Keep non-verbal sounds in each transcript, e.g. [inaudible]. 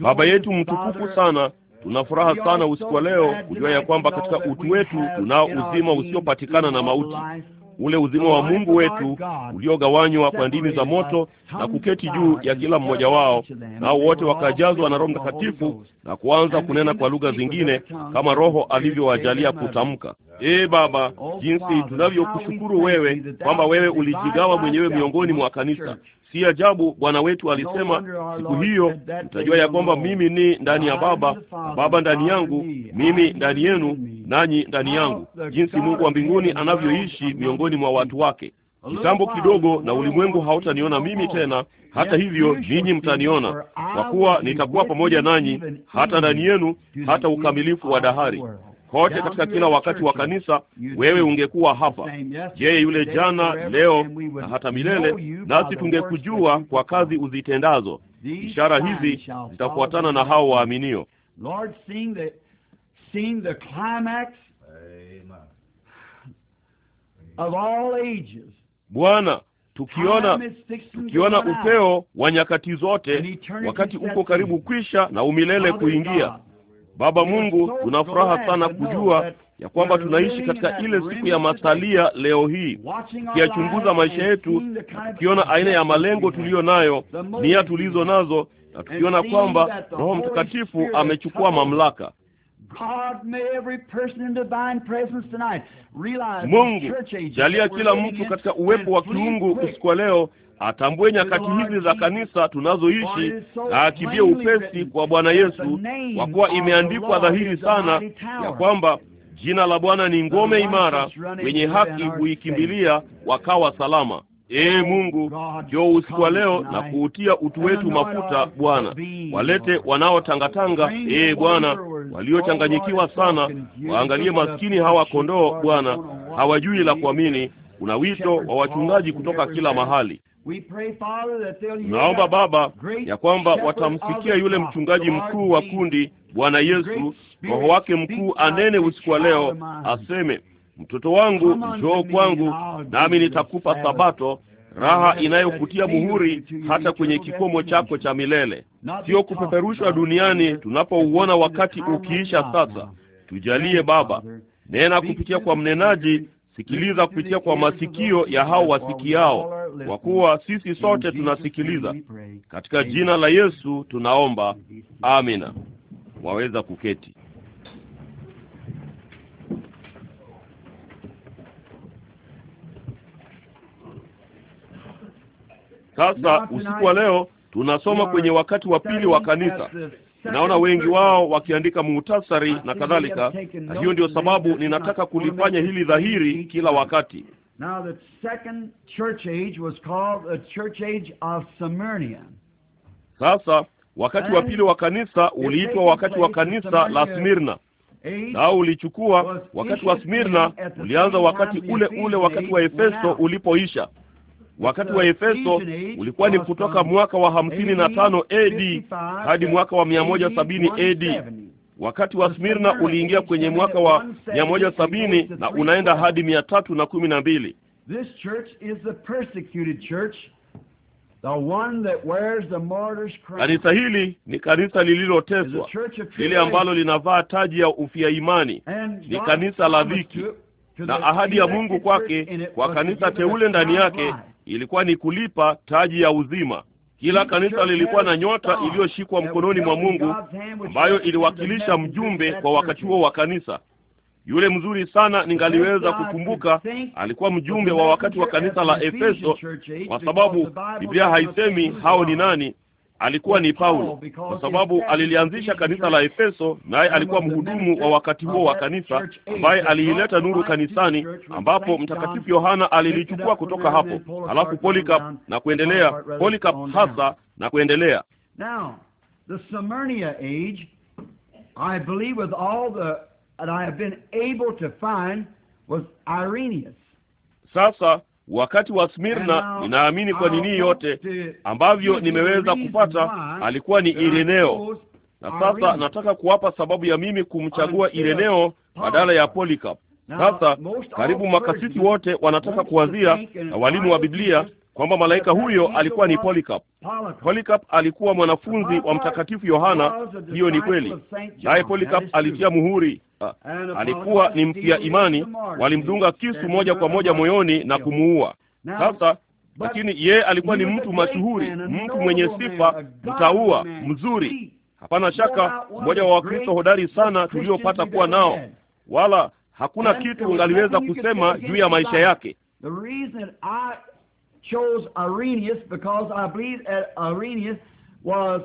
Baba yetu mtukufu sana, tuna furaha sana usiku wa leo kujua ya kwamba katika utu wetu tunao uzima usiopatikana na mauti, ule uzima wa Mungu wetu uliogawanywa kwa ndimi za moto na kuketi juu ya kila mmoja wao, nao wote wakajazwa na Roho Mtakatifu na kuanza kunena kwa lugha zingine kama Roho alivyowajalia kutamka. Ee Baba, oh, jinsi tunavyokushukuru wewe kwamba wewe ulijigawa mwenyewe miongoni mwa kanisa Si ajabu Bwana wetu alisema siku hiyo, mtajua ya kwamba mimi ni ndani ya Baba Baba ndani yangu, mimi ndani yenu nanyi ndani yangu, jinsi Mungu wa mbinguni anavyoishi miongoni mwa watu wake. Kitambo kidogo na ulimwengu hautaniona mimi tena, hata hivyo ninyi mtaniona, kwa kuwa nitakuwa pamoja nanyi hata ndani yenu, hata ukamilifu wa dahari kote katika kila wakati wa kanisa, wewe ungekuwa hapa. Je, yule jana, leo na hata milele, nasi tungekujua kwa kazi uzitendazo. Ishara hizi zitafuatana na hao waaminio. Bwana, tukiona tukiona upeo wa nyakati zote, wakati uko karibu kwisha na umilele kuingia Baba Mungu, tuna furaha sana kujua ya kwamba tunaishi katika ile siku ya masalia leo hii, tukiyachunguza maisha yetu tukiona aina ya malengo tuliyo nayo, nia tulizo nazo, na tukiona kwamba Roho Mtakatifu amechukua mamlaka. Mungu jalia kila mtu katika uwepo wa kiungu usiku wa leo atambue nyakati hizi za kanisa tunazoishi na akimbie upesi kwa Bwana Yesu, kwa kuwa imeandikwa dhahiri sana ya kwamba jina la Bwana ni ngome imara, wenye haki huikimbilia wakawa salama. Ee Mungu, njoo usiku wa leo na kuutia utu wetu mafuta Bwana. Walete wanaotangatanga, ee Bwana, waliochanganyikiwa sana, waangalie maskini hawa kondoo Bwana, hawajui la kuamini. Kuna wito wa wachungaji kutoka kila mahali. Naomba Baba ya kwamba watamsikia yule mchungaji mkuu wa kundi, Bwana Yesu, Roho wake mkuu anene usiku wa leo, aseme, mtoto wangu, njoo kwangu, nami nitakupa sabato raha inayokutia muhuri hata kwenye kikomo chako cha milele, sio kupeperushwa duniani tunapouona wakati ukiisha sasa. Tujalie Baba, nena kupitia kwa mnenaji, sikiliza kupitia kwa masikio ya hao wasikiao, kwa kuwa sisi sote tunasikiliza. Katika jina la Yesu tunaomba, amina. Waweza kuketi. Sasa usiku wa leo tunasoma kwenye wakati wa pili wa kanisa. Naona wengi wao wakiandika muhtasari na kadhalika, na hiyo ndio sababu ninataka kulifanya hili dhahiri kila wakati. Now, the second church age was called the church age of Smyrna. Sasa wakati wa pili wa kanisa uliitwa wakati wa kanisa la Smyrna, Na ulichukua wakati wa Smyrna ulianza wakati ule ule wakati wa Efeso ulipoisha. Wakati wa Efeso ulikuwa ni kutoka mwaka wa hamsini na tano AD hadi mwaka wa mia moja sabini AD. Wakati wa Smirna uliingia kwenye mwaka wa mia moja sabini na unaenda hadi mia tatu na kumi na mbili. Kanisa hili ni kanisa lililoteswa, lile ambalo linavaa taji ya ufia imani. Ni kanisa la dhiki, na ahadi ya Mungu kwake, kwa kanisa teule ndani yake, ilikuwa ni kulipa taji ya uzima. Kila kanisa lilikuwa na nyota iliyoshikwa mkononi mwa Mungu ambayo iliwakilisha mjumbe kwa wakati huo wa kanisa. Yule mzuri sana ningaliweza kukumbuka alikuwa mjumbe wa wakati wa kanisa la Efeso, kwa sababu Biblia haisemi hao ni nani, alikuwa ni Paulo, kwa sababu alilianzisha kanisa la Efeso, naye alikuwa mhudumu wa wakati huo wa kanisa, ambaye aliileta nuru kanisani, ambapo mtakatifu Yohana alilichukua kutoka hapo, halafu Polycarp na kuendelea, Polycarp hasa na kuendelea. Sasa Wakati wa Smirna, ninaamini kwa nini yote ambavyo nimeweza kupata alikuwa ni Ireneo, na sasa nataka kuwapa sababu ya mimi kumchagua Ireneo badala ya Polycarp. Sasa karibu makasisi wote wanataka kuwazia na walimu wa Biblia kwamba malaika huyo alikuwa ni Polycarp. Polycarp alikuwa mwanafunzi wa mtakatifu Yohana, hiyo ni kweli. Naye Polycarp alitia muhuri. Ah, alikuwa ni mtia imani, walimdunga kisu moja kwa moja moyoni na kumuua. Sasa lakini yeye alikuwa ni mtu mashuhuri, mtu mwenye sifa, mtaua mzuri, hapana shaka, mmoja wa Wakristo hodari sana tuliopata kuwa nao, wala hakuna kitu ungaliweza kusema juu ya maisha yake chose Arrhenius because I believe Arrhenius was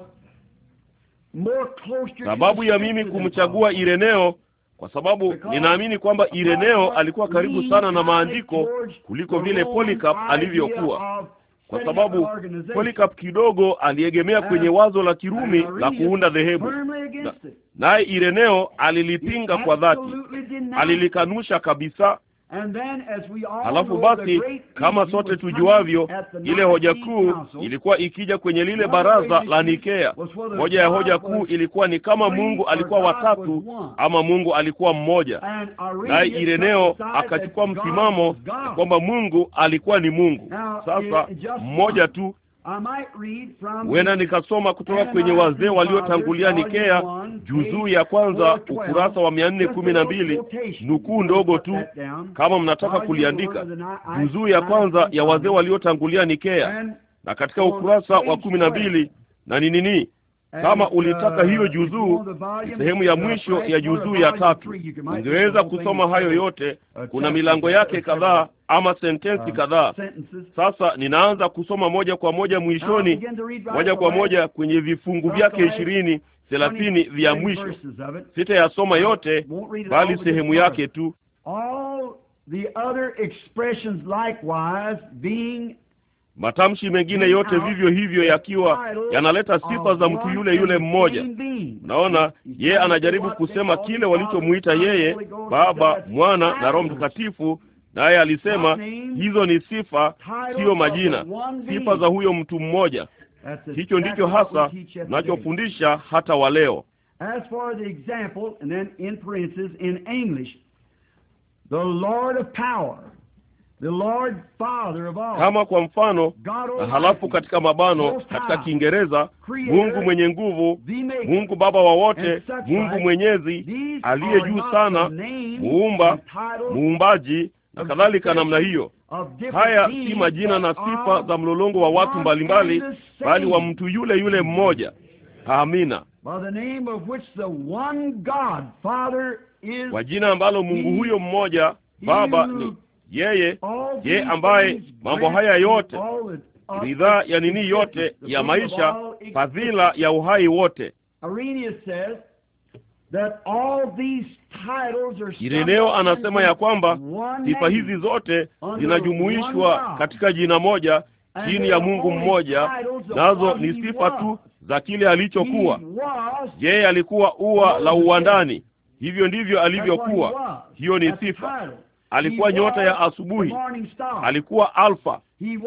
more close to sababu ya mimi kumchagua Ireneo kwa sababu ninaamini kwamba Ireneo alikuwa karibu sana na maandiko kuliko vile Polycarp alivyokuwa, kwa sababu Polycarp kidogo aliegemea kwenye wazo la Kirumi la kuunda dhehebu, naye Ireneo alilipinga kwa dhati, alilikanusha kabisa Halafu basi, kama sote tujuavyo, ile hoja kuu ilikuwa ikija kwenye lile baraza la Nikea. Moja ya hoja kuu ilikuwa ni kama Mungu alikuwa watatu ama Mungu alikuwa mmoja, naye Ireneo akachukua msimamo kwamba Mungu alikuwa ni Mungu. Sasa mmoja tu Huenda nikasoma kutoka kwenye wazee waliotangulia Nikea, juzuu ya kwanza, ukurasa wa mia nne kumi na mbili, nukuu ndogo tu kama mnataka kuliandika, juzuu ya kwanza ya wazee waliotangulia Nikea, na katika ukurasa wa kumi na mbili na ni nini kama ulitaka uh, hiyo juzuu, sehemu ya uh, mwisho ya juzuu ya tatu, ungeweza kusoma hayo yote. Kuna milango yake kadhaa ama sentensi uh, kadhaa. Sasa ninaanza kusoma moja kwa moja mwishoni, moja kwa moja kwenye vifungu vyake ishirini thelathini vya mwisho. Sitayasoma yote, bali sehemu yake tu. The other expressions likewise being Matamshi mengine mm, yote ah. vivyo hivyo yakiwa ah, yanaleta sifa za mtu ah, yule yule mmoja. Naona yeye anajaribu kusema kile walichomuita yeye Baba, Mwana na Roho Mtakatifu, naye alisema hizo ni sifa, siyo majina, sifa za huyo mtu mmoja. Hicho ndicho hasa nachofundisha hata wa leo. The Lord of power kama kwa mfano na halafu katika mabano katika Kiingereza, Mungu mwenye nguvu, Mungu Baba wa wote, Mungu Mwenyezi aliye juu sana, muumba, muumbaji na kadhalika, namna hiyo. Haya si majina na sifa za mlolongo wa watu mbalimbali, bali wa mtu yule yule mmoja. Amina, kwa jina ambalo Mungu huyo mmoja Baba ni yeye ye ambaye mambo haya yote bidhaa ya nini yote ya maisha, fadhila ya uhai wote. Ireneo anasema ya kwamba sifa hizi zote zinajumuishwa katika jina moja chini ya Mungu mmoja, nazo ni sifa tu za kile alichokuwa. Yeye alikuwa ua la uwandani, hivyo ndivyo alivyokuwa. Hiyo ni sifa alikuwa nyota ya asubuhi, alikuwa alfa,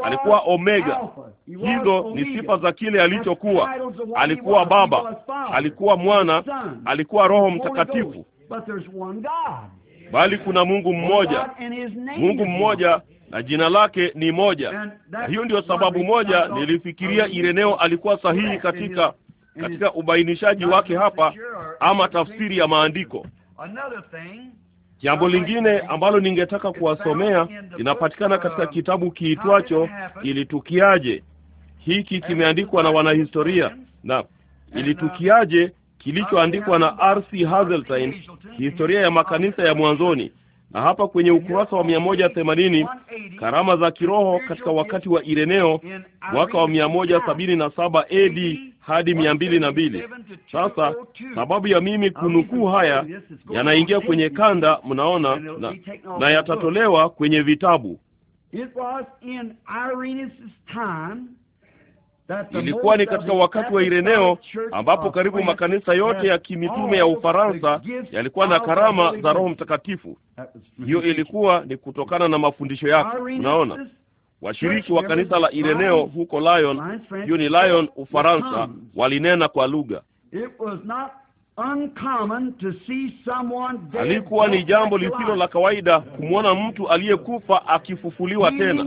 alikuwa omega. Hizo ni sifa za kile alichokuwa. Alikuwa Baba, alikuwa Mwana, alikuwa Roho Mtakatifu. Bali kuna Mungu mmoja, Mungu mmoja na jina lake ni moja. Na hiyo ndiyo sababu moja nilifikiria Ireneo alikuwa sahihi katika katika ubainishaji wake hapa, ama tafsiri ya maandiko. Jambo lingine ambalo ningetaka kuwasomea linapatikana katika kitabu kiitwacho Ilitukiaje. Hiki kimeandikwa na wanahistoria na Ilitukiaje kilichoandikwa na R.C. Hazeltine, historia ya makanisa ya mwanzoni. Na hapa kwenye ukurasa wa 180 karama za kiroho katika wakati wa Ireneo, mwaka wa 177 AD hadi mia mbili na mbili. Sasa sababu ya mimi kunukuu haya, yanaingia kwenye kanda, mnaona na, na yatatolewa kwenye vitabu. Ilikuwa ni katika wakati wa Ireneo ambapo karibu makanisa yote ya kimitume ya Ufaransa yalikuwa na karama za Roho Mtakatifu. Hiyo ilikuwa ni kutokana na mafundisho yake, unaona. Washiriki wa kanisa la Ireneo huko Lyon, juni Lyon, Ufaransa, walinena kwa lugha. Alikuwa ni jambo lisilo la kawaida kumwona mtu aliyekufa akifufuliwa tena.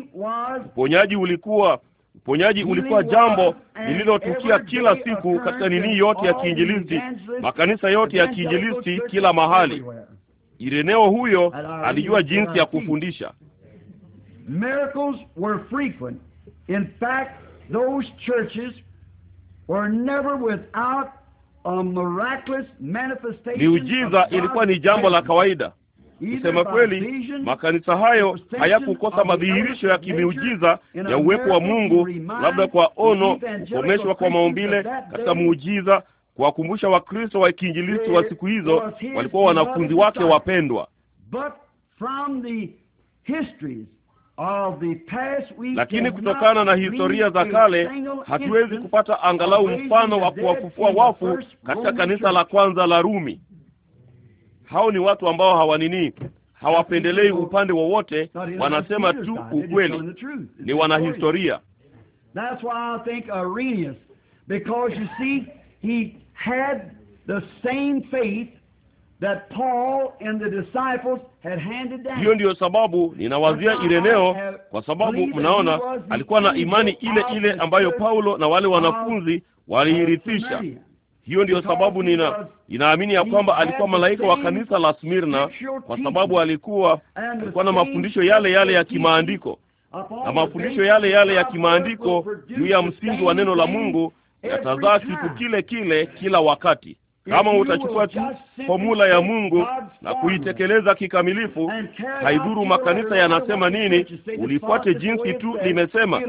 Uponyaji ulikuwa uponyaji ulikuwa jambo lililotukia kila siku katika nini yote ya kiinjilisti, makanisa yote ya kiinjilisti, kila mahali. Ireneo huyo alijua jinsi ya kufundisha miracles were frequent. In fact, those churches were never without a miraculous manifestation. Miujiza ilikuwa ni jambo la kawaida. Kusema kweli, makanisa hayo hayakukosa madhihirisho ya kimiujiza ya uwepo wa Mungu, labda kwa ono, kukomeshwa kwa maumbile katika muujiza, kuwakumbusha Wakristo wa kiinjilisti wa siku hizo walikuwa wanafunzi wake wapendwa. But from the histories lakini kutokana na historia za kale hatuwezi kupata angalau mfano wa kuwafufua wafu katika kanisa la kwanza la Rumi. Hao ni watu ambao hawanini, hawapendelei upande wowote, wanasema tu ukweli, ni wanahistoria. Because you see he had the same faith hiyo ndiyo sababu ninawazia Ireneo, kwa sababu mnaona alikuwa na imani ile ile ambayo Paulo na wale wanafunzi waliirithisha. Hiyo ndiyo sababu nina ninaamini ya kwamba alikuwa malaika wa kanisa la Smirna, kwa sababu alikuwa alikuwa na mafundisho yale yale ya kimaandiko na mafundisho yale yale ya kimaandiko juu ya msingi wa neno la Mungu yatazaa kitu kile kile kila wakati. Kama utachukua tu fomula ya Mungu na kuitekeleza kikamilifu, haidhuru makanisa yanasema nini, ulifuate jinsi tu limesema,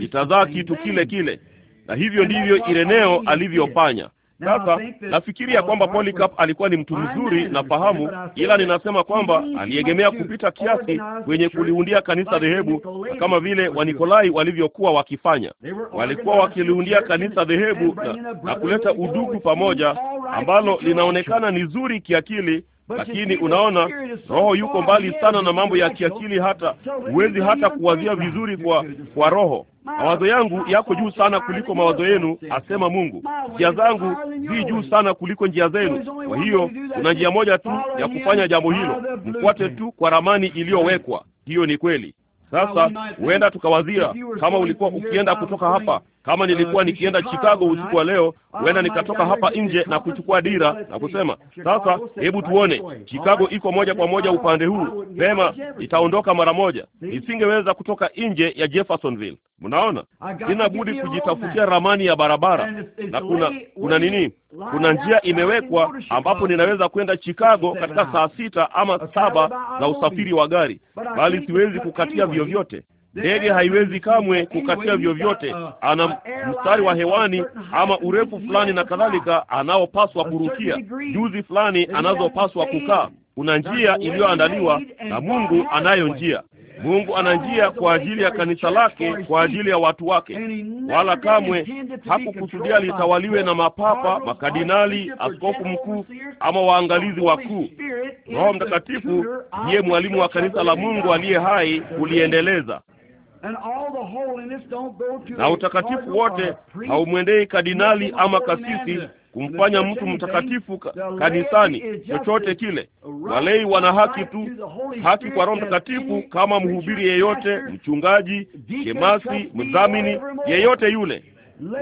itazaa kitu kile kile. Na hivyo ndivyo Ireneo alivyofanya. Sasa nafikiri ya kwamba Polycarp alikuwa ni mtu mzuri na fahamu, ila ninasema kwamba aliegemea kupita kiasi kwenye kuliundia kanisa dhehebu, na kama vile Wanikolai walivyokuwa wakifanya, walikuwa wakiliundia kanisa dhehebu na, na kuleta udugu pamoja, ambalo linaonekana ni zuri kiakili lakini unaona, roho yuko mbali sana na mambo ya kiakili, hata huwezi hata kuwazia vizuri kwa kwa roho. Mawazo yangu yako juu sana kuliko mawazo yenu, asema Mungu. Njia zangu zi juu sana kuliko njia zenu. Kwa hiyo kuna njia moja tu ya kufanya jambo hilo, mfuate tu kwa ramani iliyowekwa. Hiyo ni kweli. Sasa huenda tukawazia, kama ulikuwa ukienda kutoka hapa kama nilikuwa nikienda Chicago usiku wa leo, huenda nikatoka hapa nje na kuchukua dira na kusema sasa, hebu tuone, Chicago iko moja kwa moja upande huu, pema, itaondoka mara moja. Nisingeweza kutoka nje ya Jeffersonville. Mnaona, sina budi kujitafutia ramani ya barabara, na kuna kuna nini, kuna njia imewekwa ambapo ninaweza kwenda Chicago katika saa sita ama saba za usafiri wa gari, bali siwezi kukatia vyovyote. Ndege haiwezi kamwe kukatia vyovyote, ana mstari wa hewani ama urefu fulani na kadhalika anaopaswa kurukia, juzi fulani anazopaswa kukaa. Kuna njia iliyoandaliwa na Mungu, anayo njia. Mungu ana njia kwa ajili ya kanisa lake, kwa ajili ya watu wake, wala kamwe hakukusudia litawaliwe na mapapa, makadinali askofu mkuu ama waangalizi wakuu. Roho Mtakatifu ndiye mwalimu wa kanisa la Mungu aliye hai kuliendeleza na utakatifu wote uh, haumwendei kardinali ama kasisi kumfanya mtu mtakatifu kanisani chochote kile. Walei wana haki tu, haki kwa Roho Mtakatifu, kama mhubiri yeyote, mchungaji, shemasi, mdhamini yeyote yule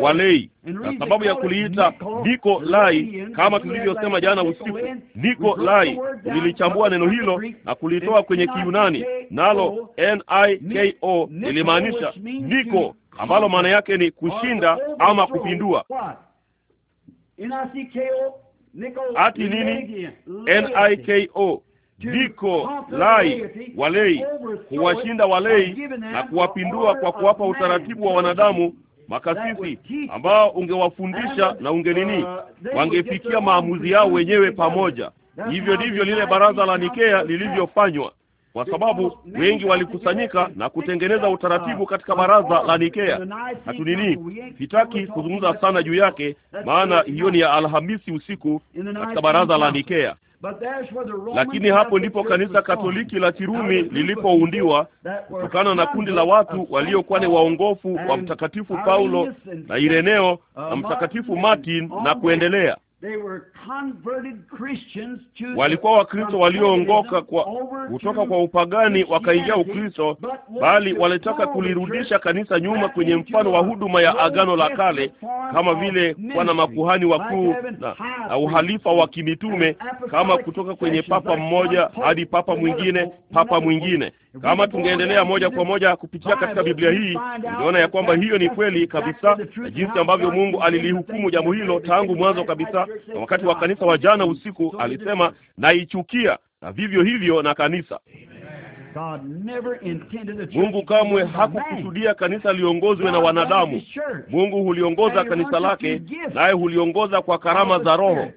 walei, na sababu ya kuliita niko lai, kama tulivyosema jana usiku, niko lai, nilichambua neno hilo na kulitoa kwenye kiunani nalo n i k o lilimaanisha niko, ambalo maana yake ni kushinda ama kupindua. Ati nini? n i k o niko lai walei, kuwashinda walei na kuwapindua kwa kuwapa utaratibu wa wanadamu makasisi ambao ungewafundisha na ungenini, uh, wangefikia maamuzi yao wenyewe pamoja. Hivyo ndivyo lile baraza la Nikea lilivyofanywa, kwa sababu wengi walikusanyika na kutengeneza utaratibu uh, katika baraza la Nikea. Hatu nini, sitaki kuzungumza sana juu yake, maana hiyo ni ya Alhamisi usiku katika baraza la Nikea. Lakini hapo ndipo kanisa Katoliki la Kirumi lilipoundiwa kutokana na kundi la watu waliokuwa ni waongofu wa Mtakatifu Paulo na Ireneo na Mtakatifu Martin na kuendelea walikuwa Wakristo walioongoka kwa kutoka kwa upagani wakaingia Ukristo, bali walitaka kulirudisha kanisa nyuma kwenye mfano wa huduma ya Agano la Kale, kama vile kuwa na makuhani wakuu na, na uhalifa wa kimitume, kama kutoka kwenye papa mmoja hadi papa mwingine, papa mwingine kama tungeendelea moja kwa moja kupitia katika Biblia hii, tungeona ya kwamba hiyo ni kweli kabisa, na jinsi ambavyo Mungu alilihukumu jambo hilo tangu mwanzo kabisa. Na wakati wa kanisa wa jana usiku alisema, naichukia, na vivyo hivyo na kanisa Mungu kamwe hakukusudia kanisa liongozwe na wanadamu. Mungu huliongoza kanisa lake, naye huliongoza kwa karama za Roho.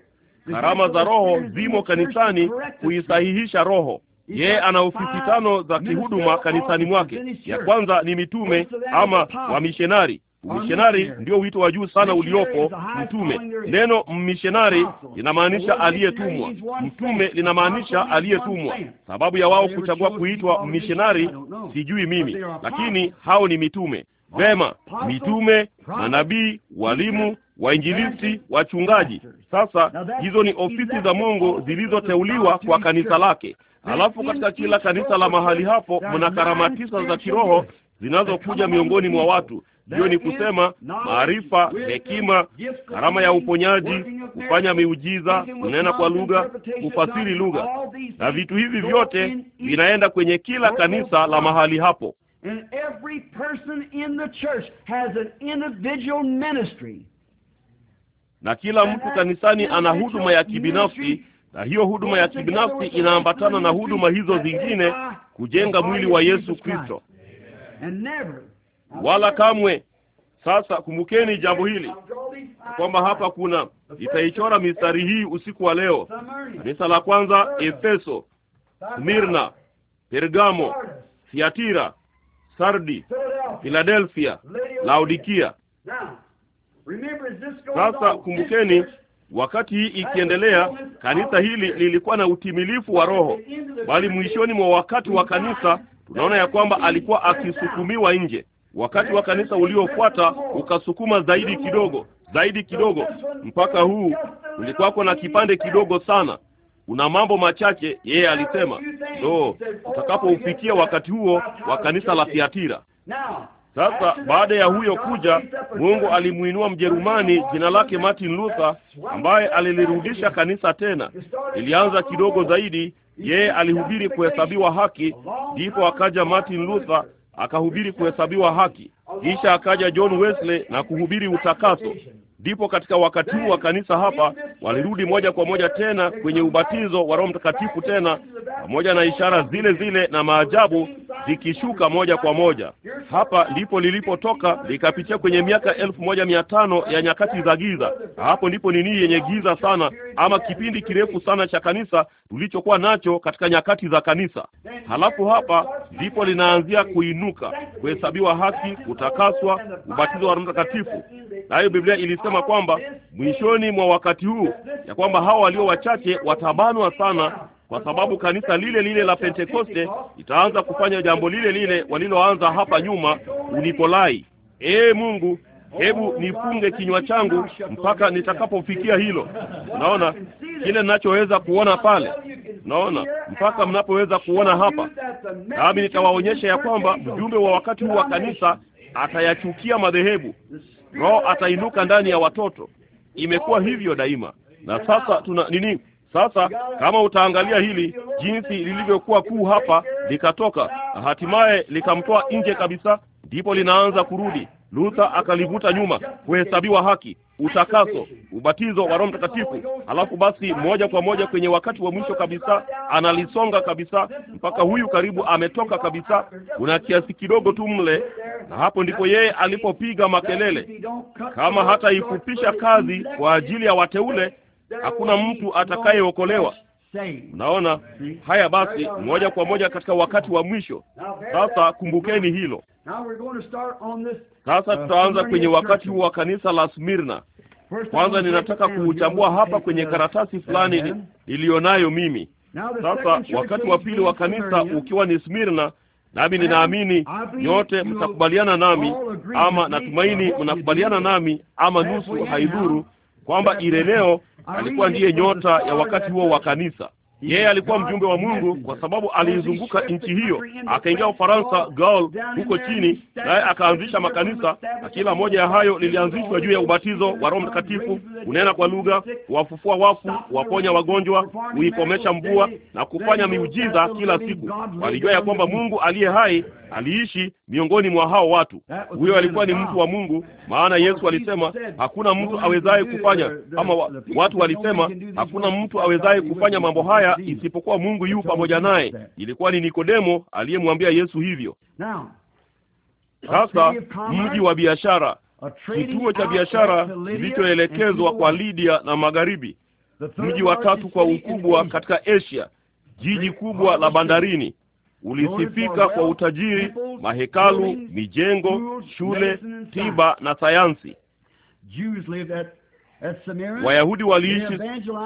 Karama za Roho zimo kanisani kuisahihisha roho. Yeye ana ofisi tano za kihuduma kanisani mwake. Ya kwanza ni mitume ama wamishonari. Umishonari ndio wito wa juu sana uliopo. Mtume, neno mmishonari linamaanisha aliyetumwa. Mtume linamaanisha aliyetumwa. Sababu ya wao kuchagua kuitwa mmishonari sijui mimi, lakini hao ni mitume. Vema, mitume, manabii, walimu, wainjilisti, wachungaji. Sasa hizo ni ofisi za Mungu zilizoteuliwa kwa kanisa lake. Alafu katika kila kanisa la mahali hapo mna karama tisa za kiroho zinazokuja miongoni mwa watu, hiyo ni kusema maarifa, hekima, karama ya uponyaji, kufanya miujiza, kunena kwa lugha, kufasiri lugha, na vitu hivi vyote vinaenda kwenye kila kanisa la mahali hapo. Na kila mtu kanisani ana huduma ya kibinafsi na hiyo huduma ya kibinafsi inaambatana na huduma hizo zingine kujenga mwili wa Yesu Kristo, wala kamwe. Sasa kumbukeni jambo hili kwamba hapa kuna, itaichora mistari hii usiku wa leo. Kanisa la kwanza Efeso, Mirna, Pergamo, Thiatira, Sardi, Filadelfia, Laodikia. Sasa kumbukeni Wakati hii ikiendelea, kanisa hili lilikuwa na utimilifu wa Roho, bali mwishoni mwa wakati wa kanisa tunaona ya kwamba alikuwa akisukumiwa nje. Wakati wa kanisa uliofuata ukasukuma zaidi kidogo, zaidi kidogo, mpaka huu ulikuwako na kipande kidogo sana una mambo machache. Yeye alisema, ndo utakapoufikia wakati huo wa kanisa la Thiatira. Sasa baada ya huyo kuja, Mungu alimuinua Mjerumani jina lake Martin Luther, ambaye alilirudisha kanisa tena. Ilianza kidogo zaidi, yeye alihubiri kuhesabiwa haki, ndipo akaja Martin Luther akahubiri kuhesabiwa haki, kisha akaja John Wesley na kuhubiri utakaso. Ndipo katika wakati huu wa kanisa hapa walirudi moja kwa moja tena kwenye ubatizo wa Roho Mtakatifu, tena pamoja na ishara zile zile na maajabu zikishuka moja kwa moja. Hapa ndipo lilipotoka likapitia kwenye miaka elfu moja mia tano ya nyakati za giza. Hapo ndipo nini yenye giza sana, ama kipindi kirefu sana cha kanisa tulichokuwa nacho katika nyakati za kanisa. Halafu hapa ndipo linaanzia kuinuka, kuhesabiwa haki, kutakaswa, ubatizo wa Roho Mtakatifu, nayo Biblia ilisema alisema kwamba mwishoni mwa wakati huu ya kwamba hao walio wachache watabanwa sana, kwa sababu kanisa lile lile la Pentekoste itaanza kufanya jambo lile lile waliloanza hapa nyuma ulipolai. Ee Mungu, hebu nifunge kinywa changu mpaka nitakapofikia hilo. Naona kile ninachoweza kuona pale, naona mpaka mnapoweza kuona hapa, nami nitawaonyesha ya kwamba mjumbe wa wakati huu wa kanisa atayachukia madhehebu. Roho atainuka ndani ya watoto. Imekuwa hivyo daima, na sasa tuna nini? Sasa kama utaangalia hili jinsi lilivyokuwa kuu hapa, likatoka hatimaye likamtoa nje kabisa, ndipo linaanza kurudi Luther akalivuta nyuma, kuhesabiwa haki, utakaso, ubatizo wa Roho Mtakatifu, alafu basi moja kwa moja kwenye wakati wa mwisho kabisa analisonga kabisa mpaka huyu karibu ametoka kabisa, kuna kiasi kidogo tu mle, na hapo ndipo yeye alipopiga makelele, kama hata ifupisha kazi kwa ajili ya wateule, hakuna mtu atakayeokolewa. Unaona haya basi, moja kwa moja katika wakati wa mwisho. Sasa kumbukeni hilo. Sasa uh, tutaanza kwenye wakati wa kanisa la smirna Kwanza ninataka kuuchambua hapa kwenye karatasi fulani iliyonayo mimi. Sasa wakati wa pili wa kanisa ukiwa ni smirna nami ninaamini nyote mtakubaliana nami, ama natumaini mnakubaliana nami, ama nusu, haidhuru, kwamba Ireneo alikuwa ndiye nyota ya wakati huo wa kanisa. Yeye alikuwa mjumbe wa Mungu kwa sababu aliizunguka nchi hiyo, akaingia Ufaransa, Gaul huko chini, naye akaanzisha makanisa, na kila moja ya hayo lilianzishwa juu ya ubatizo wa Roho Mtakatifu, kunena kwa lugha, kuwafufua wafu, kuwaponya wagonjwa, kuikomesha mvua na kufanya miujiza kila siku. Walijua ya kwamba Mungu aliye hai aliishi miongoni mwa hao watu. Eh, Huyo alikuwa ni mtu wa Mungu, ah. maana Yesu alisema hakuna mtu awezaye kufanya ama wa, watu walisema hakuna mtu awezaye kufanya mambo haya isipokuwa Mungu yu pamoja naye. Ilikuwa ni Nikodemo aliyemwambia Yesu hivyo. Sasa mji wa biashara, kituo cha biashara kilichoelekezwa kwa Lydia na magharibi, mji wa tatu kwa ukubwa katika Asia, jiji kubwa la bandarini, ulisifika kwa utajiri, mahekalu, mijengo, shule, tiba na sayansi. Wayahudi waliishi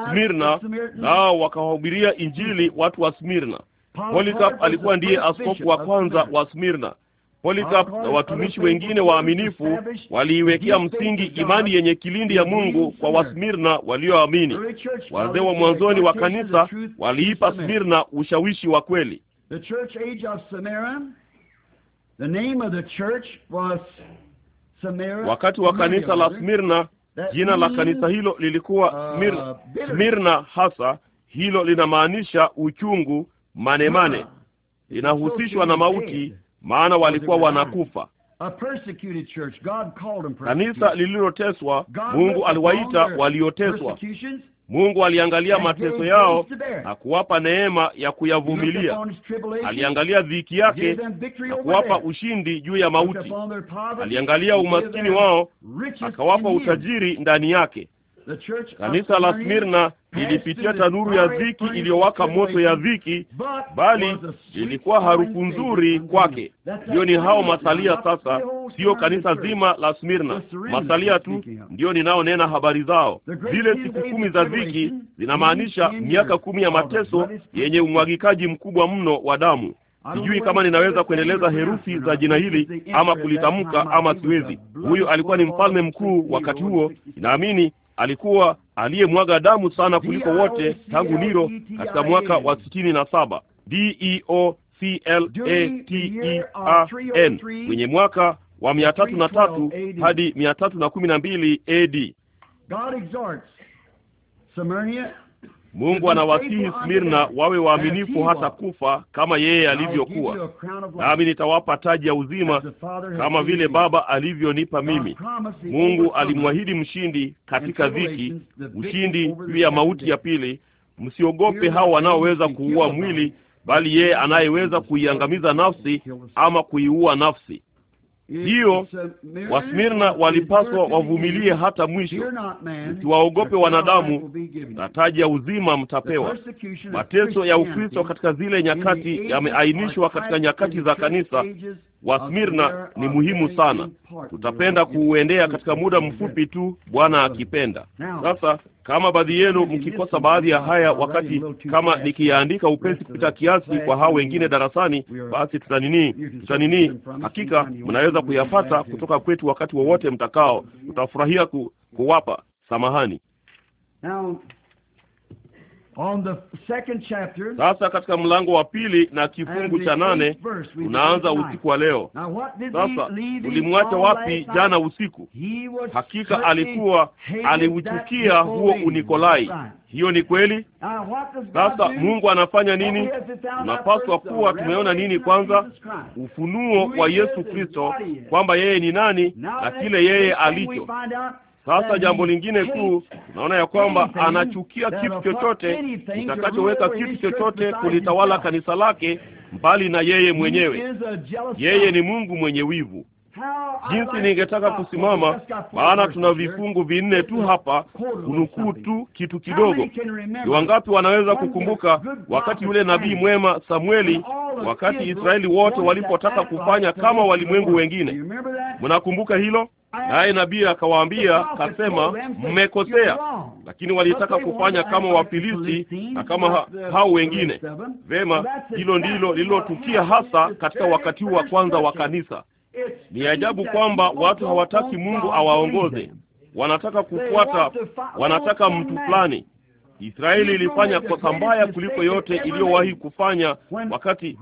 Smirna, nao wakawahubiria Injili watu wa Smirna. Polycarp alikuwa ndiye askofu wa kwanza wa Smirna. Polycarp na watumishi wengine waaminifu waliiwekea msingi imani yenye kilindi ya Mungu kwa Wasmirna walioamini. Wazee wa mwanzoni wa kanisa waliipa Smirna ushawishi wa kweli the church age of Samaria. The name of the church was Samaria. Wakati wa kanisa la Smyrna, jina la kanisa hilo lilikuwa uh, Smyrna. hasa hilo linamaanisha uchungu manemane, linahusishwa na mauti, maana walikuwa wanakufa. Kanisa lililoteswa, Mungu aliwaita walioteswa. Mungu aliangalia mateso yao na kuwapa neema ya kuyavumilia. Aliangalia dhiki yake na kuwapa ushindi juu ya mauti. Aliangalia umaskini wao akawapa utajiri ndani yake. Kanisa la Smirna lilipitia tanuru ya dhiki iliyowaka moto ya dhiki, bali ilikuwa harufu nzuri kwake. Hiyo ni hao masalia sasa, sio kanisa zima la Smirna, masalia tu ndiyo ninaonena habari zao. Zile siku kumi za dhiki zinamaanisha miaka kumi ya mateso yenye umwagikaji mkubwa mno wa damu. Sijui kama ninaweza kuendeleza herufi za jina hili ama kulitamka ama siwezi. Huyu alikuwa ni mfalme mkuu wakati huo, naamini alikuwa aliyemwaga damu sana kuliko wote tangu e Nero katika mwaka wa sitini na saba D E O C L A e T E A N kwenye e mwaka wa mia tatu na tatu hadi mia tatu na kumi na mbili AD. Mungu anawasihi Smirna wawe waaminifu hata kufa kama yeye alivyokuwa, nami nitawapa taji ya uzima kama vile Baba alivyonipa mimi. Mungu alimwahidi mshindi katika dhiki, ushindi juu ya mauti ya pili. Msiogope hao wanaoweza kuua mwili, bali yeye anayeweza kuiangamiza nafsi ama kuiua nafsi. Hiyo Wasmirna walipaswa wavumilie hata mwisho. Msiwaogope wanadamu, na taji ya uzima mtapewa. Mateso ya Ukristo katika zile nyakati yameainishwa katika nyakati za kanisa wa Smirna ni muhimu sana. Tutapenda kuuendea katika muda mfupi tu, Bwana akipenda. Sasa kama baadhi yenu mkikosa baadhi ya haya wakati, kama nikiyaandika upesi kupita kiasi kwa hao wengine darasani, basi tutanini tutanini, hakika mnaweza kuyapata kutoka kwetu wakati wowote mtakao. Tutafurahia ku, kuwapa samahani. Sasa katika mlango wa pili na kifungu cha nane unaanza usiku wa leo. Sasa ulimwacha wapi jana usiku? Hakika alikuwa aliuchukia huo Unikolai. Hiyo ni kweli. Sasa Mungu anafanya nini? Tunapaswa kuwa uh, tumeona nini kwanza? Ufunuo wa Yesu Kristo, kwamba yeye ni nani na kile yeye alicho. Sasa jambo lingine kuu, naona ya kwamba anachukia kitu chochote kitakachoweka kitu chochote kulitawala kanisa lake mbali na yeye mwenyewe. Yeye ni Mungu mwenye wivu. Jinsi ningetaka kusimama, maana tuna vifungu vinne tu hapa, kunukuu tu kitu kidogo. Ni wangapi wanaweza kukumbuka wakati yule nabii mwema Samueli, wakati Israeli wote walipotaka kufanya kama walimwengu wengine? Mnakumbuka hilo? Naye nabii akawaambia kasema, mmekosea. Lakini walitaka kufanya kama Wafilisti na kama ha hao wengine. Vema, hilo ndilo lililotukia hasa katika wakati wa kwanza wa kanisa. Ni ajabu kwamba watu hawataki Mungu awaongoze, wanataka kufuata, wanataka mtu fulani. Israeli ilifanya kosa mbaya kuliko yote iliyowahi kufanya, wakati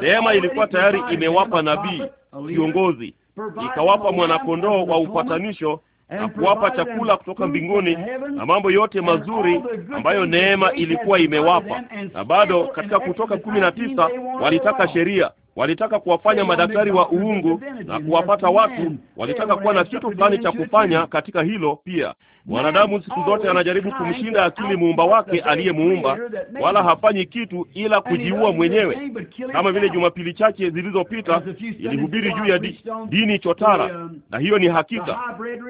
neema ilikuwa tayari imewapa nabii kiongozi ikawapa mwanakondoo wa upatanisho na kuwapa chakula kutoka mbinguni na mambo yote mazuri ambayo neema ilikuwa imewapa. Na bado katika Kutoka kumi na tisa walitaka sheria, Walitaka kuwafanya madaktari wa uungu na kuwapata watu, walitaka kuwa na kitu fulani cha kufanya katika hilo pia. Mwanadamu siku zote anajaribu kumshinda akili muumba wake aliyemuumba, wala hafanyi kitu ila kujiua mwenyewe. Kama vile Jumapili chache zilizopita ilihubiri juu ya di, dini chotara, um, na hiyo ni hakika.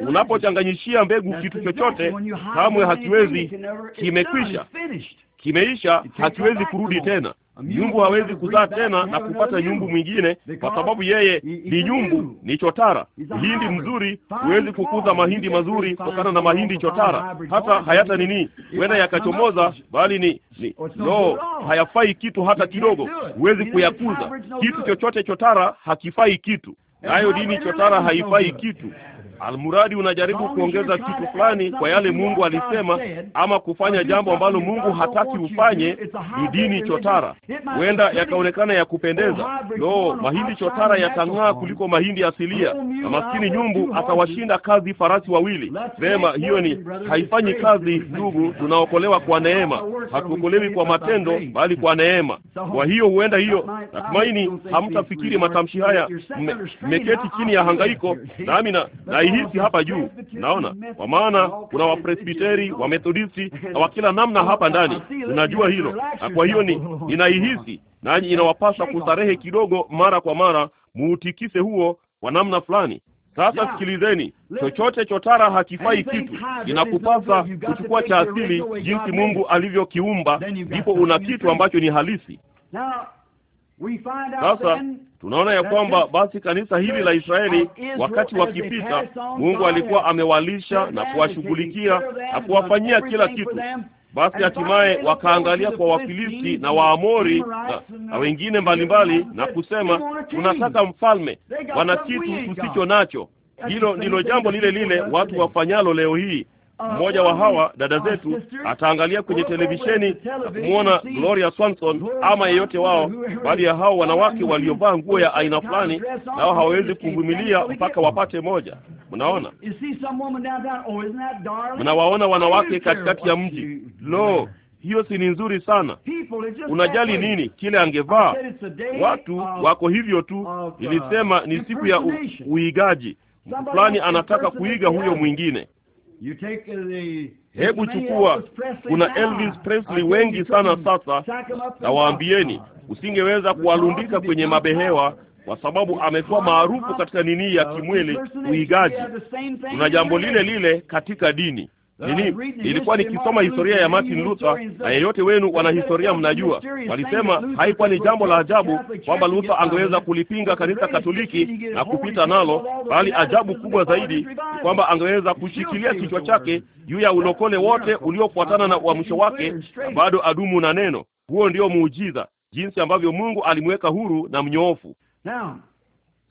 Unapochanganyishia mbegu kitu chochote, kamwe hakiwezi, kimekwisha kimeisha, hakiwezi kurudi tena. Nyumbu hawezi kuzaa tena na kupata nyumbu mwingine, kwa sababu yeye ni nyumbu, ni chotara. Hindi mzuri huwezi kukuza mahindi mazuri kutokana na mahindi chotara, hata hayata nini, huenda yakachomoza, bali ni, ni no, hayafai kitu hata kidogo, huwezi kuyakuza. Kitu chochote chotara hakifai kitu, nayo dini chotara haifai kitu. Almuradi unajaribu kuongeza kitu fulani kwa yale Mungu alisema, ama kufanya jambo ambalo Mungu hataki ufanye. Ni dini chotara, huenda yakaonekana ya kupendeza. Lo, mahindi chotara yatang'aa kuliko mahindi asilia, na maskini nyumbu atawashinda kazi farasi wawili. Vema, hiyo ni haifanyi kazi. Ndugu, tunaokolewa kwa neema, hatuokolewi kwa matendo, bali kwa neema. Kwa hiyo huenda hiyo, natumaini hamtafikiri matamshi haya. Mmeketi chini ya hangaiko nami na mnaihisi hapa juu, naona kwa maana kuna wapresbiteri wa Methodisti na wa kila namna hapa ndani, unajua hilo, na kwa hiyo ni inaihisi nanyi, inawapasa kustarehe kidogo mara kwa mara, muutikise huo kwa namna fulani. Sasa sikilizeni, chochote chotara hakifai kitu. Inakupasa kuchukua cha asili, jinsi Mungu alivyokiumba, ndipo una kitu ambacho ni halisi. Sasa tunaona ya kwamba basi kanisa hili la Israeli wakati wakipita, Mungu alikuwa amewalisha na kuwashughulikia na kuwafanyia kila kitu. Basi hatimaye wakaangalia kwa Wafilisti na Waamori na, na wengine mbalimbali na kusema tunataka mfalme. Wana kitu tusicho nacho. Hilo ndilo jambo lile lile watu wafanyalo leo hii. Uh, Mmoja wa hawa dada uh, zetu uh, ataangalia kwenye televisheni na kumwona Gloria Swanson ama yeyote wao, baadhi ya hao wanawake waliovaa nguo ya aina fulani, nao hawawezi kuvumilia mpaka wapate moja. Mnaona, oh, mnawaona wanawake katikati ya mji. Lo, hiyo si ni nzuri sana. Unajali nini kile angevaa? Watu wako hivyo tu. Nilisema ni siku ya uigaji. fulani anataka kuiga huyo mwingine. Uh, Hebu chukua, kuna Elvis Presley wengi sana sasa, na waambieni, usingeweza kuwalundika kwenye mabehewa kwa sababu amekuwa maarufu katika nini ya kimwili, uigaji. Kuna jambo lile lile katika dini nini, ilikuwa nikisoma historia ya Martin Luther, na yeyote wenu wana historia, mnajua walisema haikuwa ni jambo la ajabu kwamba Luther angeweza kulipinga kanisa Katoliki na kupita nalo, bali ajabu kubwa zaidi kwamba angeweza kushikilia kichwa chake juu ya ulokole wote uliofuatana na uamsho wake na bado adumu na neno. Huo ndio muujiza, jinsi ambavyo Mungu alimweka huru na mnyoofu.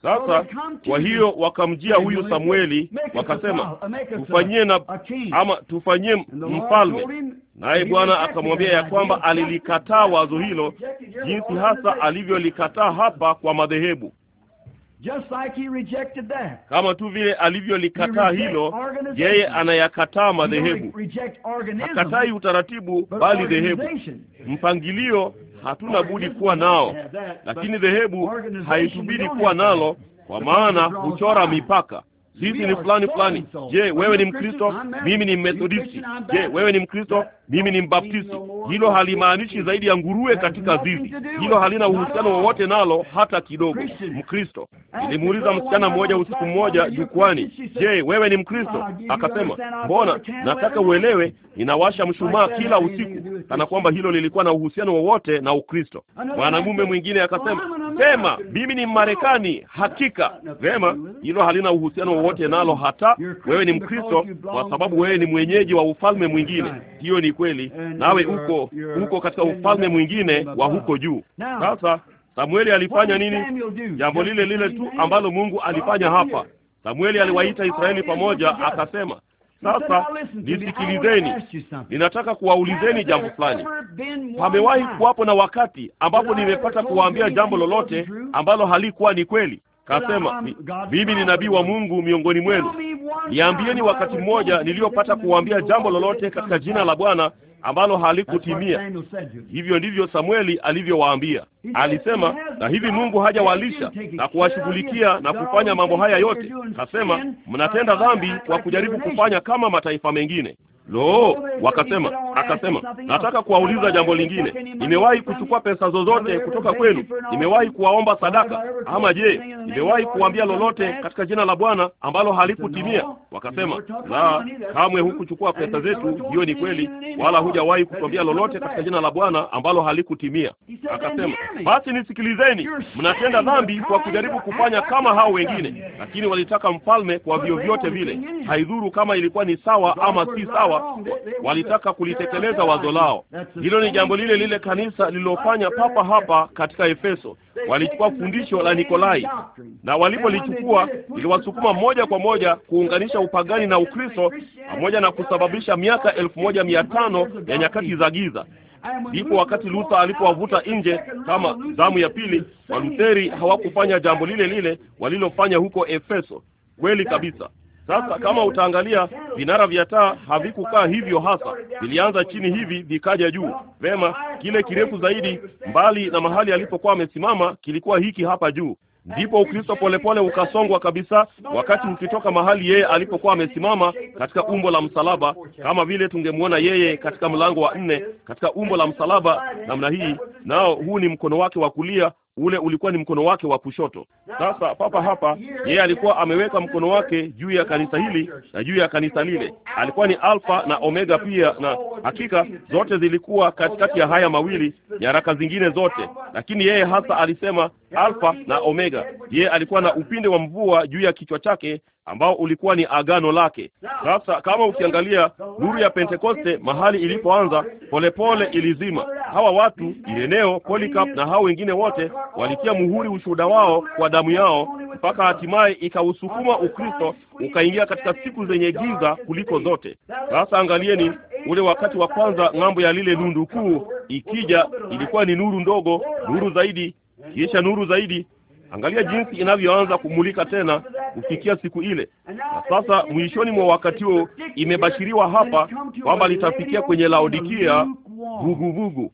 Sasa kwa hiyo wakamjia huyu Samueli wakasema, tufanyie na ama tufanyie mfalme, naye Bwana akamwambia ya kwamba alilikataa wazo hilo, jinsi hasa alivyolikataa hapa kwa madhehebu Just like he rejected that. Kama tu vile alivyolikataa hilo, yeye anayakataa madhehebu. Hakatai utaratibu, bali dhehebu, mpangilio, hatuna budi kuwa nao, lakini dhehebu haitubidi kuwa nalo, kwa maana huchora mipaka sisi ni fulani fulani. Je, wewe ni Mkristo? Mimi ni Methodisti. Je, wewe ni Mkristo? Mimi ni Mbaptisti. Hilo halimaanishi zaidi ya nguruwe katika zizi. Hilo halina uhusiano wowote nalo hata kidogo. Mkristo, nilimuuliza msichana mmoja usiku mmoja jukwani, je, wewe ni Mkristo? Akasema, mbona nataka uelewe, ninawasha mshumaa kila usiku, kana kwamba hilo lilikuwa na uhusiano wowote na Ukristo. Mwanamume mwingine akasema, sema, mimi ni Marekani. Hakika vema, hilo halina uhusiano lolote nalo, hata wewe ni Mkristo kwa sababu wewe ni mwenyeji wa ufalme mwingine. Hiyo ni kweli, nawe uko uko katika ufalme mwingine wa huko juu. Sasa Samueli alifanya nini? Jambo lile lile tu ambalo Mungu alifanya hapa. Samueli aliwaita Israeli pamoja, akasema sasa nisikilizeni, ninataka kuwaulizeni jambo fulani. Pamewahi kuwapo na wakati ambapo nimepata kuwaambia jambo lolote ambalo halikuwa ni kweli? Kasema, mimi ni nabii wa Mungu miongoni mwenu. Niambieni wakati mmoja niliyopata kuwaambia jambo lolote katika jina la Bwana ambalo halikutimia. Hivyo ndivyo Samueli alivyowaambia. Alisema, na hivi Mungu hajawalisha na kuwashughulikia na kufanya mambo haya yote. Kasema, mnatenda uh, dhambi uh, kwa kujaribu kufanya kama mataifa mengine. Lo, wakasema, akasema, nataka kuwauliza jambo lingine. Nimewahi kuchukua pesa zozote kutoka kwenu? Nimewahi kuwaomba sadaka? Ama je, nimewahi kuambia lolote katika jina la Bwana ambalo halikutimia? Wakasema, la, kamwe hukuchukua pesa zetu, hiyo ni kweli, wala hujawahi kutuambia lolote katika jina la Bwana ambalo halikutimia. Akasema, basi nisikilizeni, mnatenda dhambi kwa kujaribu kufanya kama hao wengine, lakini walitaka mfalme kwa vyovyote vile, haidhuru kama ilikuwa ni sawa ama si sawa hawa walitaka kulitekeleza wazo lao. Hilo ni jambo lile lile kanisa lililofanya papa hapa katika Efeso. Walichukua fundisho la Nikolai, na walipolichukua iliwasukuma moja kwa moja kuunganisha upagani na Ukristo, pamoja na kusababisha miaka elfu moja mia tano ya nyakati za giza. Ndipo wakati Luther alipowavuta nje kama zamu ya pili, Walutheri hawakufanya jambo lile lile walilofanya huko Efeso. Kweli kabisa. Sasa kama utaangalia vinara vya taa havikukaa hivyo hasa, vilianza chini hivi vikaja juu. Vema, kile kirefu zaidi mbali na mahali alipokuwa amesimama kilikuwa hiki hapa juu. Ndipo Ukristo polepole ukasongwa kabisa, wakati ukitoka mahali yeye alipokuwa amesimama katika umbo la msalaba, kama vile tungemwona yeye katika mlango wa nne katika umbo la msalaba namna hii, nao huu ni mkono wake wa kulia ule ulikuwa ni mkono wake wa kushoto. Sasa papa hapa, yeye alikuwa ameweka mkono wake juu ya kanisa hili na juu ya kanisa lile. Alikuwa ni alfa na omega pia, na hakika zote zilikuwa katikati ya haya mawili, nyaraka zingine zote, lakini yeye hasa alisema alfa na omega. Yeye alikuwa na upinde wa mvua juu ya kichwa chake ambao ulikuwa ni agano lake. Sasa kama ukiangalia nuru ya Pentekoste mahali ilipoanza, polepole ilizima. Hawa watu Ireneo, Polycarp na hao wengine wote walitia muhuri ushuhuda wao kwa damu yao, mpaka hatimaye ikausukuma Ukristo ukaingia katika siku zenye giza kuliko zote. Sasa angalieni ule wakati wa kwanza, ng'ambo ya lile nundu kuu ikija, ilikuwa ni nuru ndogo, nuru zaidi, kisha nuru zaidi Angalia jinsi inavyoanza kumulika tena kufikia siku ile, na sasa mwishoni mwa wakati huo imebashiriwa hapa kwamba litafikia kwenye Laodikia vuguvugu.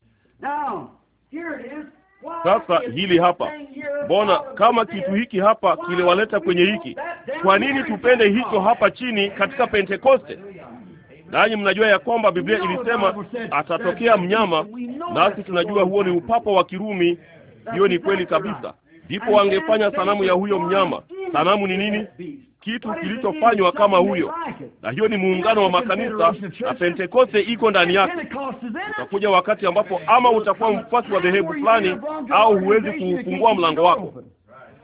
Sasa hili hapa, mbona kama kitu hiki hapa kiliwaleta kwenye hiki, kwa nini tupende hicho hapa chini katika Pentekoste? Nanyi mnajua ya kwamba Biblia ilisema atatokea mnyama, nasi tunajua huo ni upapa wa Kirumi. Hiyo ni kweli kabisa ndipo wangefanya sanamu ya huyo mnyama. Sanamu ni nini? Kitu kilichofanywa kama huyo, na hiyo ni muungano wa makanisa, na Pentekoste iko ndani yake. Utakuja wakati ambapo ama utakuwa mfuasi wa dhehebu fulani au huwezi kufungua mlango wako.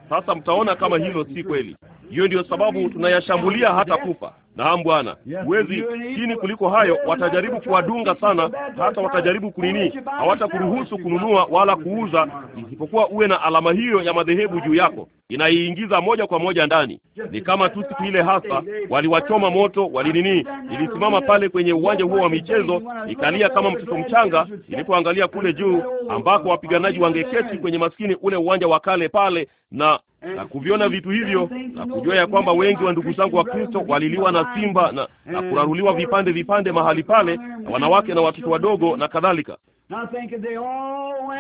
Sasa mtaona kama hilo si kweli. Hiyo ndiyo sababu tunayashambulia hata kufa. Naam Bwana, huwezi chini kuliko hayo. Watajaribu kuwadunga sana, hata watajaribu kunini, hawatakuruhusu kununua wala kuuza, isipokuwa uwe na alama hiyo ya madhehebu juu yako. Inaiingiza moja kwa moja ndani. Ni kama tu siku ile hasa waliwachoma moto, walinini. Nilisimama pale kwenye uwanja huo wa michezo, nikalia kama mtoto mchanga nilipoangalia kule juu ambako wapiganaji wangeketi kwenye maskini ule uwanja wa kale pale, na na kuviona vitu hivyo na kujua ya kwamba wengi wa ndugu zangu wa Kristo waliliwa na simba na, na kuraruliwa vipande vipande mahali pale na wanawake na watoto wadogo na kadhalika.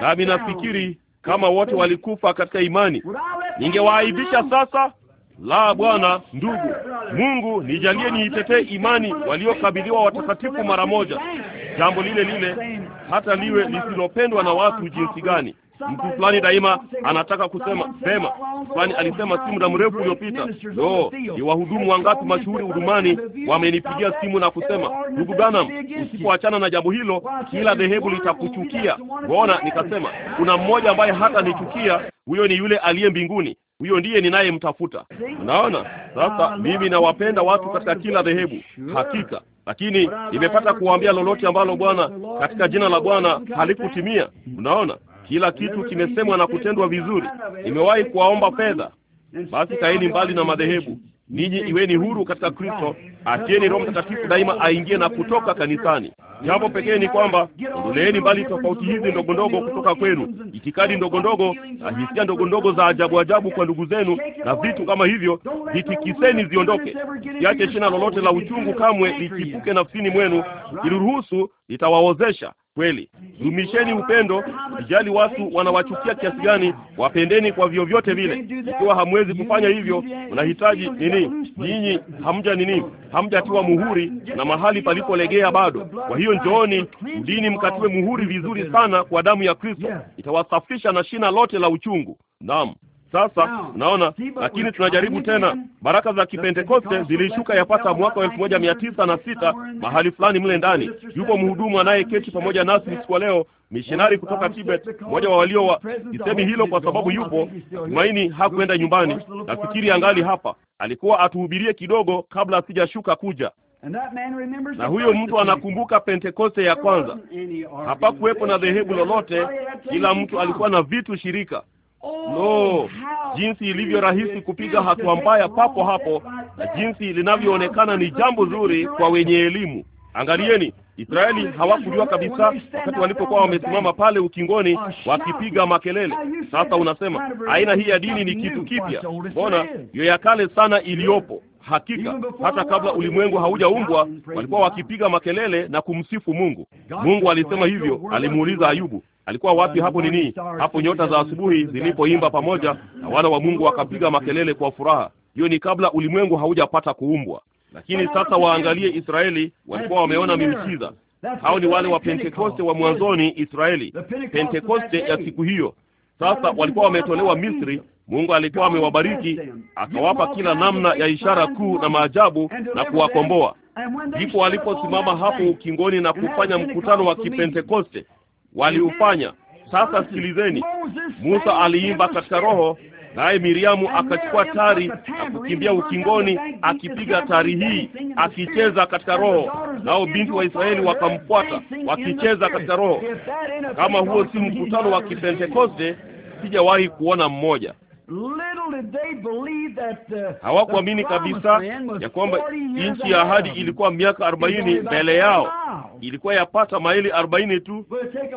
Nami nafikiri kama wote walikufa katika imani, ningewaaibisha sasa? La, Bwana. Ndugu Mungu, nijalie niitetee imani waliokabidhiwa watakatifu mara moja, jambo lile lile hata liwe lisilopendwa na watu jinsi gani. Mtu fulani daima anataka kusema sema fulani alisema si muda mrefu uliopita. No, ni wahudumu wangapi mashuhuri hudumani wamenipigia simu na kusema, ndugu Branham, usipoachana na jambo hilo kila dhehebu litakuchukia. Mbona nikasema kuna mmoja ambaye hata nichukia, huyo ni yule aliye mbinguni, huyo ndiye ninayemtafuta. Naona sasa, ah, mimi nawapenda watu katika kila dhehebu hakika, lakini nimepata kuwaambia lolote ambalo Bwana katika jina la Bwana halikutimia. unaona kila kitu kimesemwa na kutendwa vizuri. Nimewahi kuwaomba fedha. Basi kaeni mbali na madhehebu, ninyi iweni huru katika Kristo. Atieni Roho Mtakatifu daima aingie na kutoka kanisani. Jambo pekee ni kwamba ondoleeni mbali tofauti hizi ndogo ndogo kutoka kwenu, itikadi ndogo ndogo na hisia ndogo ndogo za ajabu ajabu kwa ndugu zenu na vitu kama hivyo, vitikiseni ziondoke. Siache shina lolote la uchungu kamwe lichipuke nafsini mwenu, iliruhusu litawaozesha kweli. Dumisheni upendo, sijali watu wanawachukia kiasi gani, wapendeni kwa vyovyote vile. Ikiwa hamwezi kufanya hivyo, unahitaji nini? Ninyi hamja nini? Hamjatiwa muhuri na mahali palipolegea bado. Kwa hiyo njooni mdini, mkatiwe muhuri vizuri sana kwa damu ya Kristo, itawasafisha na shina lote la uchungu. Naam. Sasa unaona, lakini tunajaribu tena. Baraka za Kipentekoste zilishuka yapata mwaka wa elfu moja mia tisa na sita mahali fulani mle ndani. Yupo mhudumu anayeketi pamoja nasi siku leo, mishinari kutoka Tibet, mmoja wa walio wa. isemi hilo kwa sababu yupo, tumaini hakwenda nyumbani, nafikiri angali hapa. Alikuwa atuhubirie kidogo kabla asijashuka kuja na huyo mtu anakumbuka Pentekoste ya kwanza, hapakuwepo na dhehebu lolote, kila mtu alikuwa na vitu shirika. Lo, jinsi ilivyo rahisi kupiga hatua mbaya papo hapo, na jinsi linavyoonekana ni jambo zuri kwa wenye elimu. Angalieni, Israeli hawakujua kabisa wakati walipokuwa wamesimama pale ukingoni wakipiga makelele. Sasa unasema aina hii ya dini ni kitu kipya, mbona hiyo ya kale sana iliyopo? Hakika hata kabla ulimwengu haujaumbwa walikuwa wakipiga makelele na kumsifu Mungu. Mungu alisema hivyo, alimuuliza Ayubu, alikuwa wapi hapo nini, hapo nyota za asubuhi zilipoimba pamoja na wana wa Mungu wakapiga makelele kwa furaha. Hiyo ni kabla ulimwengu haujapata kuumbwa. Lakini sasa waangalie Israeli, walikuwa wameona miujiza. Hao ni wale wa Pentekoste wa mwanzoni Israeli, Pentekoste ya siku hiyo. Sasa walikuwa wametolewa Misri, Mungu alikuwa amewabariki akawapa kila namna ya ishara kuu na maajabu na kuwakomboa. Ndipo waliposimama hapo ukingoni na kufanya mkutano wa Kipentekoste waliufanya. Sasa sikilizeni, Musa aliimba katika roho, naye Miriamu akachukua tari na kukimbia ukingoni, akipiga tari hii, akicheza katika roho, nao binti wa Israeli wakamfuata wakicheza katika roho. Kama huo si mkutano wa Kipentekoste, sijawahi kuona mmoja. Uh, hawakuamini kabisa ya kwamba nchi ya ahadi ilikuwa miaka arobaini mbele yao, ilikuwa yapata maili arobaini tu,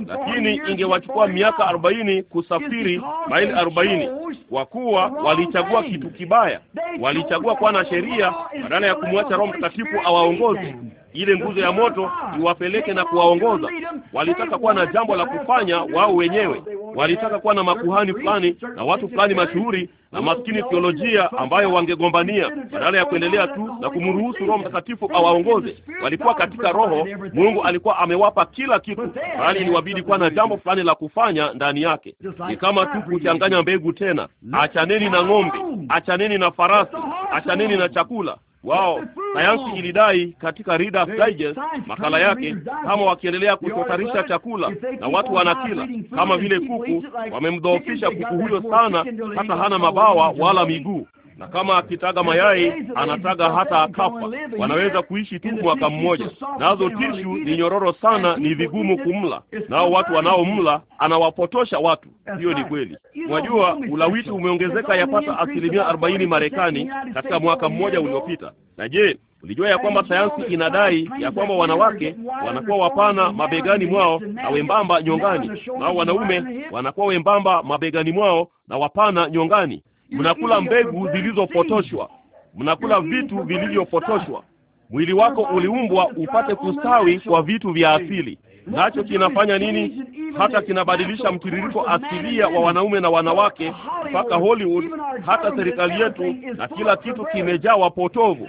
lakini ingewachukua miaka arobaini kusafiri maili arobaini kwa kuwa walichagua kitu kibaya. Walichagua kuwa na sheria badala ya kumwacha Roho Mtakatifu awaongoze ile nguzo ya moto iwapeleke na kuwaongoza. Walitaka kuwa na jambo la kufanya wao wenyewe, walitaka kuwa na makuhani fulani na watu fulani mashuhuri na maskini theolojia ambayo wangegombania badala ya kuendelea tu na kumruhusu Roho Mtakatifu awaongoze. Walikuwa katika roho, Mungu alikuwa amewapa kila kitu, bali iliwabidi kuwa na jambo fulani la kufanya ndani yake. Ni kama tu kuchanganya mbegu tena. Achaneni na ng'ombe, achaneni na farasi, achaneni na chakula wao sayansi ilidai katika Reader's Digest makala yake, kama wakiendelea kutotarisha chakula na watu wanakila kama vile kuku, wamemdhoofisha kuku huyo sana, hata hana mabawa wala miguu na kama akitaga mayai anataga hata akafa. Wanaweza kuishi tu mwaka mmoja. Nazo tishu ni nyororo sana, ni vigumu kumla, nao watu wanaomla anawapotosha watu. Hiyo ni kweli. wajua ulawiti umeongezeka yapata asilimia arobaini Marekani katika mwaka mmoja uliopita. Na je, ulijua ya kwamba sayansi inadai ya kwamba wanawake wanakuwa wapana mabegani mwao na wembamba nyongani, nao wanaume wanakuwa wembamba mabegani mwao na wapana nyongani mnakula mbegu zilizopotoshwa, mnakula vitu vilivyopotoshwa. Mwili wako uliumbwa upate kustawi kwa vitu vya asili, nacho kinafanya nini? Hata kinabadilisha mtiririko asilia wa wanaume na wanawake, mpaka Hollywood, hata serikali yetu na kila kitu kimejaa wapotovu.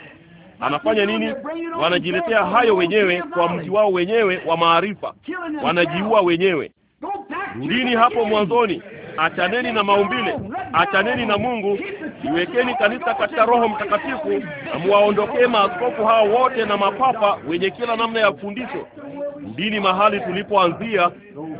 Anafanya nini? Wanajiletea hayo wenyewe kwa mji wao wenyewe wa maarifa, wanajiua wenyewe. Rudini hapo mwanzoni, achaneni na maumbile, achaneni na Mungu, iwekeni kanisa katika Roho Mtakatifu, na muwaondokee maaskofu hao wote na mapapa wenye kila namna ya fundisho. Mdini mahali tulipoanzia,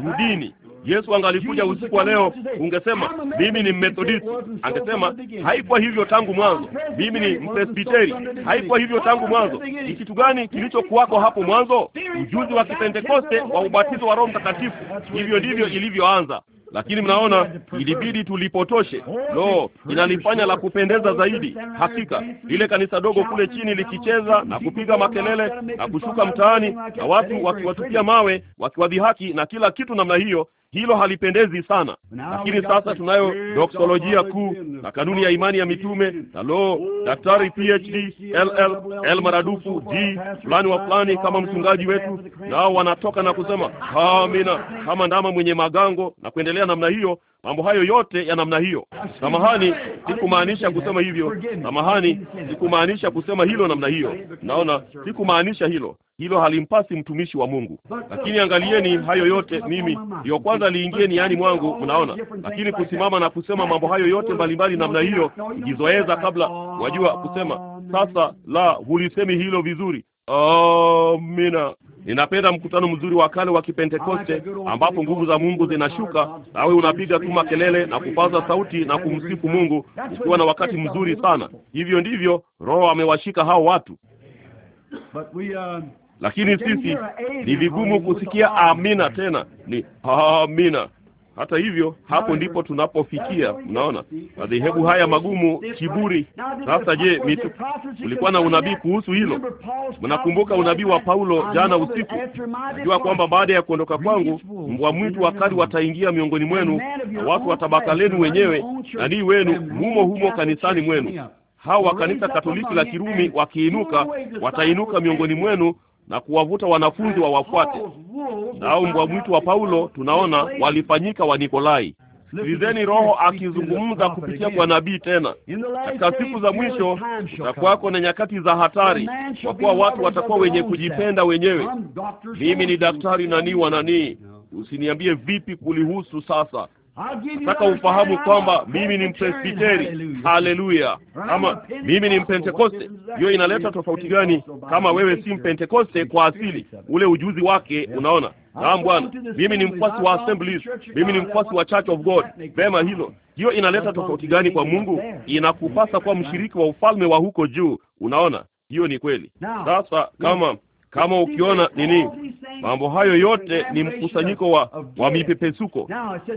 mdini. Yesu angalikuja usiku wa leo, ungesema mimi ni Mmethodisti, angesema haikuwa hivyo tangu mwanzo. Mimi ni Mpresbiteri, haikuwa hivyo tangu mwanzo. Ni kitu gani kilichokuwako hapo mwanzo? Ujuzi wa Kipentekoste wa ubatizo wa Roho Mtakatifu. Hivyo ndivyo ilivyoanza lakini mnaona ilibidi tulipotoshe. Lo, inalifanya la kupendeza zaidi. Hakika lile kanisa dogo kule chini likicheza na kupiga makelele na kushuka mtaani na watu wakiwatupia mawe, wakiwadhihaki na kila kitu namna hiyo, hilo halipendezi sana, lakini sasa tunayo doksolojia kuu na kanuni ya imani ya mitume na lo, oh, daktari PhD LL L maradufu D fulani wa fulani kama mchungaji wetu, nao wanatoka na kusema amina kama ndama mwenye magango na kuendelea namna hiyo, mambo hayo yote ya namna hiyo. Samahani, sikumaanisha kusema hivyo. Samahani, sikumaanisha kusema hilo namna hiyo. Naona sikumaanisha hilo hilo halimpasi mtumishi wa Mungu, uh, lakini angalieni oh, hayo oh, yote. Oh, mimi ndiyo kwanza liingie niani uh, mwangu, mnaona. Lakini kusimama na kusema mambo hayo yote uh, mbalimbali namna hiyo, nikizoeza kabla, wajua kusema sasa, la, hulisemi hilo vizuri. Amina. Ninapenda mkutano mzuri wa kale wa Kipentekoste ambapo nguvu za Mungu zinashuka, nawe unapiga tu makelele na kupaza sauti na kumsifu Mungu, ukiwa na wakati mzuri sana. Hivyo ndivyo Roho amewashika hao watu. Uh, Lakini sisi ni vigumu kusikia amina tena, ni amina hata hivyo hapo ndipo tunapofikia. Mnaona madhehebu haya magumu, kiburi. Sasa je, mitu kulikuwa na unabii kuhusu hilo? Mnakumbuka unabii wa Paulo jana usiku, najua kwamba baada ya kuondoka kwangu mbwa mwitu wakali wataingia miongoni mwenu na watu wa tabaka lenu wenyewe na nii wenu mumo humo kanisani mwenu hao wa kanisa Katoliki la Kirumi wakiinuka, watainuka miongoni mwenu na kuwavuta wanafunzi wawafuate. Nao mbwa mwitu wa Paulo tunaona walifanyika wa Nikolai. Sikilizeni Roho akizungumza kupitia kwa nabii tena. Katika siku za mwisho kutakuwako na nyakati za hatari, kwa kuwa watu watakuwa wenye kujipenda wenyewe. Mimi ni daktari nani wa nani? Usiniambie vipi kulihusu sasa nataka ufahamu kwamba mimi ni mpresbiteri, haleluya, ama mimi ni mpentekoste. Hiyo inaleta tofauti gani kama wewe si mpentekoste kwa asili, ule ujuzi wake? Unaona? Naam bwana, mimi ni mfuasi wa Assemblies, mimi ni mfuasi wa Church of God. Vema, hilo hiyo inaleta tofauti gani kwa Mungu? Inakupasa kuwa mshiriki wa ufalme wa huko juu. Unaona, hiyo ni kweli. Sasa kama kama ukiona nini, mambo hayo yote ni mkusanyiko wa, wa mipepesuko.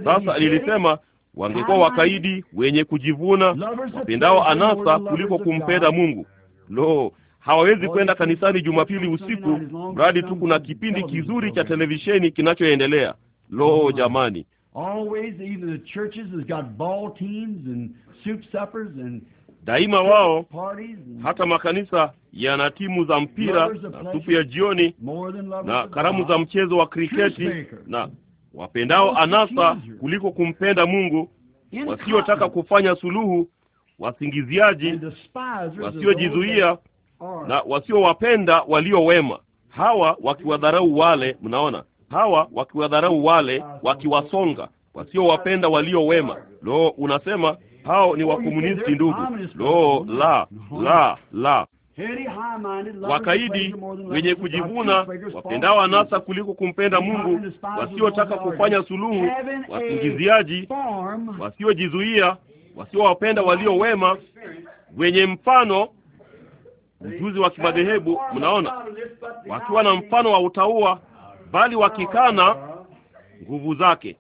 Sasa nilisema wangekuwa wakaidi, wenye kujivuna, wapendao anasa kuliko kumpenda Mungu. Lo, hawawezi kwenda kanisani Jumapili usiku mradi tu kuna kipindi kizuri cha televisheni kinachoendelea. Lo, jamani! Daima wao hata makanisa yana timu za mpira na supu ya jioni na karamu za mchezo wa kriketi na wapendao anasa kuliko kumpenda Mungu, wasiotaka kufanya suluhu, wasingiziaji, wasiojizuia na wasiowapenda walio wema. Hawa wakiwadharau wale, mnaona, hawa wakiwadharau wale, wakiwasonga, wasiowapenda walio wema. Lo, unasema hao ni wakomunisti ndugu. Lo la la la wakaidi wenye kujivuna, wapendao anasa kuliko kumpenda Mungu, wasiotaka kufanya suluhu, wasingiziaji, wasiojizuia, wasiowapenda walio wema, wenye mfano ujuzi wa kimadhehebu. Mnaona, wakiwa na mfano wa utaua, bali wakikana nguvu zake.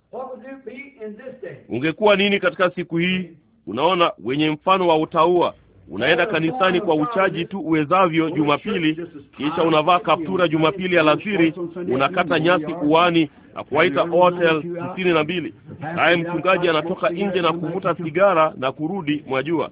Ungekuwa nini katika siku hii? unaona, wenye mfano wa utaua. Unaenda kanisani kwa uchaji tu uwezavyo oh, Jumapili, kisha unavaa kaptura Jumapili alasiri, unakata nyasi uani na kuwaita hotel tisini na mbili. Naye mchungaji anatoka nje na kuvuta sigara na kurudi, mwajua,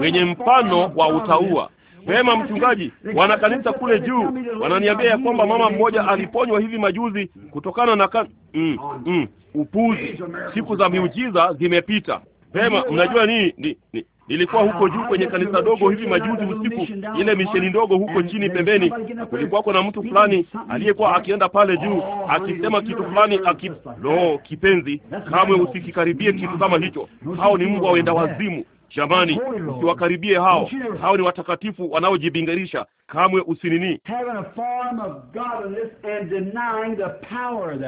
wenye mfano wa utaua. Pema mchungaji, wana kanisa kule juu wananiambia ya kwamba mama mmoja aliponywa hivi majuzi kutokana na kan... mm, mm, upuzi. Siku za miujiza zimepita. Vema, mnajua nini ni, ni, nilikuwa huko juu kwenye kanisa dogo hivi majuzi usiku, ile misheni ndogo huko chini pembeni, na kulikuwa kuna mtu fulani aliyekuwa akienda pale juu akisema kitu fulani aki... Lo, kipenzi, kamwe usikikaribie kitu kama hicho. Hao ni mbwa waenda wazimu. Jamani, usiwakaribie hao. Hao ni watakatifu wanaojibingarisha. Kamwe usinini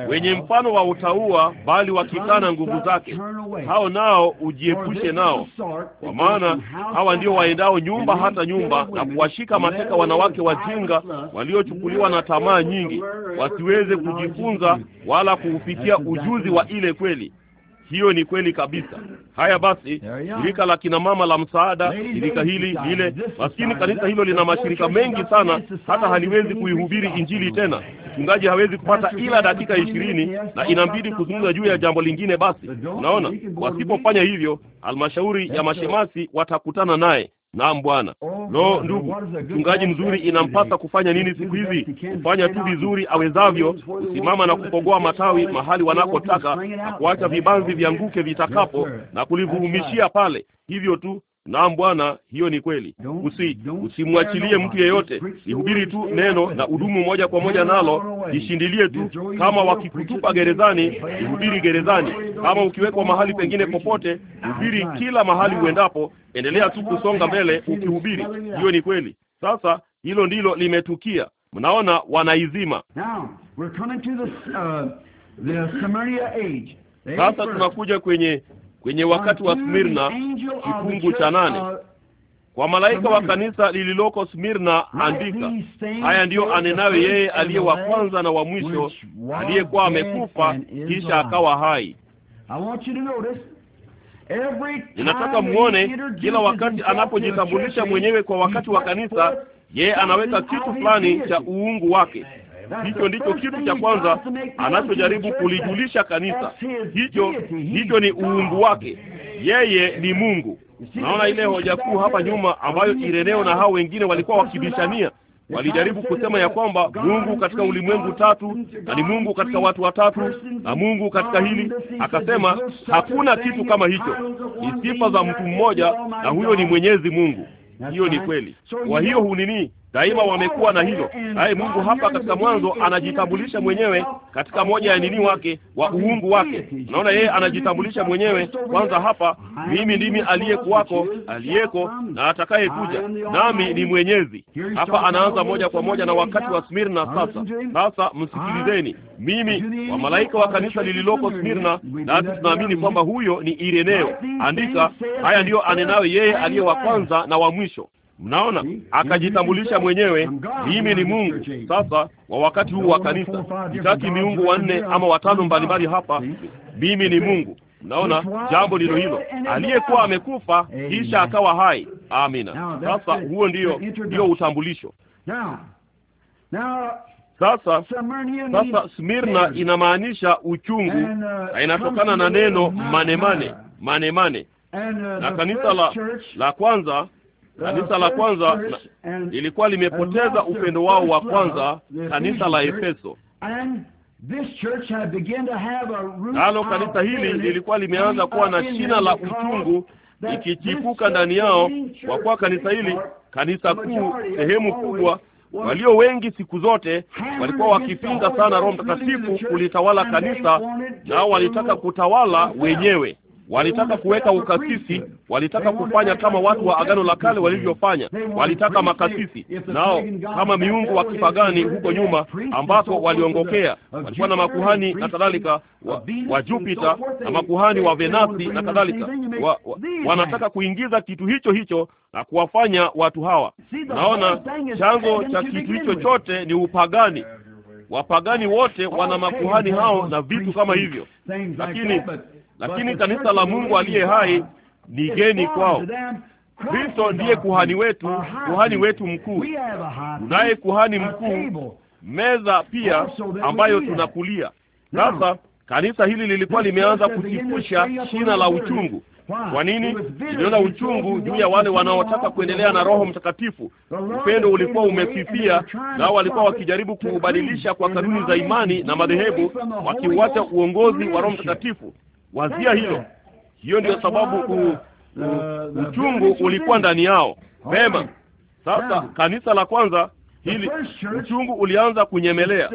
wenye mfano wa utaua, bali wakikana nguvu zake. Hao nao ujiepushe nao, kwa maana hawa ndio waendao nyumba hata nyumba na kuwashika mateka wanawake wajinga waliochukuliwa na tamaa nyingi, wasiweze kujifunza wala kuufikia ujuzi wa ile kweli. Hiyo ni kweli kabisa. Haya basi, shirika la kina mama la msaada, shirika hili lile, maskini kanisa hilo lina mashirika mengi sana, hata haliwezi kuihubiri injili tena. Mchungaji hawezi kupata ila dakika ishirini na inabidi kuzungumza juu ya jambo lingine. Basi unaona, wasipofanya hivyo, halmashauri ya mashemasi watakutana naye Naam Bwana. Oh, Lo, ndugu mchungaji mzuri, inampasa kufanya nini siku hizi? Kufanya tu vizuri awezavyo, kusimama na kupogoa matawi mahali wanakotaka na kuacha vibanzi vianguke vitakapo, na kulivurumishia pale hivyo tu, Naam Bwana, hiyo ni kweli. Usi usimwachilie mtu yeyote, ihubiri tu neno na udumu moja kwa moja nalo, jishindilie tu. Kama wakikutupa gerezani, ihubiri gerezani. Kama ukiwekwa mahali pengine popote, hubiri kila mahali uendapo. Endelea tu kusonga mbele ukihubiri. Hiyo ni kweli. Sasa hilo ndilo limetukia. Mnaona wanaizima uh, sasa. Tunakuja kwenye kwenye wakati wa Smirna, kifungu cha nane. Kwa malaika wa kanisa lililoko Smirna andika, haya ndiyo anenayo yeye aliye wa kwanza na wa mwisho, aliyekuwa amekufa kisha akawa hai. Ninataka mwone kila wakati anapojitambulisha mwenyewe kwa wakati wa kanisa, yeye anaweka kitu fulani cha uungu wake Hicho ndicho kitu cha kwanza anachojaribu kulijulisha kanisa. Hicho hicho ni uungu wake, yeye ni Mungu. Naona ile hoja kuu hapa nyuma ambayo Ireneo na hao wengine walikuwa wakibishania walijaribu kusema ya kwamba Mungu katika ulimwengu tatu na ni Mungu katika watu watatu na Mungu katika hili. Akasema hakuna kitu kama hicho, ni sifa za mtu mmoja, na huyo ni Mwenyezi Mungu. Hiyo ni kweli. Kwa hiyo hunini daima wamekuwa na hilo. Naye Mungu hapa katika mwanzo anajitambulisha mwenyewe katika moja ya nini wake wa uungu wake. Unaona, yeye anajitambulisha mwenyewe kwanza hapa, mimi ndimi aliyekuwako, aliyeko na atakayekuja, nami ni mwenyezi. Hapa anaanza moja kwa moja na wakati wa Smirna. Sasa sasa, msikilizeni mimi, wa malaika wa kanisa lililoko Smirna, nasi tunaamini kwamba huyo ni Ireneo. Andika haya, ndiyo anenayo yeye aliye wa kwanza na wa mwisho. Mnaona, akajitambulisha mwenyewe, mimi ni Mungu. Sasa wa wakati huu wa kanisa, sitaki miungu wanne ama watano mbalimbali hapa, mimi ni Mungu. Mnaona jambo lilo hilo, aliyekuwa amekufa kisha akawa hai. Amina. Sasa huo ndio ndio utambulisho. Sasa sasa, Smirna inamaanisha uchungu uh, na inatokana na neno manemane, manemane, uh, na kanisa la la kwanza Kanisa la kwanza lilikuwa limepoteza upendo wao wa kwanza, kanisa la Efeso. Nalo kanisa hili lilikuwa limeanza kuwa na shina la uchungu ikichipuka ndani yao, kwa kuwa kanisa hili, kanisa kuu, sehemu kubwa walio wengi siku zote walikuwa wakipinga sana Roho Mtakatifu kulitawala kanisa, nao walitaka kutawala wenyewe. Walitaka kuweka ukasisi, walitaka kufanya kama watu wa Agano la Kale walivyofanya. Walitaka makasisi nao kama miungu wa kipagani huko nyuma ambako waliongokea. Walikuwa na makuhani na kadhalika wa, wa Jupiter na makuhani wa Venasi na kadhalika wa, wa, wanataka kuingiza kitu hicho hicho na kuwafanya watu hawa. Naona chanzo cha kitu hicho chote ni upagani. Wapagani wote wana makuhani hao na vitu kama hivyo, lakini lakini kanisa la Mungu aliye hai ni geni kwao. Kristo ndiye kuhani wetu, kuhani wetu mkuu. Tunaye kuhani mkuu, meza pia ambayo tunakulia. Sasa kanisa hili lilikuwa limeanza kuchipusha shina la uchungu. Kwa nini? Liliona uchungu juu ya wale wanaotaka kuendelea na Roho Mtakatifu. Upendo ulikuwa umefifia, nao walikuwa wakijaribu kuubadilisha kwa kanuni za imani na madhehebu, wakiuacha uongozi wa Roho Mtakatifu. Wazia hilo. Hiyo ndio sababu u, u, uchungu ulikuwa ndani yao. Mema, sasa kanisa la kwanza hili uchungu ulianza kunyemelea.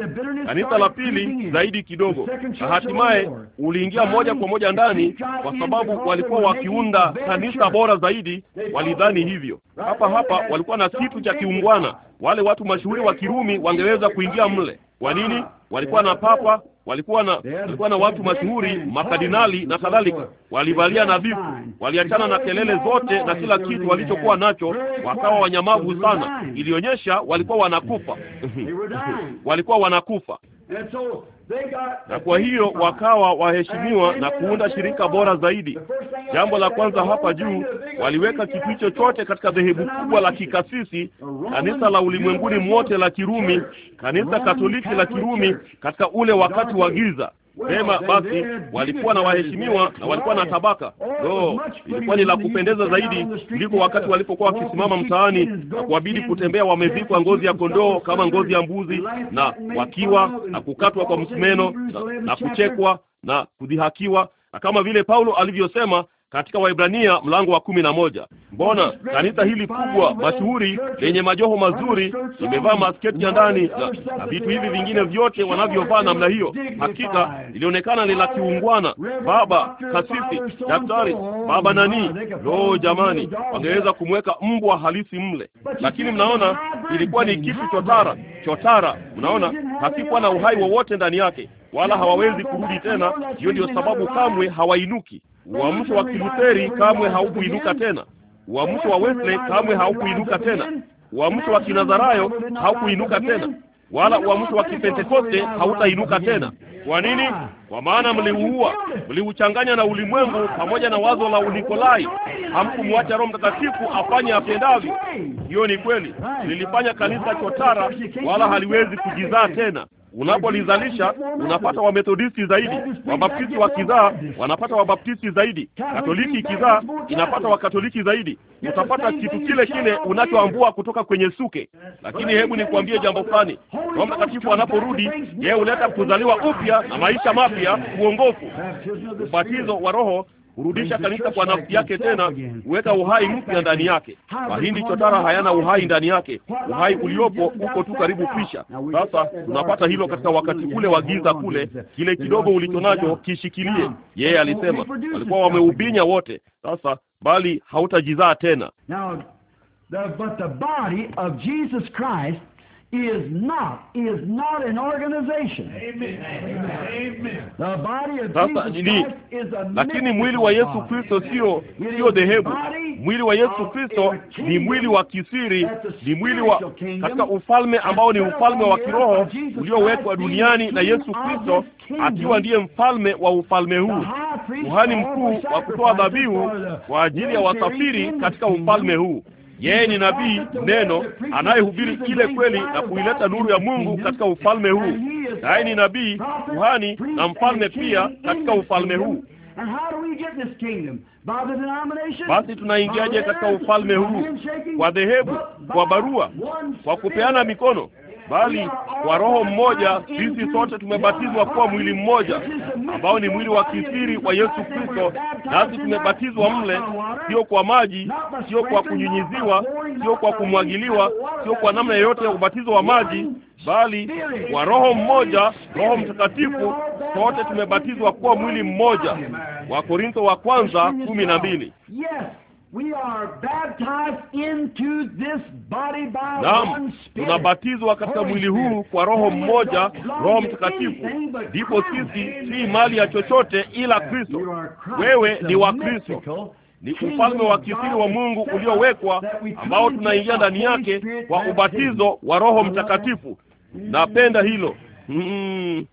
Kanisa la pili zaidi kidogo, na hatimaye uliingia moja kwa moja ndani, kwa sababu walikuwa wakiunda kanisa bora zaidi. Walidhani hivyo. Hapa hapa walikuwa na kitu cha kiungwana. Wale watu mashuhuri wa Kirumi wangeweza kuingia mle. Kwa nini? Walikuwa na papa walikuwa na walikuwa na watu mashuhuri, makadinali na kadhalika, walivalia nadhifu, waliachana na kelele zote na kila kitu walichokuwa nacho, wakawa wanyamavu sana. Ilionyesha walikuwa wanakufa [laughs] walikuwa wanakufa na kwa hiyo wakawa waheshimiwa na kuunda shirika bora zaidi. Jambo la kwanza hapa juu, waliweka kitu chochote katika dhehebu kubwa la kikasisi, kanisa la ulimwenguni mwote la Kirumi, kanisa Katoliki la Kirumi, katika ule wakati wa giza Sema basi, walikuwa na waheshimiwa na walikuwa na tabaka. Lo, ilikuwa ni la kupendeza zaidi kuliko wakati walipokuwa wakisimama mtaani na kuabidi kutembea wamevikwa ngozi ya kondoo kama ngozi ya mbuzi, na wakiwa na kukatwa kwa msumeno na, na kuchekwa na kudhihakiwa na kama vile Paulo alivyosema katika Waibrania mlango wa kumi na moja. Mbona kanisa hili kubwa mashuhuri lenye majoho mazuri limevaa masketi ya ndani na, na vitu hivi vingine vyote wanavyovaa namna hiyo? Hakika ilionekana ni la kiungwana. Baba kasisi, daktari, baba nani, Lo jamani, wangeweza kumweka mbwa halisi mle, lakini mnaona ilikuwa ni kitu chotara chotara. Mnaona hakikuwa na uhai wowote ndani yake wala hawawezi kurudi tena. Hiyo ndiyo sababu kamwe hawainuki. Uamsho wa Kilutheri kamwe haukuinuka tena. Uamsho wa Wesley kamwe haukuinuka tena. Uamsho wa Kinazarayo haukuinuka tena, wala uamsho wa Kipentekoste hautainuka tena. Kwa nini? Kwa maana mliuua, mliuchanganya na ulimwengu pamoja na wazo la Unikolai. Hamkumwacha Roho Mtakatifu afanye apendavyo. Hiyo ni kweli, lilifanya kanisa chotara, wala haliwezi kujizaa tena. Unapolizalisha unapata Wamethodisti zaidi, Wabaptisti wakizaa wanapata Wabaptisti zaidi, Katoliki ikizaa inapata Wakatoliki zaidi. Utapata kitu kile kile unachoambua kutoka kwenye suke. Lakini hebu kuambie jambo fulani, Roho Mtakatifu anaporudi yeye huleta kuzaliwa upya na maisha mapya, uongofu, ubatizo wa Roho hurudisha kanisa kwa nafsi yake tena, huweka uhai mpya ndani yake. Mahindi chotara hayana uhai ndani yake, uhai uliopo uko tu karibu kwisha. Sasa tunapata hilo katika wakati ule wa giza kule, kile kidogo ulichonacho kishikilie. Yeye alisema walikuwa wameubinya wote, sasa bali hautajizaa tena is not is not an organization. Amen. Amen. The body of sasa ni lakini mwili wa Yesu Kristo sio sio dhehebu. Mwili wa Yesu Kristo ni mwili wa kisiri, ni mwili wa katika ufalme ambao ni ufalme wa kiroho uliowekwa duniani na Yesu Kristo akiwa ndiye mfalme wa ufalme huu, kuhani mkuu wa kutoa dhabihu kwa ajili ya wasafiri katika ufalme huu. Yeye ni nabii neno anayehubiri ile kweli na kuileta nuru ya Mungu katika ufalme huu. Naye ni nabii, kuhani na mfalme pia katika ufalme huu. Basi tunaingiaje katika ufalme huu? Kwa dhehebu, kwa barua, kwa kupeana mikono bali kwa Roho mmoja sisi sote tumebatizwa kuwa mwili mmoja ambao ni mwili wa kisiri wa Yesu Kristo, nasi tumebatizwa mle, sio kwa maji, sio kwa kunyunyiziwa, sio kwa kumwagiliwa, sio kwa namna yoyote ya ubatizo wa maji, bali kwa Roho mmoja, Roho Mtakatifu, sote tumebatizwa kuwa mwili mmoja. Wakorintho wa kwanza kumi na mbili. Naam, tunabatizwa katika mwili huu kwa Roho mmoja, Roho Mtakatifu. Ndipo sisi si mali ya chochote ila Kristo. Wewe ni wa Kristo, ni ufalme wa kisiri wa Mungu uliowekwa, ambao tunaingia ndani yake kwa ubatizo wa Roho Mtakatifu. Mm-hmm. Napenda hilo. Mm-hmm.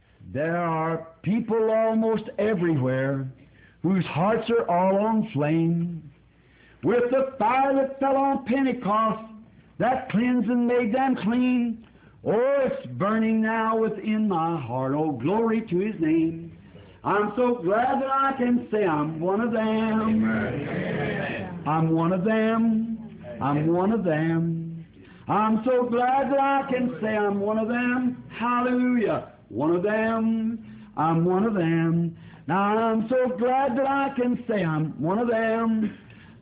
with the fire that fell on Pentecost, that cleansing made them clean. Oh, it's burning now within my heart. Oh, glory to his name. I'm so glad that I can say I'm one of them. Amen. I'm one of them. I'm one of them. I'm so glad that I can say I'm one of them. Hallelujah. One of them. I'm one of them. Now I'm so glad that I can say I'm one of them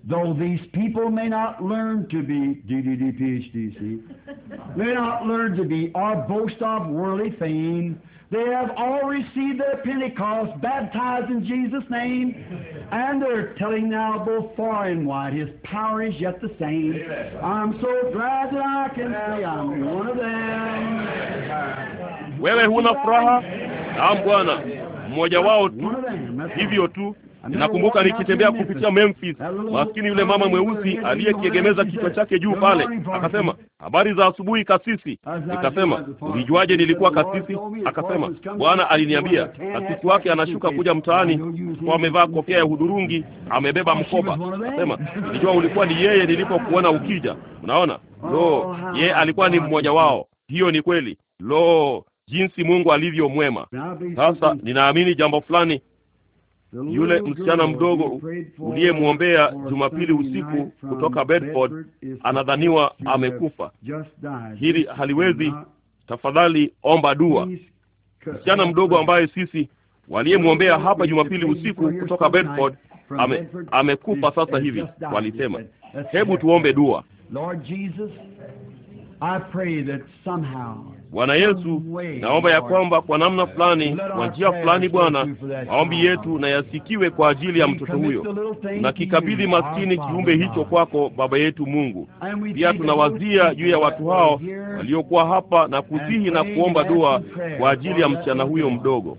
though these people may not learn to be DDD, PhD, may not learn to be or boast of worldly fame, they have all received their Pentecost, baptized in Jesus' name, and they're telling now both far and wide, His power is yet the same. I'm so glad that I can say I'm one of them. Wewe huna furaha? Naam Bwana, mmoja wao tu, hivyo tu. Ninakumbuka nikitembea kupitia Memphis, maskini yule mama mweusi aliyekiegemeza kichwa chake juu pale akasema, habari za asubuhi kasisi. Nikasema, ulijuaje nilikuwa kasisi? Akasema, Bwana aliniambia kasisi wake anashuka kuja mtaani kwa amevaa kofia ya hudurungi, amebeba mkoba. Akasema, nilijua ulikuwa ni yeye nilipokuona ukija. Mnaona, lo, yeye alikuwa ni mmoja wao. Hiyo ni kweli. Lo, jinsi Mungu alivyo mwema. Sasa ninaamini jambo fulani yule msichana mdogo uliyemwombea Jumapili usiku kutoka Bedford anadhaniwa amekufa. Hili haliwezi. Tafadhali omba dua. Msichana mdogo ambaye sisi waliyemwombea hapa Jumapili usiku kutoka Bedford ame, amekufa sasa hivi. Walisema, hebu tuombe dua. Bwana Yesu, naomba ya kwamba kwa namna fulani, kwa njia fulani, Bwana, maombi yetu na yasikiwe kwa ajili ya mtoto huyo. Tunakikabidhi maskini kiumbe hicho kwako, Baba yetu Mungu. Pia tunawazia juu ya watu hao waliokuwa hapa na kusihi na kuomba dua kwa ajili ya msichana huyo mdogo.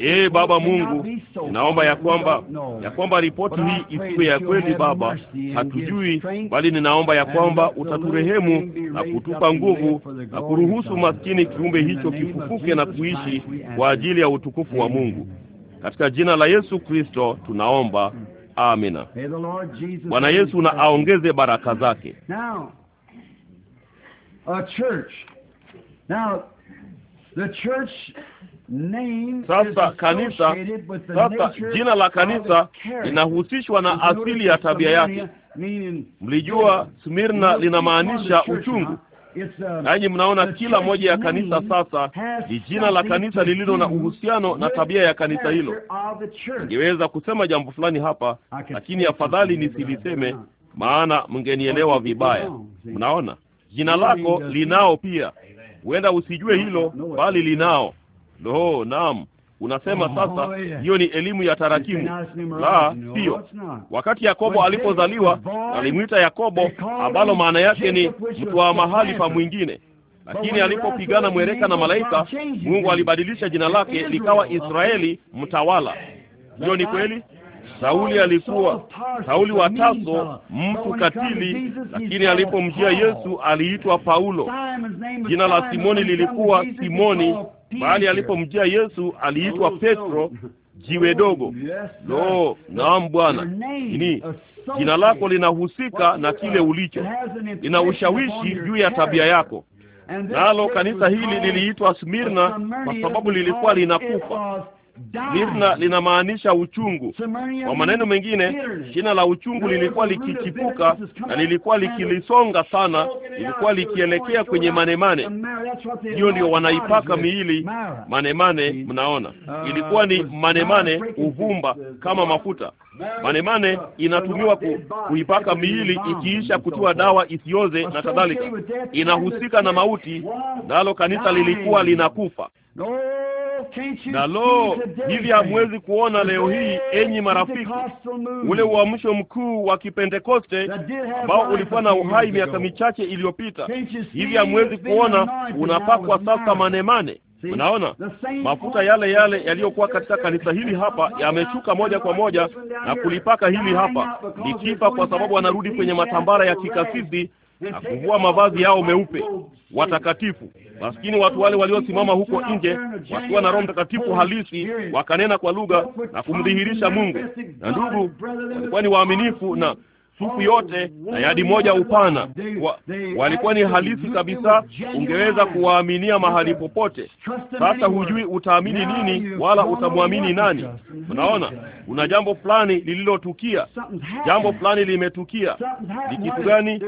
Ee Baba Mungu, ninaomba ya kwamba ya kwamba ripoti hii isiwe ya kweli Baba, hatujui, bali ninaomba ya kwamba utaturehemu na kutupa nguvu na kuruhusu maskini kiumbe hicho kifufuke na kuishi kwa ajili ya utukufu wa Mungu. Katika jina la Yesu Kristo tunaomba, amina. Bwana Yesu na aongeze baraka zake. Now, sasa kanisa, sasa jina la kanisa linahusishwa na asili ya tabia yake. Mlijua Smirna linamaanisha uchungu. Uh, Nanyi mnaona kila moja ya kanisa sasa ni jina la kanisa lililo na uhusiano na tabia ya kanisa hilo. Ningeweza kusema jambo fulani hapa, lakini afadhali nisiliseme, maana mngenielewa vibaya. Mnaona, jina lako linao pia, huenda usijue hilo, bali linao Lo, naam. Unasema oh, sasa hiyo ni elimu ya tarakimu. La, sio. Wakati Yakobo alipozaliwa alimwita Yakobo, ambalo maana yake ni mtu wa mahali pa mwingine, lakini alipopigana mwereka na malaika, Mungu alibadilisha jina lake likawa Israeli mtawala. Hiyo ni kweli. Sauli alikuwa Sauli wa Tarso, mtu katili, lakini alipomjia Yesu aliitwa Paulo. Jina la Simoni lilikuwa Simoni bali alipomjia Yesu aliitwa oh, Petro, [laughs] jiwe oh, dogo. Lo, naam Bwana, ni jina lako linahusika na kile ulicho, lina ushawishi juu ya tabia yako. Nalo kanisa hili liliitwa Smirna kwa sababu lilikuwa linakufa, Libna linamaanisha uchungu. Kwa maneno mengine, jina la uchungu lilikuwa likichipuka na lilikuwa likilisonga sana, lilikuwa likielekea kwenye manemane. Hiyo ndio wanaipaka miili manemane, mnaona, uh, ilikuwa ni manemane, uvumba kama mafuta. Manemane inatumiwa ku, kuipaka miili ikiisha kutiwa dawa isioze na kadhalika, inahusika na mauti, nalo kanisa lilikuwa linakufa. Na lo, hivi hamwezi kuona leo hii, enyi marafiki, ule uamsho mkuu wa Kipentekoste ambao ulikuwa na uhai miaka michache iliyopita? Hivi hamwezi kuona unapakwa sasa manemane? Unaona mafuta yale yale yaliyokuwa katika kanisa hili hapa yameshuka moja kwa moja na kulipaka hili hapa. Ni kwa sababu anarudi kwenye matambara ya kikasisi na kuvua mavazi yao meupe watakatifu. Maskini watu wale waliosimama huko nje wakiwa na Roho Mtakatifu halisi, wakanena kwa lugha na kumdhihirisha Mungu. Na ndugu, walikuwa ni waaminifu na sufu yote na yadi moja upana wa, walikuwa ni halisi kabisa, ungeweza kuwaaminia mahali popote. Sasa hujui utaamini nini wala utamwamini nani. Unaona, kuna jambo fulani lililotukia, jambo fulani limetukia. Ni kitu gani?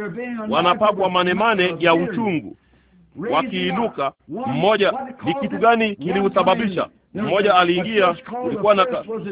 Wanapakwa manemane ya uchungu wakiinuka mmoja. Ni kitu gani kiliusababisha? Mmoja aliingia, kulikuwa na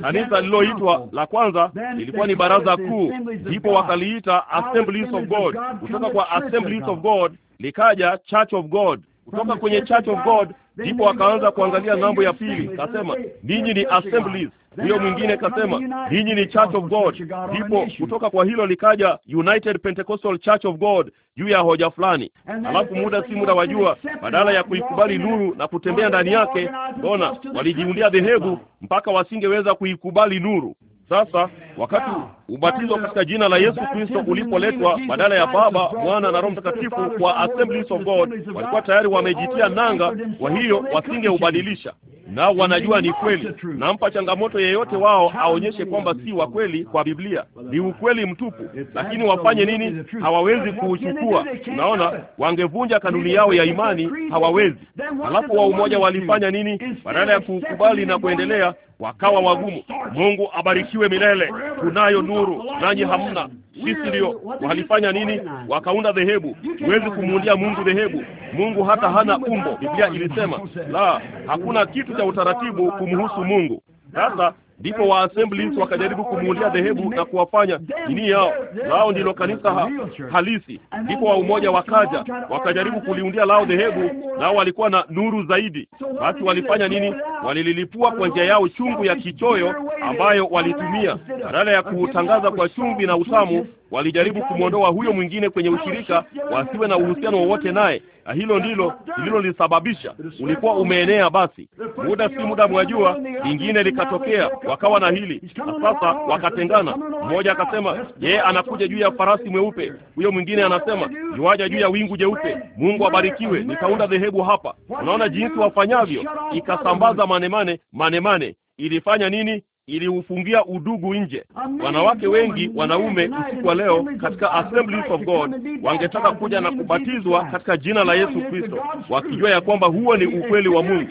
kanisa lililoitwa la kwanza, ilikuwa ni baraza kuu, ndipo wakaliita Assemblies of God, kutoka kwa Assemblies of God likaja Church of God, kutoka kwenye Church of God ndipo wakaanza kuangalia ng'ambo ya pili, kasema ninyi ni Assemblies huyo mwingine akasema ninyi ni Church of God. Ndipo kutoka kwa hilo likaja United Pentecostal Church of God juu ya hoja fulani, alafu muda si muda, wajua, badala ya kuikubali nuru na kutembea ndani yake, ona, walijiundia dhehebu mpaka wasingeweza kuikubali nuru. Sasa wakati ubatizo katika jina la Yesu Kristo ulipoletwa badala ya Baba, Mwana na Roho Mtakatifu kwa Assemblies of God, walikuwa tayari wamejitia nanga, kwa hiyo wasingeubadilisha, nao wanajua ni kweli. Nampa changamoto yeyote wao aonyeshe kwamba si wa kweli kwa Biblia, ni ukweli mtupu, lakini wafanye nini? Hawawezi kuuchukua. Unaona, wangevunja kanuni yao ya imani, hawawezi. Halafu wa umoja walifanya nini? Badala ya kukubali na kuendelea wakawa wagumu. Mungu abarikiwe milele. Kunayo nuru, nanyi hamna. Sisi ndio walifanya nini? Wakaunda dhehebu. Huwezi kumuundia Mungu dhehebu. Mungu hata hana umbo. Biblia ilisema la, hakuna kitu cha utaratibu kumhusu Mungu. Sasa Ndipo Waassemblies wakajaribu kumuulia dhehebu na kuwafanya dini yao, lao ndilo kanisa ha, halisi. Ndipo wa umoja wakaja wakajaribu kuliundia lao dhehebu, nao walikuwa na nuru zaidi. Basi walifanya nini? Walililipua kwa njia yao chungu ya kichoyo ambayo walitumia, badala ya kuutangaza kwa chumvi na utamu, walijaribu kumwondoa huyo mwingine kwenye ushirika, wasiwe na uhusiano wowote naye na ah, hilo ndilo lililolisababisha. Ulikuwa umeenea basi, muda si muda mwajua, lingine likatokea, wakawa na hili na sasa wakatengana. Mmoja akasema yeye anakuja juu ya farasi mweupe, huyo mwingine anasema yuaja juu ya wingu jeupe. Mungu abarikiwe, nikaunda dhehebu hapa. Unaona jinsi wafanyavyo, ikasambaza manemane manemane. Ilifanya nini? iliufungia udugu nje. Wanawake wengi wanaume usiku wa leo katika Assemblies of God wangetaka kuja na kubatizwa katika jina la Yesu Kristo, wakijua ya kwamba huo ni ukweli wa Mungu.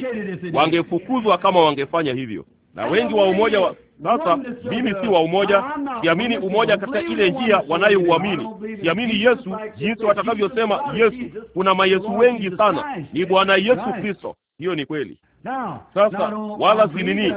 Wangefukuzwa kama wangefanya hivyo, na wengi wa umoja wa sasa mimi si wa umoja, siamini umoja katika ile njia wanayouamini. Siamini Yesu jinsi watakavyosema Yesu. Kuna mayesu wengi sana, ni Bwana Yesu Kristo. Hiyo ni kweli. Sasa wala si nini,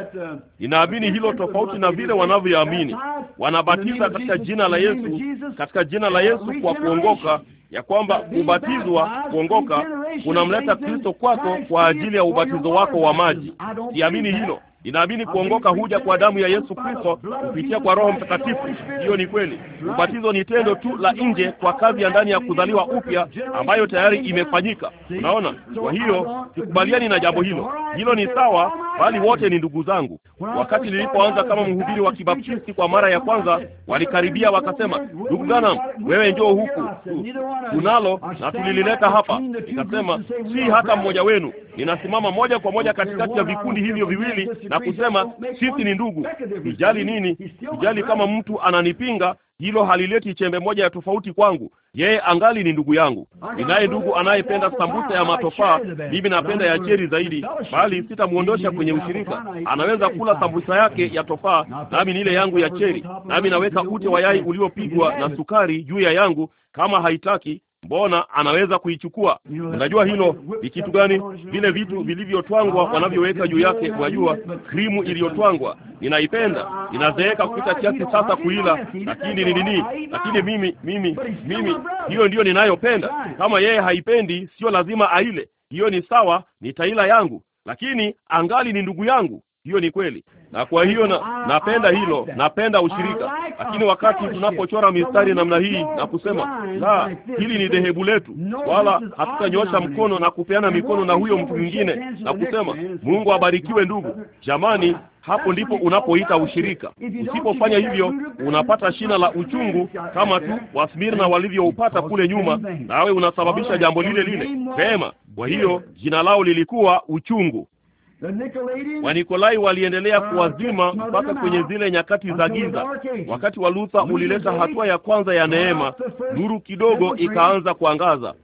ninaamini uh, hilo tofauti na vile wanavyoamini. Wanabatiza katika jina la Yesu, katika jina la Yesu kwa kuongoka, ya kwamba kubatizwa kuongoka kunamleta Kristo kwako kwa ajili ya ubatizo wako wa maji. Siamini hilo. Ninaamini kuongoka huja kwa damu ya Yesu Kristo kupitia kwa Roho Mtakatifu. Hiyo ni kweli. Ubatizo ni tendo tu la nje kwa kazi ya ndani ya kuzaliwa upya ambayo tayari imefanyika. Unaona? Kwa hiyo sikubaliani na jambo hilo. Hilo ni sawa bali wote ni ndugu zangu. Wakati nilipoanza kama mhubiri wa kibaptisti kwa mara ya kwanza, walikaribia wakasema, ndugu Branham, wewe njoo huku, tunalo na tulilileta hapa. Nikasema, si hata mmoja wenu. Ninasimama moja kwa moja katikati ya vikundi hivyo viwili na kusema sisi ni ndugu. Sijali nini, sijali kama mtu ananipinga hilo halileti chembe moja ya tofauti kwangu. Yeye angali ni ndugu yangu. Ninaye ndugu anayependa sambusa ya matofaa, mimi napenda ya cheri zaidi, bali sitamwondosha kwenye ushirika. Anaweza kula sambusa yake ya tofaa, nami nile yangu ya cheri, nami naweka ute wa yai uliopigwa na sukari juu ya yangu kama haitaki Mbona anaweza kuichukua? Unajua hilo ni kitu gani? Vile vitu vilivyotwangwa wanavyoweka juu yake, unajua krimu iliyotwangwa. Ninaipenda, inazeeka kupita kiasi sasa kuila, lakini ni nini? Lakini mimi mimi mimi, hiyo ndiyo ninayopenda. Kama yeye haipendi, sio lazima aile. Hiyo ni sawa, ni taila yangu, lakini angali ni ndugu yangu. Hiyo ni kweli na kwa hiyo na, ah, napenda hilo, napenda ushirika. Lakini wakati tunapochora mistari namna hii na kusema la, hili ni dhehebu letu, wala hatutanyosha mkono na kupeana mikono na huyo mtu mwingine na kusema Mungu abarikiwe ndugu, jamani, hapo ndipo unapoita ushirika. Usipofanya hivyo, unapata shina la uchungu kama tu Wasmirna walivyoupata kule nyuma, nawe unasababisha jambo lile lile. sema kwa hiyo jina lao lilikuwa uchungu. Wanikolai waliendelea ah, kuwazima mpaka kwenye zile nyakati za giza. Wakati wa Luther ulileta hatua ya kwanza ya neema, nuru kidogo ikaanza kuangaza.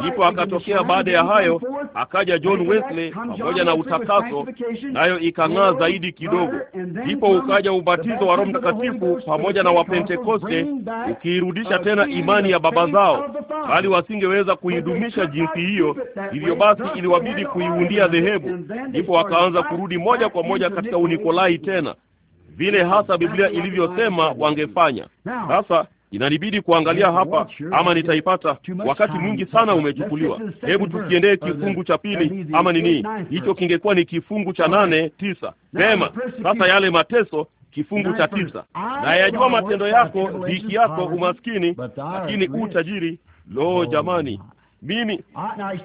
Ndipo akatokea baada ya hayo akaja John Wesley pamoja na utakaso, nayo ikang'aa zaidi kidogo. Ndipo ukaja ubatizo wa Roho Mtakatifu pamoja na Wapentekoste, ukiirudisha tena imani ya baba zao, bali wasingeweza kuidumisha jinsi hiyo, hivyo basi iliwabidi kuiundia dhehebu. Ndipo wakaanza kurudi moja kwa moja katika Unikolai tena vile hasa Biblia ilivyosema wangefanya. Sasa inanibidi kuangalia hapa ama nitaipata. Wakati mwingi sana umechukuliwa. Hebu tukiendee kifungu cha pili ama nini, hicho kingekuwa ni kifungu cha nane tisa. Vema, sasa yale mateso kifungu cha tisa, na yajua matendo yako, dhiki yako, umaskini, lakini uu tajiri. Lo, jamani, mimi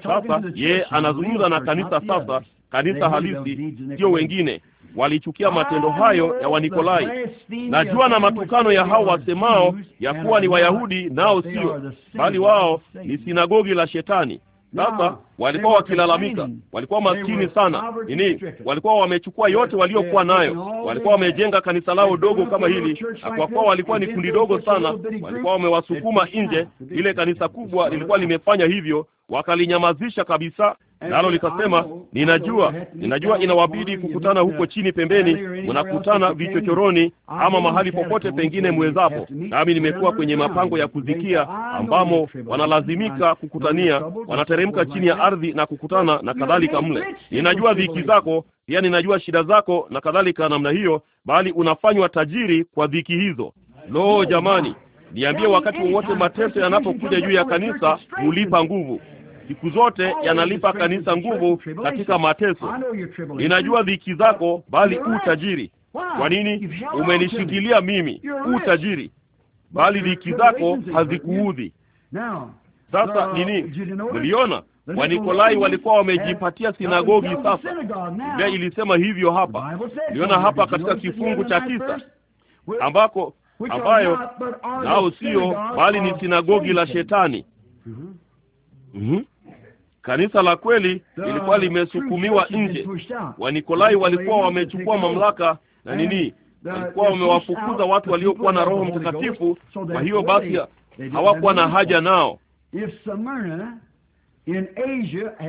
sasa, yeye anazungumza na kanisa sasa kanisa halisi, sio wengine. Walichukia ah, matendo hayo ya Wanikolai. Najua na matukano ya hao wasemao ya kuwa ni Wayahudi, nao sio, bali wao ni sinagogi la Shetani. Sasa walikuwa wakilalamika, walikuwa maskini sana nini, walikuwa wamechukua yote waliokuwa nayo, walikuwa wamejenga kanisa lao dogo kama hili, na kwa kuwa walikuwa ni kundi dogo sana, walikuwa wamewasukuma nje. Ile kanisa kubwa lilikuwa limefanya hivyo, wakalinyamazisha kabisa, nalo likasema, ninajua, ninajua inawabidi kukutana huko chini pembeni, mnakutana vichochoroni ama mahali popote pengine mwezapo, nami nimekuwa kwenye mapango ya kuzikia ambamo wanalazimika kukutania, wanateremka chini ya ardhi na kukutana na kadhalika mle. Ninajua dhiki zako, pia ninajua shida zako na kadhalika namna hiyo, bali unafanywa tajiri kwa dhiki hizo. Lo, jamani, niambie, wakati wowote mateso yanapokuja juu ya kanisa hulipa nguvu siku zote yanalipa kanisa nguvu katika mateso. Ninajua dhiki zako, bali u tajiri. Kwa nini umenishikilia mimi? U tajiri, bali dhiki zako hazikuudhi. Sasa nini? Uliona Wanikolai walikuwa wamejipatia sinagogi. Sasa Biblia ilisema hivyo hapa, niliona hapa katika kifungu cha tisa ambako ambayo nao sio bali ni sinagogi la Shetani. mm -hmm. Kanisa la kweli lilikuwa limesukumiwa nje. Wanikolai walikuwa wamechukua mamlaka na nini, walikuwa wamewafukuza watu waliokuwa na Roho Mtakatifu. Kwa hiyo basi hawakuwa na haja nao.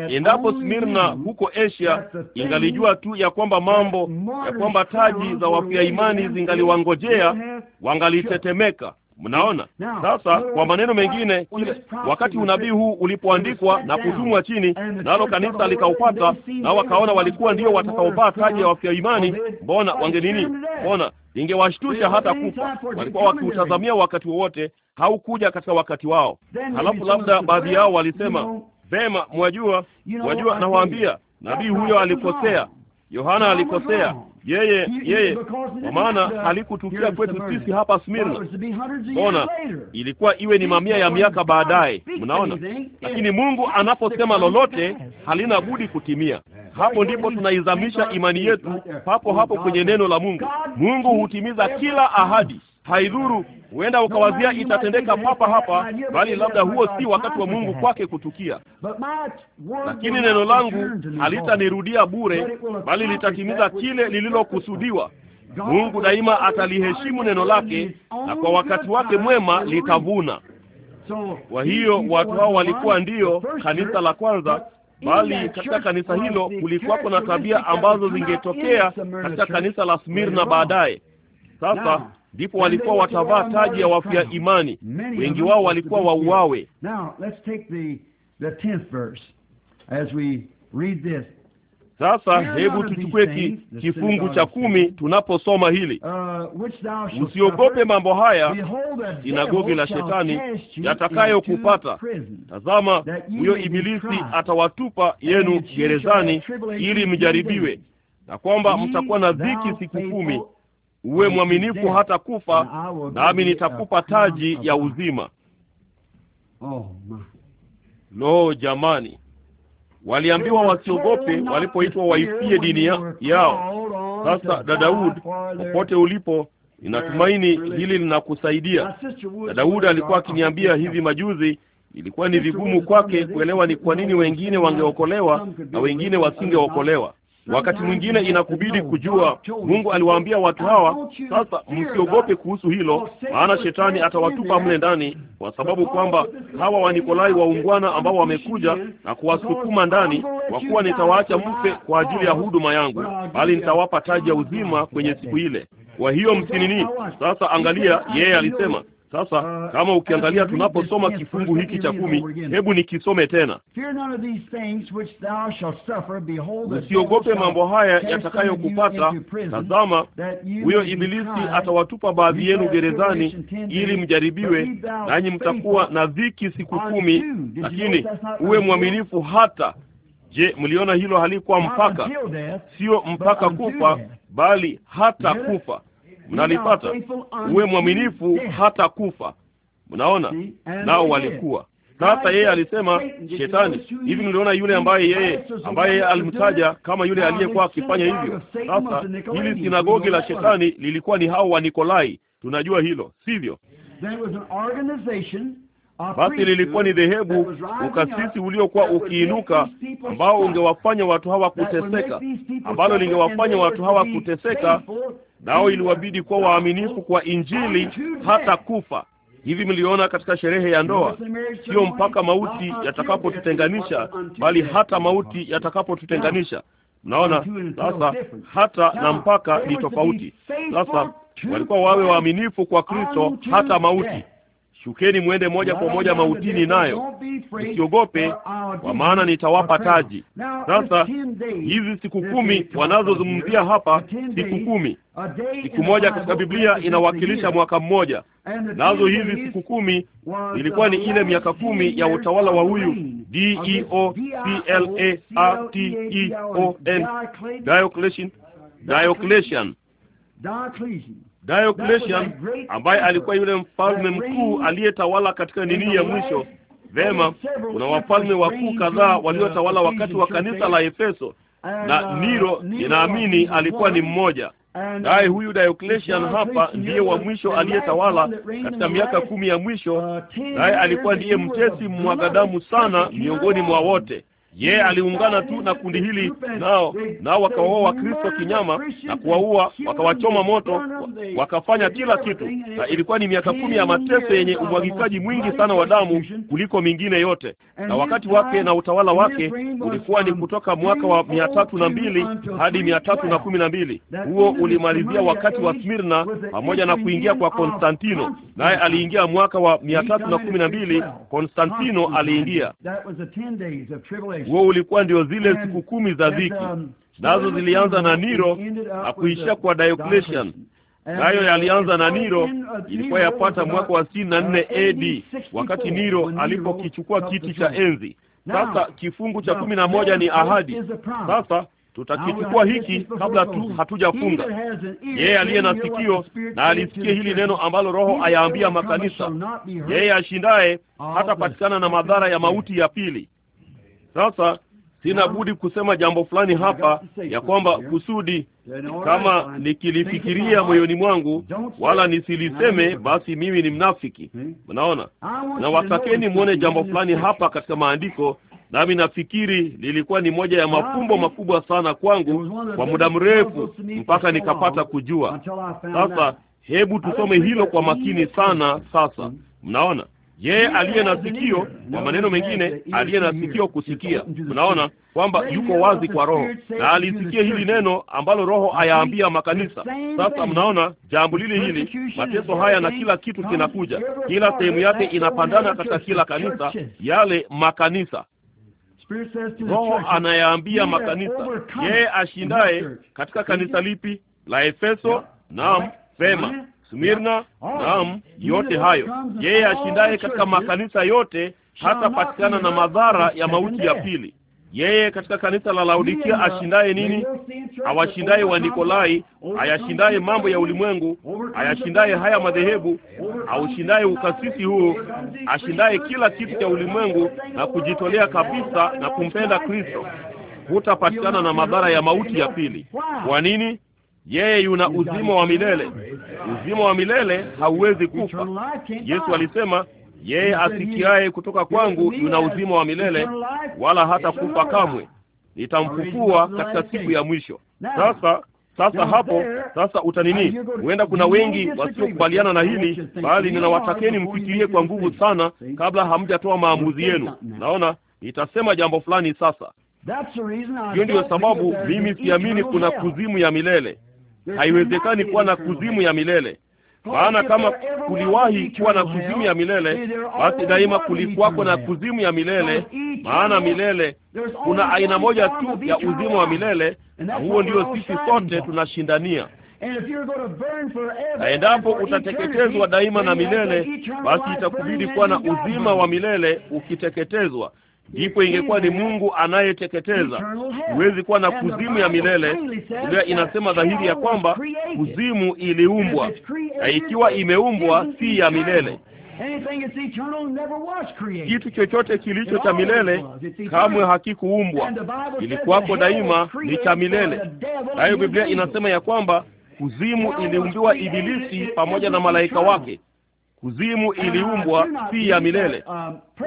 Endapo Smirna huko Asia ingalijua tu ya kwamba mambo ya kwamba taji za wafia imani zingaliwangojea, wangalitetemeka. Mnaona sasa, kwa maneno mengine, kile wakati unabii huu ulipoandikwa na kutumwa chini, nalo kanisa likaupata, na wakaona walikuwa ndio watakaopata taji ya wafia imani, mbona wange nini? Mbona ingewashtusha hata kufa. Walikuwa wakiutazamia wakati wowote, haukuja katika wakati wao. Halafu labda baadhi yao walisema, Vema, mwajua, mwajua, nawaambia nabii huyo alikosea. Yohana alikosea yeye, yeye, kwa maana uh, halikutukia kwetu sisi hapa Smirna. Ona, ilikuwa iwe ni mamia ya miaka baadaye, mnaona. Lakini Mungu anaposema lolote halina budi kutimia. Hapo ndipo tunaizamisha imani yetu papo oh, hapo kwenye neno la Mungu. Mungu hutimiza kila ahadi haidhuru, huenda ukawazia itatendeka papa hapa, bali labda huo si wakati wa Mungu kwake kutukia. Lakini neno langu halitanirudia bure, bali litatimiza kile lililokusudiwa. Mungu daima ataliheshimu neno lake, na kwa wakati wake mwema litavuna. Kwa hiyo watu hao walikuwa ndiyo kanisa la kwanza, bali katika kanisa hilo kulikuwako na tabia ambazo zingetokea katika kanisa la Smirna baadaye. Sasa ndipo walikuwa watavaa taji ya wafia imani. Wengi wao walikuwa wauawe. Sasa hebu tuchukue ki, kifungu cha kumi tunaposoma hili, uh, usiogope mambo haya, sinagogi la shetani yatakayokupata. Tazama, huyo ibilisi atawatupa yenu gerezani ili mjaribiwe, na kwamba mtakuwa na dhiki siku kumi uwe mwaminifu hata kufa, nami uh, nitakupa taji ya uzima. Oh, Lo, jamani! Waliambiwa wasiogope walipoitwa waifie dini ya, yao. Sasa Dadaud, popote ulipo, ninatumaini hili linakusaidia. Dadaud alikuwa akiniambia hivi majuzi, ilikuwa ni vigumu kwake kuelewa ni kwa nini wengine wangeokolewa na wengine wasingeokolewa. Wakati mwingine inakubidi kujua, oh, Mungu aliwaambia watu hawa, sasa msiogope kuhusu hilo, maana shetani atawatupa mle ndani, kwa sababu kwamba hawa Wanikolai waungwana ambao wamekuja na kuwasukuma ndani, kwa kuwa nitawaacha mfe kwa ajili ya oh, huduma yangu, bali nitawapa taji ya uzima kwenye siku ile. Kwa hiyo msinini. Sasa angalia, yeye alisema sasa uh, kama ukiangalia tunaposoma kifungu hiki cha kumi, hebu nikisome tena: usiogope mambo haya yatakayokupata. Tazama, huyo Ibilisi atawatupa baadhi yenu gerezani, ili mjaribiwe, nanyi mtakuwa na dhiki siku kumi, lakini uwe mwaminifu hata Je, mliona hilo halikuwa mpaka? Sio mpaka kufa, bali hata kufa mnalipata. Uwe mwaminifu hata kufa. Mnaona, nao walikuwa sasa yeye alisema shetani, hivi mliona yule ambaye yeye ambaye alimtaja kama yule aliyekuwa akifanya hivyo. Sasa hili sinagogi la shetani lilikuwa ni hao wa Nikolai, tunajua hilo, sivyo? Basi lilikuwa ni dhehebu, ukasisi uliokuwa ukiinuka, ambao ungewafanya watu hawa kuteseka, ambalo lingewafanya watu hawa kuteseka nao iliwabidi kuwa waaminifu kwa Injili hata kufa. Hivi mliona katika sherehe ya ndoa, sio mpaka mauti yatakapotutenganisha, bali hata mauti yatakapotutenganisha. Mnaona sasa, hata na mpaka ni tofauti. Sasa walikuwa wawe waaminifu kwa Kristo hata mauti shukeni mwende moja kwa moja mautini nayo, msiogope, kwa maana nitawapa taji. Sasa hizi siku kumi wanazozungumzia hapa, siku kumi, siku moja katika Biblia inawakilisha mwaka mmoja, nazo hizi siku kumi ilikuwa ni ile miaka kumi ya utawala wa huyu D E O C e e L A R T E O N Diocletian, Diocletian Diocletian ambaye alikuwa yule mfalme mkuu aliyetawala katika nini ya mwisho. Vema, kuna wafalme wakuu kadhaa waliotawala wakati wa kanisa la Efeso, na uh, Nero ninaamini alikuwa ni mmoja naye um, huyu Diocletian hapa ndiye wa mwisho aliyetawala katika miaka kumi ya mwisho, uh, naye alikuwa ndiye mtesi mmwaga damu sana miongoni mwa wote. Yeye aliungana tu na kundi hili nao nao wakawaua Wakristo kinyama na kuwaua, wakawachoma moto, wakafanya kila kitu, na ilikuwa ni miaka kumi ya mateso yenye umwagikaji mwingi sana wa damu kuliko mingine yote, na wakati wake na utawala wake ulikuwa ni kutoka mwaka wa mia tatu na mbili hadi mia tatu na kumi na mbili. Huo ulimalizia wakati wa Smirna pamoja na kuingia kwa Konstantino, naye aliingia mwaka wa mia tatu na kumi na mbili. Konstantino aliingia huo ulikuwa ndio zile siku kumi za dhiki, um, nazo zilianza na Nero na kuishia kwa Diocletian. Nayo yalianza na Nero, ilikuwa yapata uh, mwaka wa sitini na nne uh, AD wakati Nero alipokichukua kiti cha enzi. Sasa kifungu cha kumi na moja ni ahadi. Sasa tutakichukua hiki kabla tu hatujafunga. Yeye aliye na sikio na alisikie hili neno ambalo Roho ayaambia makanisa, yeye ashindaye hatapatikana na madhara ya mauti ya pili. Sasa sina budi kusema jambo fulani hapa ya kwamba kusudi kama nikilifikiria moyoni mwangu wala nisiliseme, basi mimi ni mnafiki. Hmm? Mnaona, na watakeni mwone jambo fulani hapa katika maandiko, nami nafikiri lilikuwa ni moja ya mafumbo makubwa sana kwangu kwa muda mrefu, mpaka nikapata kujua. Sasa hebu tusome hilo kwa makini sana. Sasa hmm? mnaona yeye aliye na sikio, kwa maneno mengine, aliye na sikio kusikia. Tunaona kwamba yuko wazi kwa Roho na alisikia hili neno ambalo Roho ayaambia makanisa. Sasa mnaona jambo lile hili, mateso haya na kila kitu kinakuja, kila sehemu yake inapandana katika kila kanisa, yale makanisa Roho anayaambia makanisa, yeye ashindaye katika kanisa lipi? La Efeso. Naam, sema Smirna, naam, yote hayo. Yeye ashindaye katika makanisa yote hatapatikana na madhara ya mauti ya pili. Yeye katika kanisa la Laodikia ashindaye nini? Awashindaye Wanikolai, ayashindaye mambo ya ulimwengu, ayashindaye haya madhehebu, aushindaye ukasisi huu, ashindaye kila kitu cha ulimwengu na kujitolea kabisa na kumpenda Kristo, hutapatikana na madhara ya mauti ya pili. Kwa nini? Yeye yuna uzima wa milele. Uzima wa milele hauwezi kufa. Yesu alisema yeye asikiaye kutoka kwangu yuna uzima wa milele, wala hata kufa kamwe, nitamfufua katika siku ya mwisho. Sasa sasa hapo sasa utanini, huenda kuna wengi wasiokubaliana na hili, bali ninawatakeni mfikirie kwa nguvu sana kabla hamjatoa maamuzi yenu. Naona nitasema jambo fulani sasa. Hiyo ndiyo sababu mimi siamini kuna kuzimu ya milele haiwezekani kuwa na kuzimu ya milele. Maana kama kuliwahi kuwa na kuzimu ya milele, basi daima kulikuwako na kuzimu ya milele. Maana milele, kuna aina moja tu ya uzima wa milele, na huo ndio sisi sote tunashindania na endapo utateketezwa daima na milele, basi itakubidi kuwa na uzima wa milele ukiteketezwa, ndipo ingekuwa ni Mungu anayeteketeza. Huwezi kuwa na kuzimu ya milele. Biblia inasema dhahiri ya kwamba kuzimu iliumbwa, na ikiwa imeumbwa si ya milele. Kitu chochote kilicho cha milele kamwe hakikuumbwa, ilikuwako daima, ni cha milele. Nayo Biblia inasema ya kwamba kuzimu iliumbiwa Ibilisi pamoja na malaika wake. Kuzimu iliumbwa si ya milele,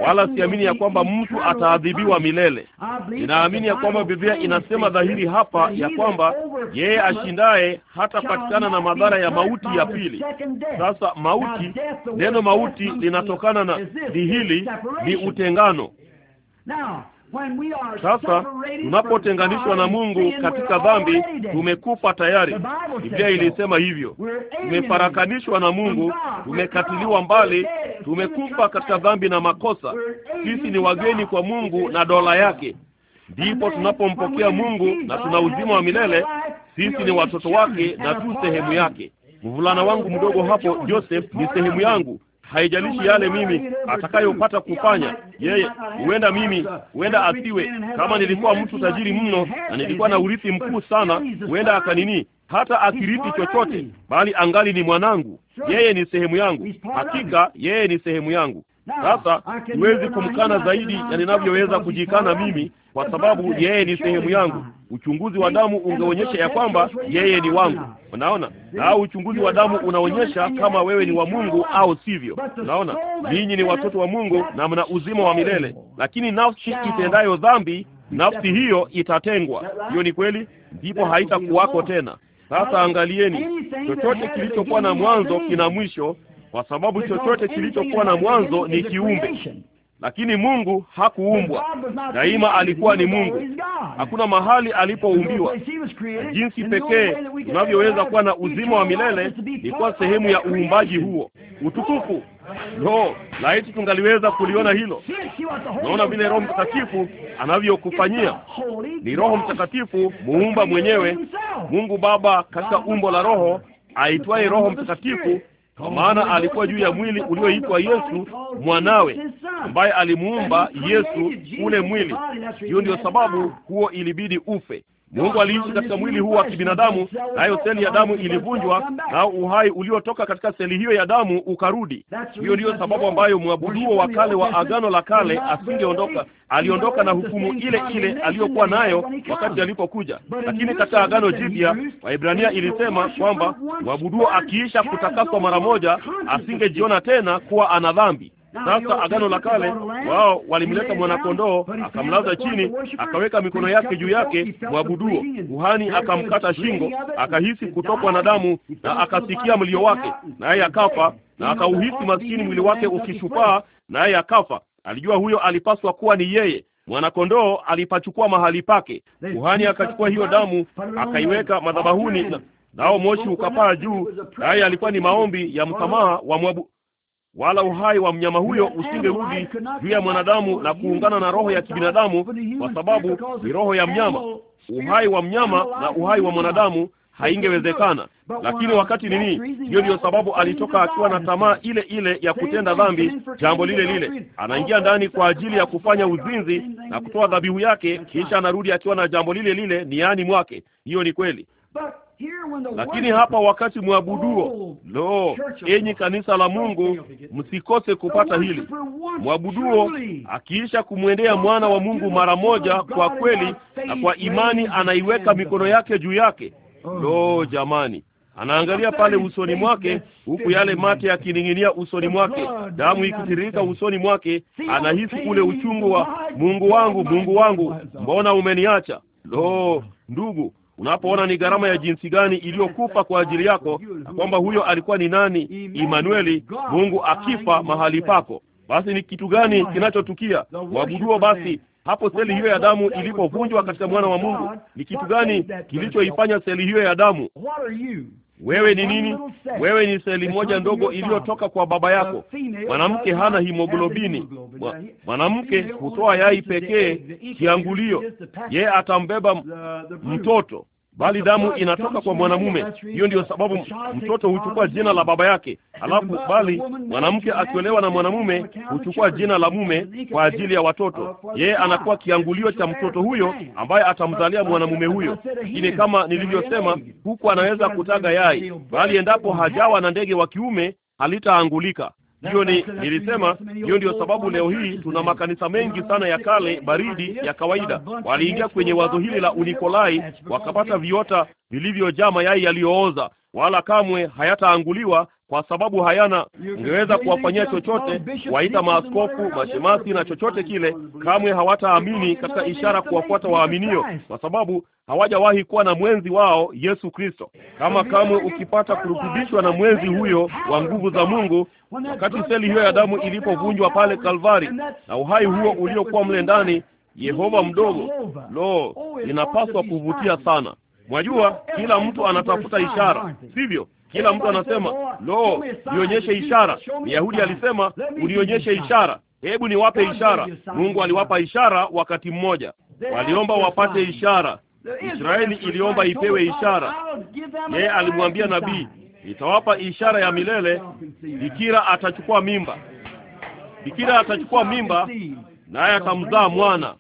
wala siamini ya kwamba mtu ataadhibiwa milele. Ninaamini ya kwamba Biblia inasema dhahiri hapa ya kwamba yeye ashindaye hatapatikana na madhara ya mauti ya pili. Sasa mauti, neno mauti linatokana na dihili, ni utengano sasa tunapotenganishwa na Mungu katika dhambi, tumekufa tayari. Biblia ilisema hivyo, tumefarakanishwa na Mungu, tumekatiliwa mbali, tumekufa katika dhambi na makosa. Sisi ni wageni kwa Mungu na dola yake. Ndipo tunapompokea Mungu na tuna uzima wa milele. Sisi ni watoto wake na tu sehemu yake. Mvulana wangu mdogo hapo Joseph ni sehemu yangu haijalishi yale mimi atakayopata kufanya yeye. Huenda mimi, huenda asiwe. Kama nilikuwa mtu tajiri mno na nilikuwa na urithi mkuu sana, huenda akanini hata akirithi chochote, bali angali ni mwanangu. Yeye ni sehemu yangu, hakika yeye ni sehemu yangu. Sasa siwezi kumkana zaidi ya ninavyoweza kujikana mimi, kwa sababu yeye ni sehemu yangu. Uchunguzi wa damu ungeonyesha ya kwamba yeye ni wangu, unaona, na uchunguzi wa damu unaonyesha kama wewe ni wa Mungu au sivyo. Unaona, ninyi ni watoto wa Mungu na mna uzima wa milele, lakini nafsi itendayo dhambi, nafsi hiyo itatengwa. Hiyo ni kweli, ndipo haitakuwako tena. Sasa angalieni, chochote kilichokuwa na mwanzo kina mwisho kwa sababu chochote kilichokuwa na mwanzo ni kiumbe, lakini Mungu hakuumbwa. Daima alikuwa ni Mungu, hakuna mahali alipoumbiwa. Jinsi pekee tunavyoweza kuwa na uzima wa milele ni kuwa sehemu ya uumbaji huo. Utukufu! No, laiti tungaliweza kuliona hilo. Naona vile Roho Mtakatifu anavyokufanyia. Ni Roho Mtakatifu muumba mwenyewe, Mungu Baba katika umbo la Roho aitwaye Roho Mtakatifu kwa maana alikuwa juu ya mwili ulioitwa Yesu mwanawe, ambaye alimuumba Yesu ule mwili. Hiyo ndiyo sababu huo ilibidi ufe. Mungu aliishi katika mwili huu wa kibinadamu, nayo seli ya damu ilivunjwa, na uhai uliotoka katika seli hiyo ya damu ukarudi. Hiyo ndiyo sababu ambayo mwabuduo wa kale wa Agano la Kale asingeondoka, aliondoka na hukumu ile ile aliyokuwa nayo wakati alipokuja. Lakini katika Agano Jipya, Waibrania ilisema kwamba mwabuduo akiisha kutakaswa mara moja asingejiona tena kuwa ana dhambi. Sasa agano la kale, wao walimleta mwanakondoo, akamlaza chini, akaweka mikono yake juu yake mwabuduo. Kuhani akamkata shingo, akahisi kutokwa na damu na akasikia mlio wake, naye akafa, na akauhisi maskini mwili wake ukishupaa, naye akafa. Alijua huyo alipaswa kuwa ni yeye mwanakondoo alipachukua mahali pake. Kuhani akachukua hiyo damu akaiweka madhabahuni, nao moshi ukapaa juu. Naye alikuwa ni maombi ya msamaha wa mwabu wala uhai wa mnyama huyo usingerudi juu ya mwanadamu na kuungana na roho ya kibinadamu, kwa sababu ni roho ya mnyama. Uhai wa mnyama na uhai wa mwanadamu haingewezekana. Lakini wakati nini, hiyo ndiyo sababu alitoka akiwa na tamaa ile ile ya kutenda dhambi, jambo lile lile. Anaingia ndani kwa ajili ya kufanya uzinzi na kutoa dhabihu yake, kisha anarudi akiwa na jambo lile lile niani mwake. Hiyo ni kweli lakini hapa wakati mwabuduo, oh, lo, enyi kanisa la Mungu, msikose kupata hili. Mwabuduo akiisha kumwendea mwana wa Mungu mara moja kwa kweli na kwa imani, anaiweka mikono yake juu yake. Oh. Lo, jamani, anaangalia pale usoni mwake, huku yale mate yakining'inia usoni mwake, damu ikitiririka usoni mwake, anahisi ule uchungu wa Mungu wangu, Mungu wangu, mbona umeniacha? Lo, oh. ndugu unapoona ni gharama ya jinsi gani iliyokufa kwa ajili yako, na kwamba huyo alikuwa ni nani, Imanueli, Mungu akifa mahali pako, basi ni kitu gani kinachotukia waabuduo? Basi hapo seli hiyo ya damu ilipovunjwa katika mwana wa Mungu, ni kitu gani kilichoifanya seli hiyo ya damu wewe ni nini? Wewe ni seli moja ndogo iliyotoka kwa baba yako. Mwanamke hana himoglobini. Mwanamke hutoa yai pekee kiangulio, yeye atambeba mtoto bali damu inatoka kwa mwanamume. Hiyo ndiyo sababu mtoto huchukua jina la baba yake, alafu bali mwanamke akiolewa na mwanamume huchukua jina la mume kwa ajili ya watoto. Yeye anakuwa kiangulio cha mtoto huyo ambaye atamzalia mwanamume huyo. Lakini kama nilivyosema, huku anaweza kutaga yai, bali endapo hajawa na ndege wa kiume halitaangulika. Hiyo ni nilisema, hiyo ndio sababu leo hii tuna makanisa mengi sana ya kale baridi ya kawaida. Waliingia kwenye wazo hili la Unikolai wakapata viota vilivyojaa mayai yaliyooza, wala kamwe hayataanguliwa kwa sababu hayana ungeweza kuwafanyia chochote, waita maaskofu, mashemasi na chochote kile, kamwe hawataamini katika ishara kuwafuata waaminio, kwa sababu hawajawahi kuwa na mwenzi wao Yesu Kristo. Kama kamwe ukipata kurudishwa na mwenzi huyo wa nguvu za Mungu, wakati seli hiyo ya damu ilipovunjwa pale Kalvari na uhai huo uliokuwa mle ndani, Yehova mdogo, lo, inapaswa kuvutia sana. Mwajua, kila mtu anatafuta ishara, sivyo? Kila mtu anasema lo, nionyeshe ishara. Myahudi alisema unionyeshe ishara. Hebu niwape ishara. Mungu aliwapa ishara wakati mmoja, waliomba wapate ishara. Israeli iliomba ipewe ishara. Yeye alimwambia nabii, nitawapa ishara ya milele, bikira atachukua mimba, bikira atachukua mimba, naye atamzaa mwana.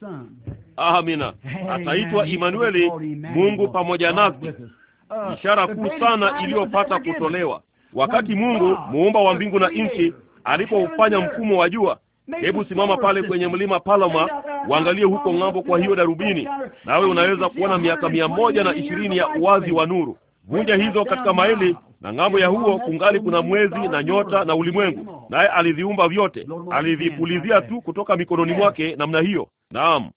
Amina, ataitwa Imanueli, Mungu pamoja nasi ishara kuu sana iliyopata kutolewa wakati Mungu muumba wa mbingu na nchi alipoufanya mfumo wa jua. Hebu simama pale kwenye mlima palama uangalie huko ng'ambo kwa hiyo darubini, nawe unaweza kuona miaka mia moja na ishirini ya uwazi wa nuru. Vunja hizo katika maili na ng'ambo ya huo kungali kuna mwezi na nyota na ulimwengu, naye aliviumba vyote, alivipulizia tu kutoka mikononi mwake namna hiyo. Naam.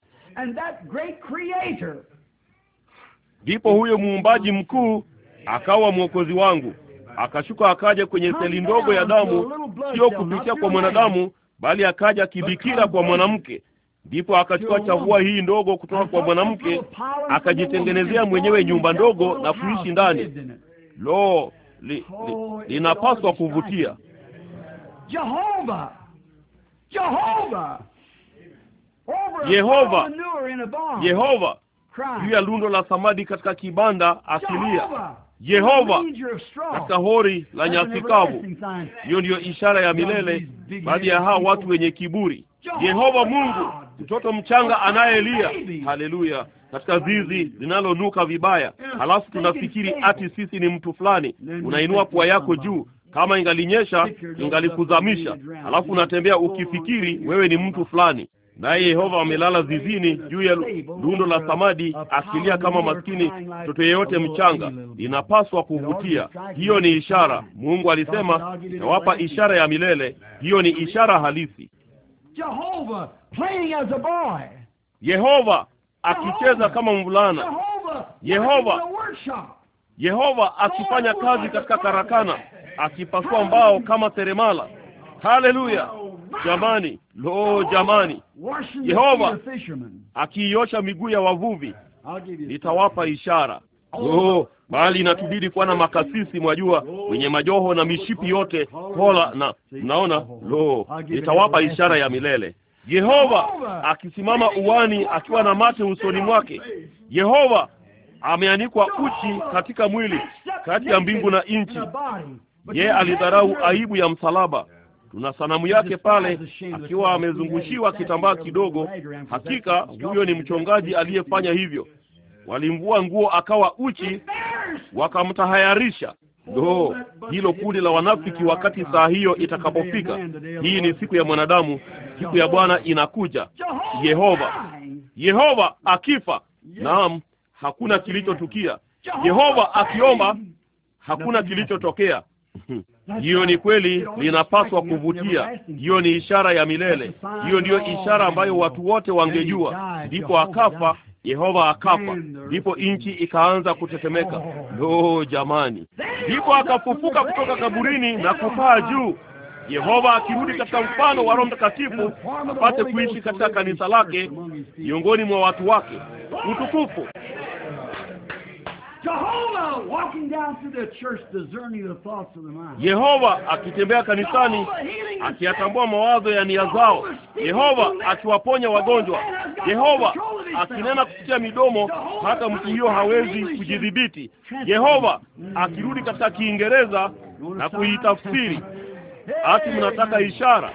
Ndipo huyo muumbaji mkuu akawa mwokozi wangu, akashuka akaja kwenye seli ndogo ya damu, sio kupitia kwa mwanadamu, bali akaja kibikira kwa mwanamke. Ndipo akachukua chavua hii ndogo kutoka kwa mwanamke, akajitengenezea mwenyewe nyumba ndogo na kuishi ndani. Lo, li, li, linapaswa kuvutia Jehova, Jehova, Jehova Jehova juu ya lundo la samadi katika kibanda asilia. Yehova katika hori la nyasi kavu. Hiyo ndiyo ishara ya milele baadhi ya hao watu wenye kiburi. Yehova Mungu, mtoto mchanga anayelia, haleluya, katika zizi linalonuka vibaya. Halafu tunafikiri ati sisi ni mtu fulani. Unainua pua yako juu kama ingalinyesha, ingalikuzamisha. Halafu unatembea ukifikiri oh, wewe ni mtu fulani naye Yehova amelala zizini juu ya lundo la samadi, akilia kama maskini mtoto yeyote mchanga. Inapaswa kuvutia, hiyo ni ishara. Mungu alisema, nawapa ishara ya milele. Hiyo ni ishara halisi. Yehova akicheza kama mvulana, Yehova Yehova akifanya kazi katika karakana, akipasua mbao kama seremala. Haleluya! Jamani, lo, jamani! Yehova akiiosha miguu ya wavuvi, nitawapa ishara. Oh, bali oh, inatubidi kuwa na makasisi, mwajua, oh, wenye majoho na mishipi yote kola, na mnaona, lo, nitawapa ishara ya milele. Yehova akisimama uwani akiwa na mate usoni mwake, Yehova ameanikwa uchi katika mwili, kati ya mbingu na nchi. ye alidharau aibu ya msalaba tuna sanamu yake pale akiwa amezungushiwa kitambaa kidogo. Hakika huyo ni mchongaji aliyefanya hivyo. Walimvua nguo akawa uchi, wakamtahayarisha. Ndo hilo kundi la wanafiki, wakati saa hiyo itakapofika. Hii ni siku ya mwanadamu, siku ya Bwana inakuja. Yehova, Yehova akifa, naam, hakuna kilichotukia. Yehova akiomba, hakuna kilichotokea. Hiyo ni kweli, linapaswa kuvutia. Hiyo ni ishara ya milele. Hiyo ndiyo ishara ambayo watu wote wangejua. Ndipo akafa Yehova akafa, ndipo nchi ikaanza kutetemeka. Oh. Lo, jamani! Ndipo akafufuka kutoka kaburini na kupaa juu. Yehova akirudi katika mfano wa Roho Mtakatifu apate kuishi katika kanisa lake miongoni mwa watu wake. Utukufu, Yehova akitembea kanisani, akiyatambua mawazo ya nia zao, Yehova akiwaponya wagonjwa, Yehova akinena kupitia midomo, hata mtu hiyo hawezi kujidhibiti, Yehova akirudi katika Kiingereza na kuitafsiri, ati mnataka ishara.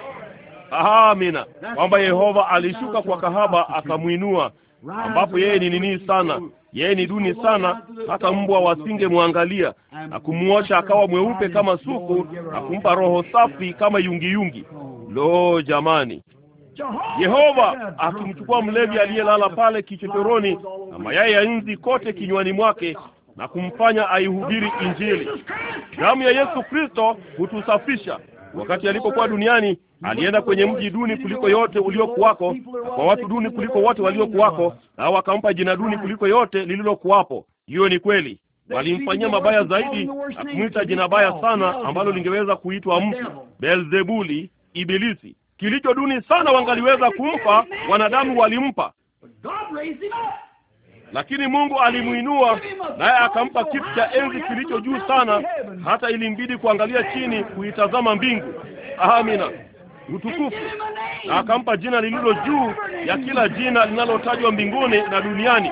Amina, kwamba Yehova alishuka kwa kahaba akamwinua, ambapo yeye ni nini sana yeye ni duni sana, hata mbwa wasingemwangalia na kumwosha akawa mweupe kama sufu na kumpa roho safi kama yungiyungi. Lo, jamani! Yehova akimchukua mlevi aliyelala pale kichochoroni na mayai ya nzi kote kinywani mwake na kumfanya aihubiri Injili. Damu ya Yesu Kristo hutusafisha. Wakati alipokuwa duniani, alienda kwenye mji duni kuliko yote uliokuwako, na kwa watu duni kuliko wote waliokuwako, nao wakampa jina duni kuliko yote lililokuwapo. Hiyo ni kweli. Walimfanyia mabaya zaidi na kumwita jina baya sana ambalo lingeweza kuitwa mtu, Beelzebuli, Ibilisi. Kilicho duni sana wangaliweza kumpa wanadamu, walimpa lakini Mungu alimuinua naye akampa kiti cha enzi kilicho juu sana, hata ilimbidi kuangalia chini kuitazama mbingu. Amina, utukufu. Na akampa jina lililo juu ya kila jina linalotajwa mbinguni na duniani,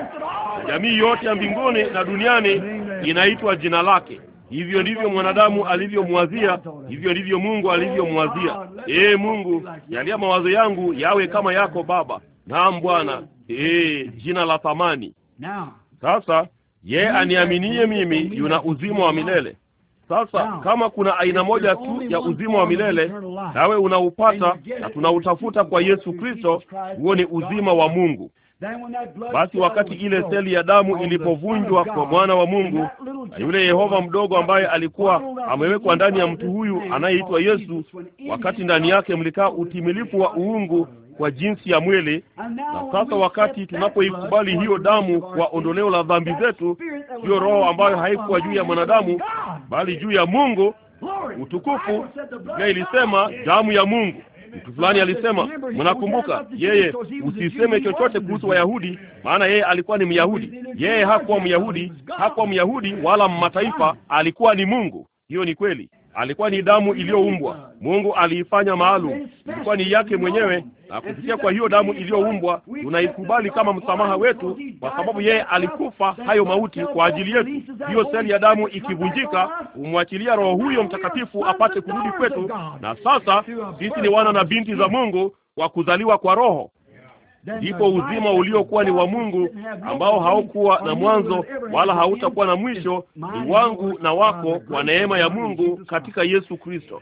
jamii yote ya mbinguni na duniani inaitwa jina lake. Hivyo ndivyo mwanadamu alivyomwazia, hivyo ndivyo Mungu alivyomwazia. Ee Mungu, yalia mawazo yangu yawe kama yako Baba. Naam Bwana. Ee, jina la thamani sasa yeye aniaminiye mimi yuna uzima wa milele. Sasa kama kuna aina moja tu ya uzima wa milele nawe unaupata na tunautafuta kwa Yesu Kristo, huo ni uzima wa Mungu. Basi wakati ile seli ya damu ilipovunjwa kwa mwana wa Mungu na yule Yehova mdogo ambaye alikuwa amewekwa ndani ya mtu huyu anayeitwa Yesu, wakati ndani yake mlikaa utimilifu wa uungu kwa jinsi ya mwili. Na sasa wakati tunapoikubali hiyo damu kwa ondoleo la dhambi zetu, hiyo roho ambayo haikuwa juu ya mwanadamu bali juu ya Mungu utukufu, ya ilisema damu ya Mungu. Mtu fulani alisema, mnakumbuka yeye, usiseme chochote kuhusu Wayahudi, maana yeye alikuwa ni Myahudi. Yeye hakuwa Myahudi, hakuwa Myahudi wala mataifa, alikuwa ni Mungu. Hiyo ni kweli alikuwa ni damu iliyoumbwa. Mungu aliifanya maalum, ilikuwa ni yake mwenyewe, na kupitia kwa hiyo damu iliyoumbwa tunaikubali kama msamaha wetu, kwa sababu yeye alikufa hayo mauti kwa ajili yetu. Hiyo seli ya damu ikivunjika, humwachilia Roho huyo Mtakatifu apate kurudi kwetu, na sasa sisi ni wana na binti za Mungu kwa kuzaliwa kwa Roho ndipo uzima uliokuwa ni wa Mungu ambao haukuwa na mwanzo wala hautakuwa na mwisho ni wangu na wako kwa neema ya Mungu katika Yesu Kristo.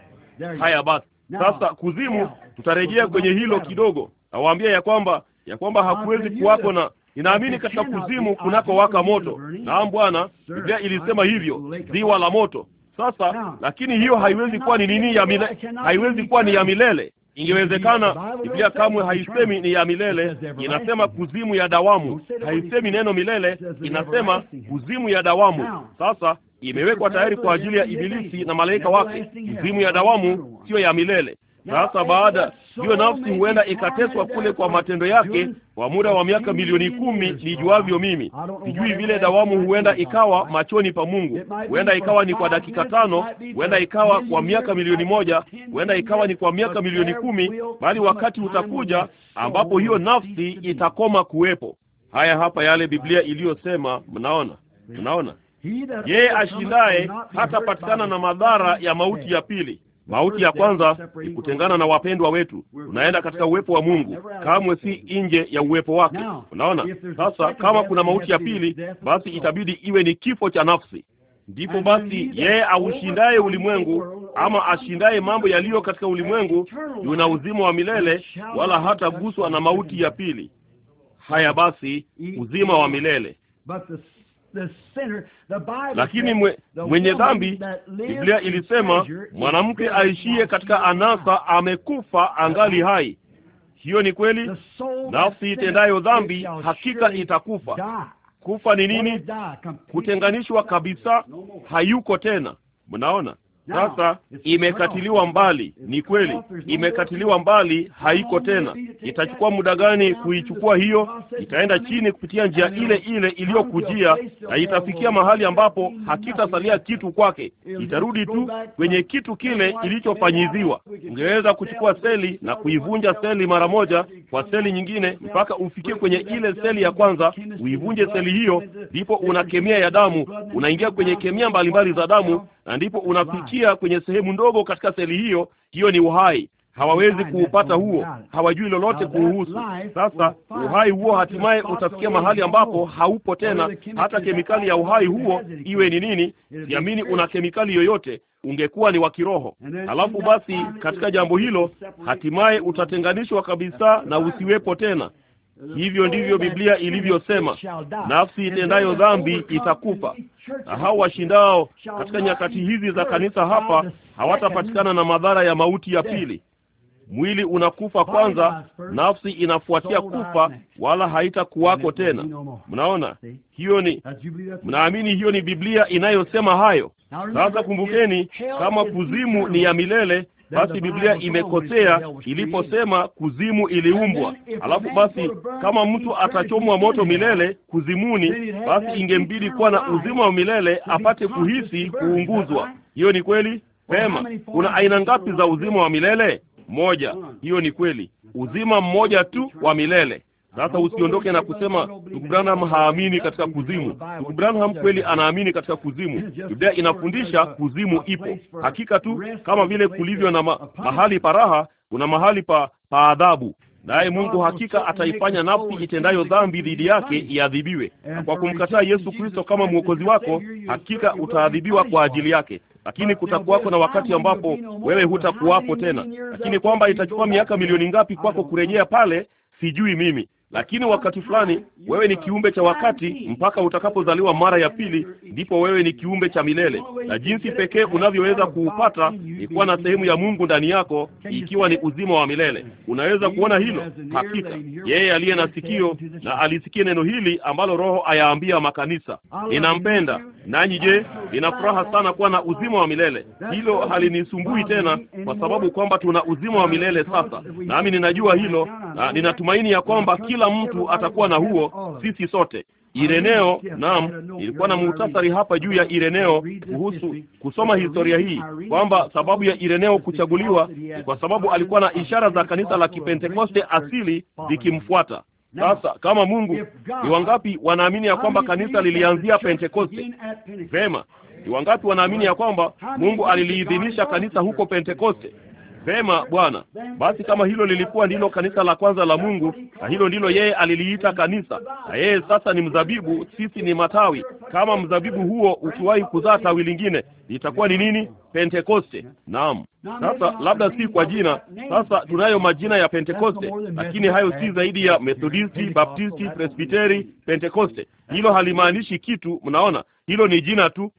Haya basi, sasa kuzimu, tutarejea kwenye hilo kidogo. Nawaambia ya kwamba ya kwamba hakuwezi kuwako na ninaamini katika kuzimu kunako waka moto. Naam Bwana, Biblia ilisema hivyo, ziwa la moto. Sasa lakini hiyo haiwezi kuwa ni nini ya milele, haiwezi kuwa ni ya milele. Ingewezekana Biblia kamwe haisemi ni ya milele, inasema kuzimu ya dawamu. Haisemi neno milele, inasema kuzimu ya dawamu. Sasa imewekwa tayari kwa ajili ya Ibilisi na malaika wake, kuzimu ya dawamu, siyo ya milele. Sasa baada hiyo nafsi huenda ikateswa kule kwa matendo yake kwa muda wa miaka milioni kumi, nijuavyo mimi. Sijui vile dawamu huenda ikawa machoni pa Mungu, huenda ikawa ni kwa dakika tano, huenda ikawa kwa miaka milioni moja, huenda ikawa ni kwa miaka milioni kumi, bali wakati utakuja ambapo hiyo nafsi itakoma kuwepo. Haya hapa yale Biblia iliyosema, mnaona, mnaona, yeye ashindaye hatapatikana na madhara ya mauti ya pili. Mauti ya kwanza ni kutengana na wapendwa wetu, tunaenda katika uwepo wa Mungu, kamwe si nje ya uwepo wake. Unaona sasa, kama kuna mauti ya pili, basi itabidi iwe ni kifo cha nafsi. Ndipo basi yeye aushindaye ulimwengu, ama ashindaye mambo yaliyo katika ulimwengu, yuna uzima wa milele, wala hataguswa na mauti ya pili. Haya basi, uzima wa milele lakini mwenye dhambi, Biblia ilisema mwanamke aishie katika anasa amekufa angali hai. Hiyo ni kweli. Nafsi itendayo dhambi hakika itakufa. Kufa ni nini? Kutenganishwa kabisa, hayuko tena. Mnaona? Sasa imekatiliwa mbali, ni kweli, imekatiliwa mbali, haiko tena. Itachukua muda gani kuichukua hiyo? Itaenda chini kupitia njia ile ile iliyokujia, na itafikia mahali ambapo hakitasalia kitu kwake. Itarudi tu kwenye kitu kile ilichofanyiziwa. Ungeweza kuchukua seli na kuivunja seli mara moja kwa seli nyingine mpaka ufikie kwenye ile seli ya kwanza, uivunje seli hiyo, ndipo una kemia ya damu, unaingia kwenye kemia mbalimbali za damu na ndipo unafikia kwenye sehemu ndogo katika seli hiyo. Hiyo ni uhai. Hawawezi kuupata huo, hawajui lolote kuuhusu. Sasa uhai huo hatimaye utafikia mahali ambapo haupo tena, hata kemikali ya uhai huo iwe ni nini. Siamini una kemikali yoyote, ungekuwa ni wa kiroho. Halafu basi katika jambo hilo hatimaye utatenganishwa kabisa na usiwepo tena. Hivyo ndivyo Biblia ilivyosema, nafsi itendayo dhambi itakufa. Na hao washindao katika nyakati hizi za kanisa hapa hawatapatikana na madhara ya mauti ya pili. Mwili unakufa kwanza, nafsi inafuatia kufa, wala haitakuwako tena. Mnaona hiyo ni, mnaamini hiyo ni Biblia inayosema hayo? Sasa kumbukeni, kama kuzimu ni ya milele basi Biblia imekosea iliposema kuzimu iliumbwa, alafu basi kama mtu atachomwa moto milele kuzimuni, basi ingembidi kuwa na uzima wa milele apate kuhisi kuunguzwa. Hiyo ni kweli? Pema, kuna aina ngapi za uzima wa milele? Moja. Hiyo ni kweli, uzima mmoja tu wa milele. Sasa usiondoke na kusema ndugu Branham haamini katika kuzimu. Ndugu Branham kweli anaamini katika kuzimu. Biblia inafundisha kuzimu ipo hakika tu, kama vile kulivyo na ma, mahali pa raha kuna mahali pa pa adhabu naye Mungu hakika ataifanya nafsi itendayo dhambi dhidi yake iadhibiwe. Na kwa kumkataa Yesu Kristo kama mwokozi wako, hakika utaadhibiwa kwa ajili yake, lakini kutakuwako na wakati ambapo wewe hutakuwapo tena. Lakini kwamba itachukua miaka milioni ngapi kwako kurejea pale, sijui mimi lakini wakati fulani wewe ni kiumbe cha wakati mpaka utakapozaliwa mara ya pili, ndipo wewe ni kiumbe cha milele, na jinsi pekee unavyoweza kuupata ni kuwa na sehemu ya Mungu ndani yako, ikiwa ni uzima wa milele. Unaweza kuona hilo? Hakika yeye aliye na sikio na alisikie neno hili ambalo Roho ayaambia makanisa. Ninampenda nanyi. Je, nina furaha sana kuwa na uzima wa milele. Hilo halinisumbui tena, kwa sababu kwamba tuna uzima wa milele sasa, nami ninajua hilo na ninatumaini ya kwamba kila kila mtu atakuwa na huo, sisi sote. Ireneo, naam, ilikuwa na muhtasari hapa juu ya Ireneo kuhusu kusoma historia hii kwamba sababu ya Ireneo kuchaguliwa ni kwa sababu alikuwa na ishara za kanisa la Kipentekoste asili zikimfuata. Sasa kama Mungu, ni wangapi wanaamini ya kwamba kanisa lilianzia Pentekoste? Vema, ni wangapi wanaamini ya kwamba Mungu aliliidhinisha kanisa huko Pentekoste? Vema Bwana, basi kama hilo lilikuwa ndilo kanisa la kwanza la Mungu, na hilo ndilo yeye aliliita kanisa, na yeye sasa ni mzabibu, sisi ni matawi. Kama mzabibu huo ukiwahi kuzaa tawi lingine, litakuwa ni nini? Pentekoste. Naam. Sasa labda si kwa jina, sasa tunayo majina ya Pentekoste, lakini hayo si zaidi ya Methodisti, Baptisti, Presbiteri, Pentekoste. Hilo halimaanishi kitu, mnaona, hilo ni jina tu,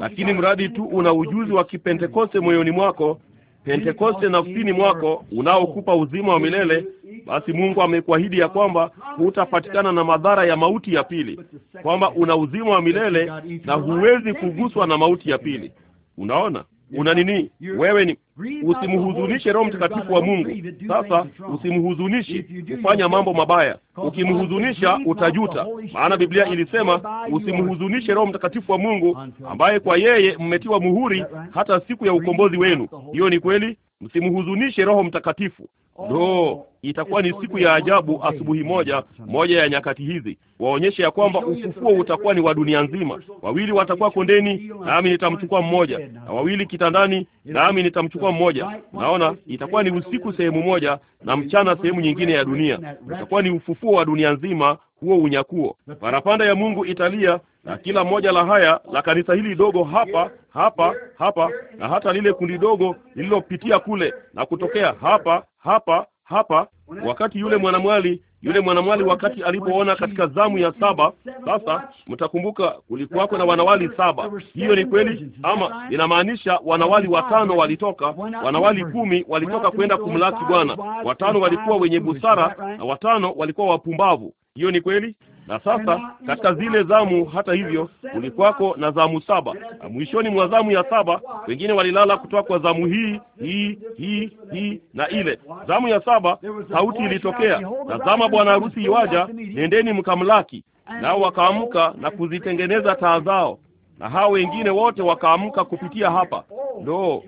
lakini mradi tu una ujuzi wa Kipentekoste moyoni mwako, Pentekoste nafsini mwako unaokupa uzima wa milele, basi Mungu amekuahidi ya kwamba hutapatikana na madhara ya mauti ya pili, kwamba una uzima wa milele na huwezi kuguswa na mauti ya pili. Unaona, una nini? Wewe ni usimhuzunishe Roho Mtakatifu wa Mungu. Sasa usimhuzunishe, kufanya mambo mabaya. Ukimhuzunisha utajuta, maana Biblia ilisema usimhuzunishe Roho Mtakatifu wa Mungu, ambaye kwa yeye mmetiwa muhuri hata siku ya ukombozi wenu. Hiyo ni kweli, msimhuzunishe Roho Mtakatifu. Ndoo itakuwa ni siku ya ajabu. Asubuhi moja moja ya nyakati hizi, waonyeshe ya kwamba ufufuo utakuwa ni wa dunia nzima. Wawili watakuwa kondeni, nami nitamchukua mmoja, na wawili kitandani, nami nitamchukua mmoja. Naona itakuwa ni usiku sehemu moja na mchana sehemu nyingine ya dunia, itakuwa ni ufufuo wa dunia nzima, huo unyakuo. Parapanda ya Mungu italia, na kila moja la haya la kanisa hili dogo hapa hapa hapa, na hata lile kundi dogo lililopitia kule na kutokea hapa hapa hapa, wakati yule mwanamwali yule mwanamwali wakati alipoona katika zamu ya saba, sasa mtakumbuka kulikuwako na wanawali saba. Hiyo ni kweli, ama inamaanisha wanawali watano walitoka, wanawali kumi walitoka kwenda kumlaki Bwana, watano walikuwa wenye busara na watano walikuwa wapumbavu. Hiyo ni kweli. Na sasa katika zile zamu, hata hivyo, kulikuwako na zamu saba, na mwishoni mwa zamu ya saba wengine walilala kutoka kwa zamu hii hii hii hii na ile zamu ya saba, sauti ilitokea, tazama, bwana harusi iwaja, nendeni mkamlaki. Nao wakaamka na kuzitengeneza taa zao, na hao wengine wote wakaamka kupitia hapa. Ndo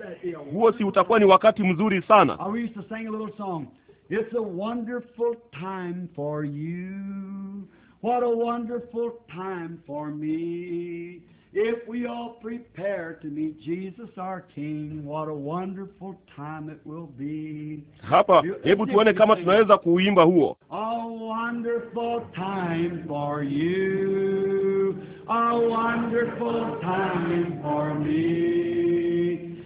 huo, si utakuwa ni wakati mzuri sana? It's a wonderful time for you What a wonderful time for me. If we all prepare to meet Jesus our King, what a wonderful time it will be. Hapa hebu tuone kama tunaweza kuimba huo. A wonderful time for you. A wonderful time for me.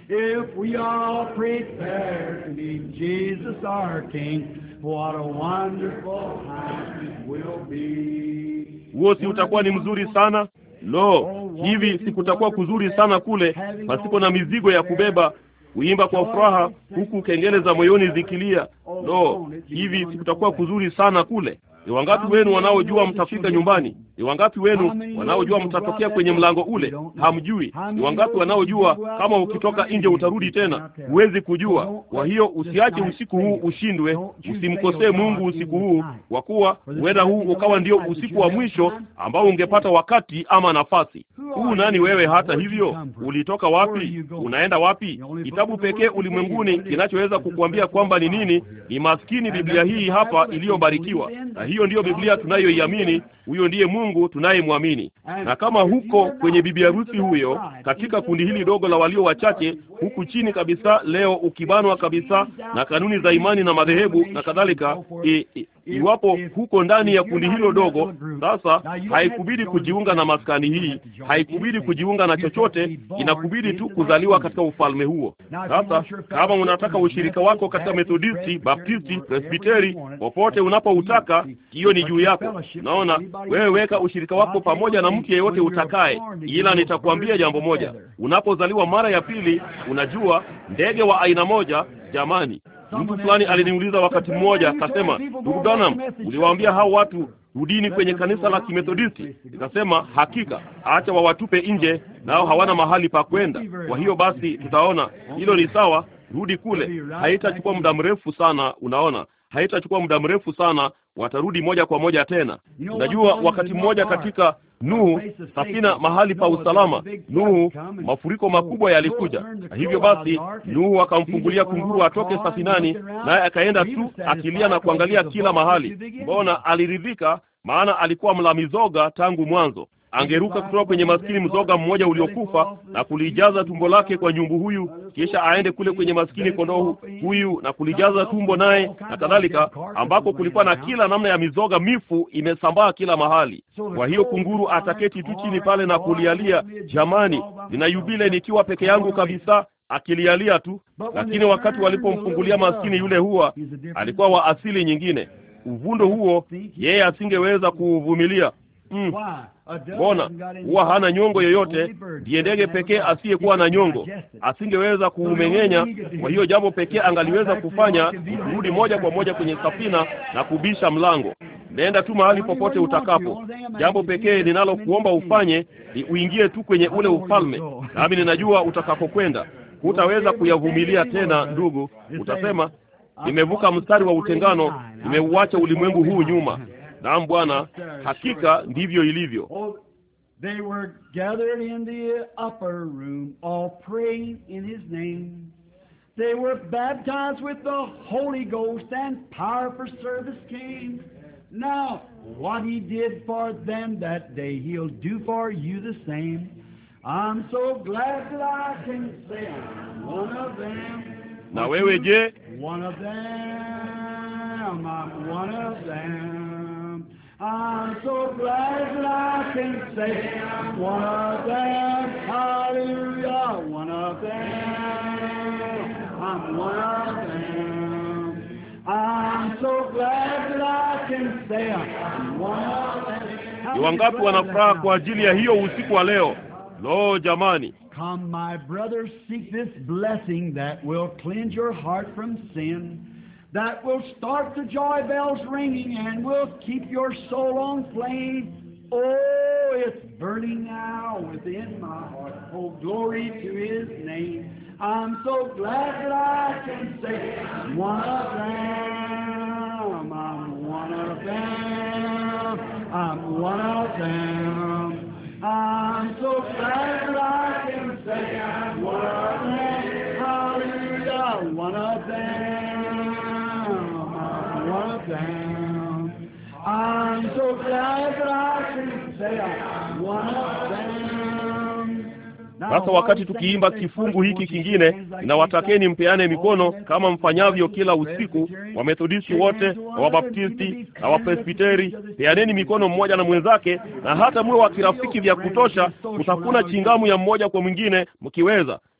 If we all prepare to meet Jesus our King, What a wonderful time will be. Huo si utakuwa ni mzuri sana? Lo, hivi sikutakuwa kuzuri sana kule pasipo na mizigo ya kubeba, kuimba kwa furaha, huku kengele za moyoni zikilia. Lo, hivi sikutakuwa kuzuri sana kule? Ni wangapi wenu wanaojua mtafika nyumbani ni wangapi wenu wanaojua mtatokea kwenye mlango ule? Hamjui. Ni wangapi wanaojua kama ukitoka nje utarudi tena? Huwezi kujua. Kwa hiyo usiache usiku huu ushindwe, usimkosee Mungu usiku huu, kwa kuwa huenda huu ukawa ndio usiku wa mwisho ambao ungepata wakati ama nafasi. Huu nani wewe? Hata hivyo, ulitoka wapi? Unaenda wapi? Kitabu pekee ulimwenguni kinachoweza kukuambia kwamba ni nini ni maskini Biblia hii hapa iliyobarikiwa, na hiyo ndiyo Biblia tunayoiamini. Huyo ndiye Mungu Mungu tunayemwamini. Na kama huko kwenye bibi harusi huyo, katika kundi hili dogo la walio wachache huku chini kabisa, leo ukibanwa kabisa na kanuni za imani na madhehebu na kadhalika, e, e, iwapo huko ndani ya kundi hilo dogo. Sasa haikubidi kujiunga na maskani hii, haikubidi kujiunga na chochote, inakubidi tu kuzaliwa katika ufalme huo. Sasa kama unataka ushirika wako katika Methodisti, Baptisti, Presbiteri, popote unapoutaka, hiyo ni juu yako. Naona wewe weka ushirika wako pamoja na mtu yeyote utakaye, ila nitakuambia jambo moja, unapozaliwa mara ya pili, unajua ndege wa aina moja Jamani, mtu fulani aliniuliza wakati mmoja, akasema, ndugu Branham, uliwaambia hao watu rudini kwenye kanisa la Kimethodisti? Nikasema, hakika, acha wawatupe nje, nao hawana mahali pa kwenda. Kwa hiyo basi, tutaona hilo ni sawa, rudi kule, haitachukua muda mrefu sana. Unaona, haitachukua muda mrefu sana, watarudi moja kwa moja tena. Unajua, wakati mmoja katika Nuhu safina mahali pa usalama Nuhu, mafuriko makubwa yalikuja, na hivyo basi Nuhu akamfungulia kunguru atoke safinani, naye akaenda tu akilia na kuangalia kila mahali. Mbona aliridhika, maana alikuwa mlamizoga tangu mwanzo angeruka kutoka kwenye maskini mzoga mmoja uliokufa na kulijaza tumbo lake kwa nyumbu huyu, kisha aende kule kwenye maskini kondoo huyu na kulijaza tumbo naye na kadhalika, ambako kulikuwa na kila namna ya mizoga mifu imesambaa kila mahali. Kwa hiyo kunguru ataketi tu chini pale na kulialia, jamani, nina yubile nikiwa peke yangu kabisa akilialia tu. Lakini wakati walipomfungulia maskini yule, huwa alikuwa wa asili nyingine, uvundo huo yeye asingeweza kuuvumilia. Mm. Mbona huwa hana nyongo yoyote? Ndiye ndege pekee asiyekuwa na nyongo, asingeweza kuumeng'enya. Kwa hiyo jambo pekee angaliweza kufanya kurudi moja kwa moja kwenye safina na kubisha mlango. Nenda tu mahali popote utakapo. Jambo pekee linalokuomba ufanye ni uingie tu kwenye ule ufalme, nami ninajua utakapokwenda. Hutaweza kuyavumilia tena, ndugu. Utasema, nimevuka mstari wa utengano, nimeuacha ulimwengu huu nyuma Naam Bwana, hakika ndivyo ilivyo. They were gathered in the upper room, all praying in his name. They were baptized with the Holy Ghost and power for service came. Now, what he did for them that day, he'll do for you the same. I'm so glad that I can say I'm one of them. Now Na we get? One of them. I'm one of them. I'm so glad that I can say I'm one of them. Hallelujah, one of them. I'm one of them. I'm so glad that I can say I'm one of them. Ni wangapi wanafuraha kwa ajili ya hiyo usiku wa leo? Lo, jamani. Come my brother, seek this blessing that will cleanse your heart from sin. that will start the joy bells ringing and will keep your soul on flame. Oh, it's burning now within my heart. Oh, glory to his name. I'm so glad that I can say, one of them, I'm one of them, I'm one of them. I'm so glad that I can say, I'm one of them, hallelujah, one of them. I'm so glad that I can say I'm one of them. Sasa wakati tukiimba kifungu hiki kingine, na watakeni mpeane mikono kama mfanyavyo kila usiku, Wamethodisti wote na Wabaptisti na Wapresbiteri, peaneni mikono mmoja na mwenzake, na hata mwe wa kirafiki vya kutosha, kutafuna chingamu ya mmoja kwa mwingine mkiweza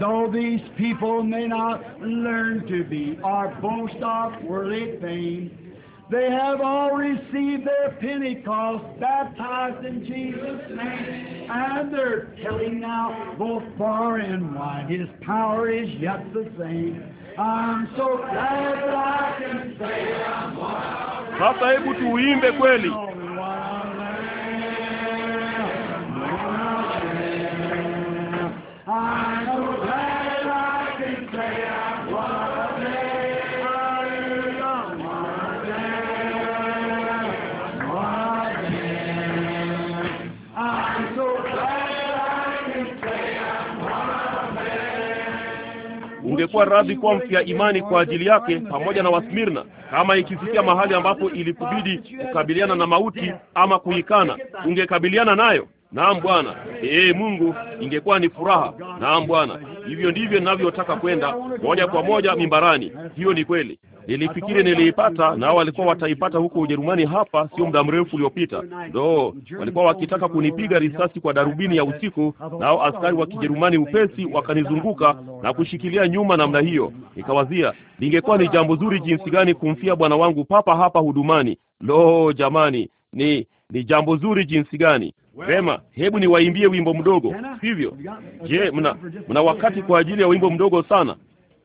though these people may not learn to be or boast of worldly fame, they have all received their Pentecost, baptized in Jesus' name, and they're telling now both far and wide, His power is yet the same. I'm so glad that I can say I'm one. Sasa tuimbe kweli. I ungekuwa radhi kuwa mfia imani kwa ajili yake pamoja na Wasmirna, kama ikifikia mahali ambapo ilikubidi kukabiliana na mauti ama kuikana, ungekabiliana nayo. Naam Bwana. Ee Mungu, ingekuwa ni furaha. Naam Bwana, hivyo ndivyo ninavyotaka kwenda moja kwa moja mimbarani. Hiyo ni kweli. Nilifikiri niliipata, nao walikuwa wataipata huko Ujerumani hapa sio muda mrefu uliopita. Ndo walikuwa wakitaka kunipiga risasi kwa darubini ya usiku, nao askari wa Kijerumani upesi wakanizunguka na kushikilia nyuma namna hiyo. Nikawazia lingekuwa ni jambo zuri jinsi gani kumfia bwana wangu papa hapa hudumani. Lo jamani, ni ni jambo zuri jinsi gani! Vema, hebu niwaimbie wimbo mdogo, sivyo? Je, mna mna wakati kwa ajili ya wimbo mdogo sana?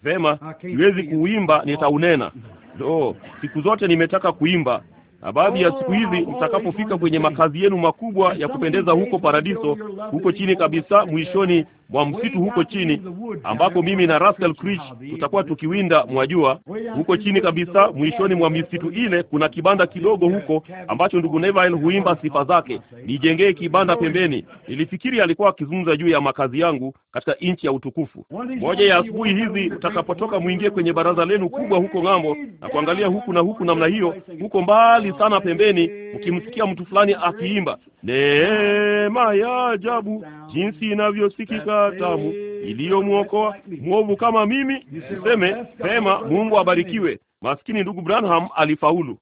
Vema, siwezi kuuimba, oh. nitaunena. Lo, siku zote nimetaka kuimba na baadhi ya siku hizi mtakapofika oh, oh, kwenye makazi yenu makubwa ya kupendeza huko paradiso, huko chini kabisa mwishoni mwa msitu huko chini, ambako mimi na Russell Creech tutakuwa tukiwinda, mwajua. Huko chini kabisa mwishoni mwa misitu ile kuna kibanda kidogo huko ambacho ndugu Neville huimba sifa zake, nijengee kibanda pembeni. Nilifikiri alikuwa akizungumza juu ya makazi yangu katika nchi ya utukufu. Moja ya asubuhi hizi utakapotoka, mwingie kwenye baraza lenu kubwa huko ng'ambo na kuangalia huku na huku namna hiyo, huko mbali sana pembeni, mkimsikia mtu fulani akiimba neema ya ajabu jinsi inavyosikika tamu iliyomwokoa mwovu kama mimi, Niseme sema, Mungu abarikiwe. Maskini ndugu Branham alifaulu.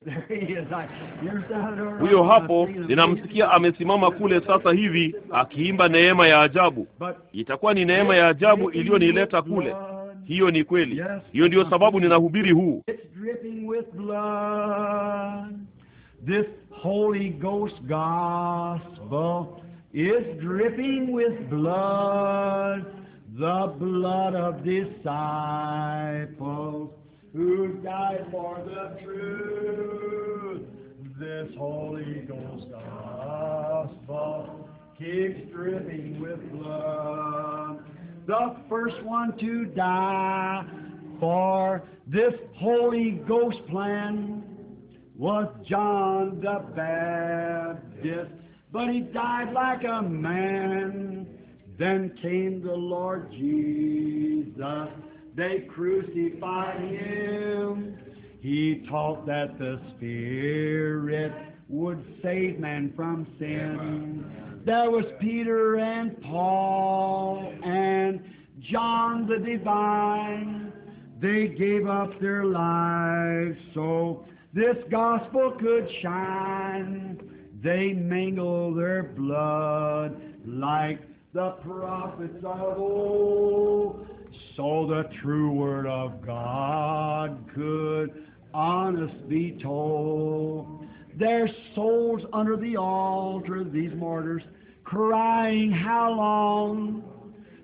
[laughs] Huyo hapo, ninamsikia amesimama kule sasa hivi akiimba neema ya ajabu. Itakuwa ni neema ya ajabu iliyonileta kule. Hiyo ni kweli, hiyo ndiyo sababu ninahubiri huu This Holy Ghost gospel is dripping with blood, the blood of disciples who died for the truth. This Holy Ghost gospel keeps dripping with blood. The first one to die for this Holy Ghost plan was John the Baptist but he died like a man. Then came the Lord Jesus. They crucified him. He taught that the Spirit would save man from sin. There was Peter and Paul and John the Divine. They gave up their lives so this gospel could shine. They mingle their blood like the prophets of old. So the true word of God could honest be told. Their souls under the altar, these martyrs, crying, How long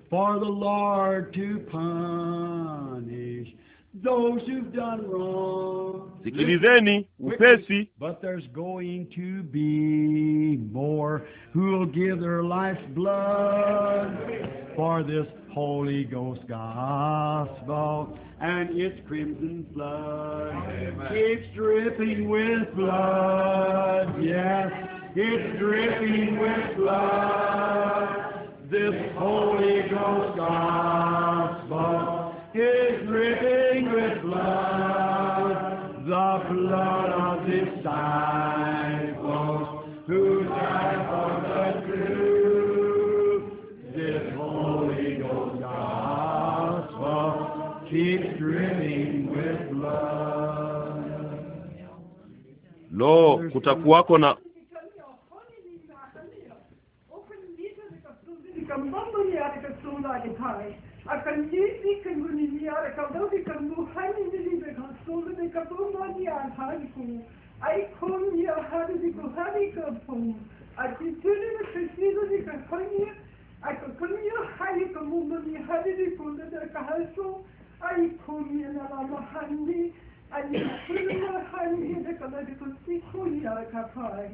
for the Lord to punish Sikilizeni upesi. But there's going to be more who will give their life's blood for this Holy Ghost gospel and its crimson blood keeps dripping with blood. Yes, it's dripping with blood. This Holy Ghost gospel. Is dripping with blood, the blood of disciples who died for the truth. This Holy Ghost gospel keeps dripping with blood. Lo, kutakuwako na I kan wel die kan nu gaan in de liefde gaan zonder de kapoen maar die aan haar komen. I kom hier hadden die gaan die kapoen. Als die zullen de verschillen die kan kan hier. I kan kan hier gaan die kapoen maar die hadden die konden de kahalso. I kom hier naar mama handi. En die zullen maar handi de kan de kan die kon hier kapai.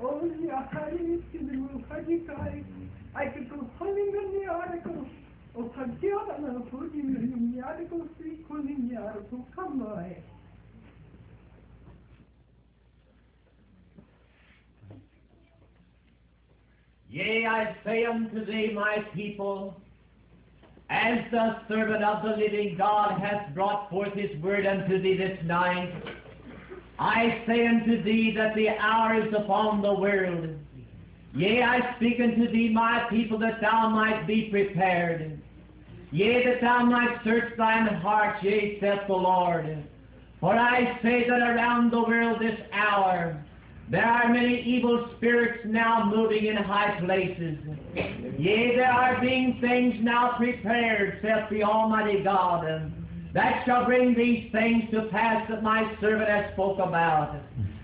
Oh ja, handi is die nu handi kai. I kan kan hier naar mama Yea, I say unto thee, my people, as the servant of the living God hath brought forth his word unto thee this night, I say unto thee that the hour is upon the world. Yea, I speak unto thee, my people, that thou might be prepared. Yea, that thou might search thine heart, yea, saith the Lord. For I say that around the world this hour there are many evil spirits now moving in high places. Yea, there are being things now prepared, saith the Almighty God, that shall bring these things to pass that my servant hath spoke about.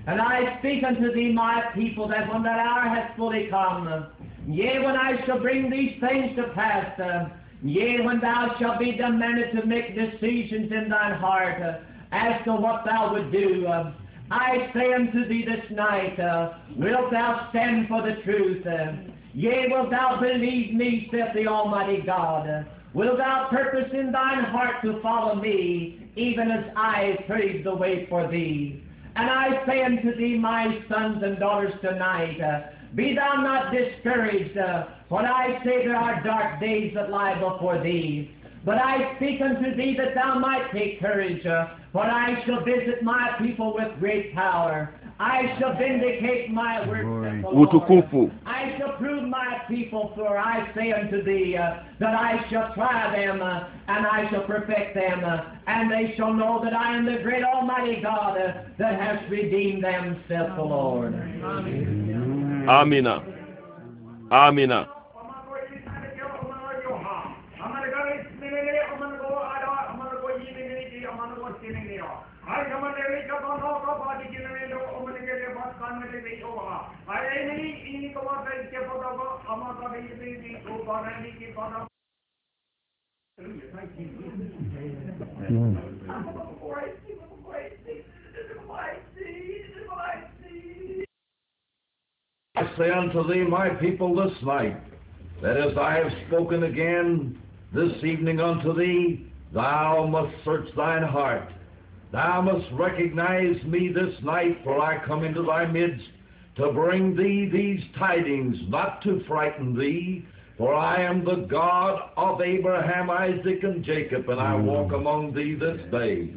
And I speak unto thee, my people, that when that hour hath fully come, yea, when I shall bring these things to pass, Yea, when thou shalt be demanded to make decisions in thine heart uh, as to what thou would do, uh, I say unto thee this night, uh, wilt thou stand for the truth? Uh, yea, wilt thou believe me, saith the Almighty God? Uh, wilt thou purpose in thine heart to follow me, even as I paved the way for thee? And I say unto thee, my sons and daughters tonight, uh, be thou not discouraged uh, when I say there are dark days that lie before thee. But I speak unto thee that thou might take courage, uh, for I shall visit my people with great power. I shall vindicate my word. I shall prove my people, for I say unto thee uh, that I shall try them, uh, and I shall perfect them, uh, and they shall know that I am the great Almighty God uh, that has redeemed them, saith the Lord. Amen. Amina Amina Mm. I say unto thee, my people, this night, that as I have spoken again this evening unto thee, thou must search thine heart. Thou must recognize me this night, for I come into thy midst to bring thee these tidings, not to frighten thee, for I am the God of Abraham, Isaac, and Jacob, and I mm. walk among thee this day.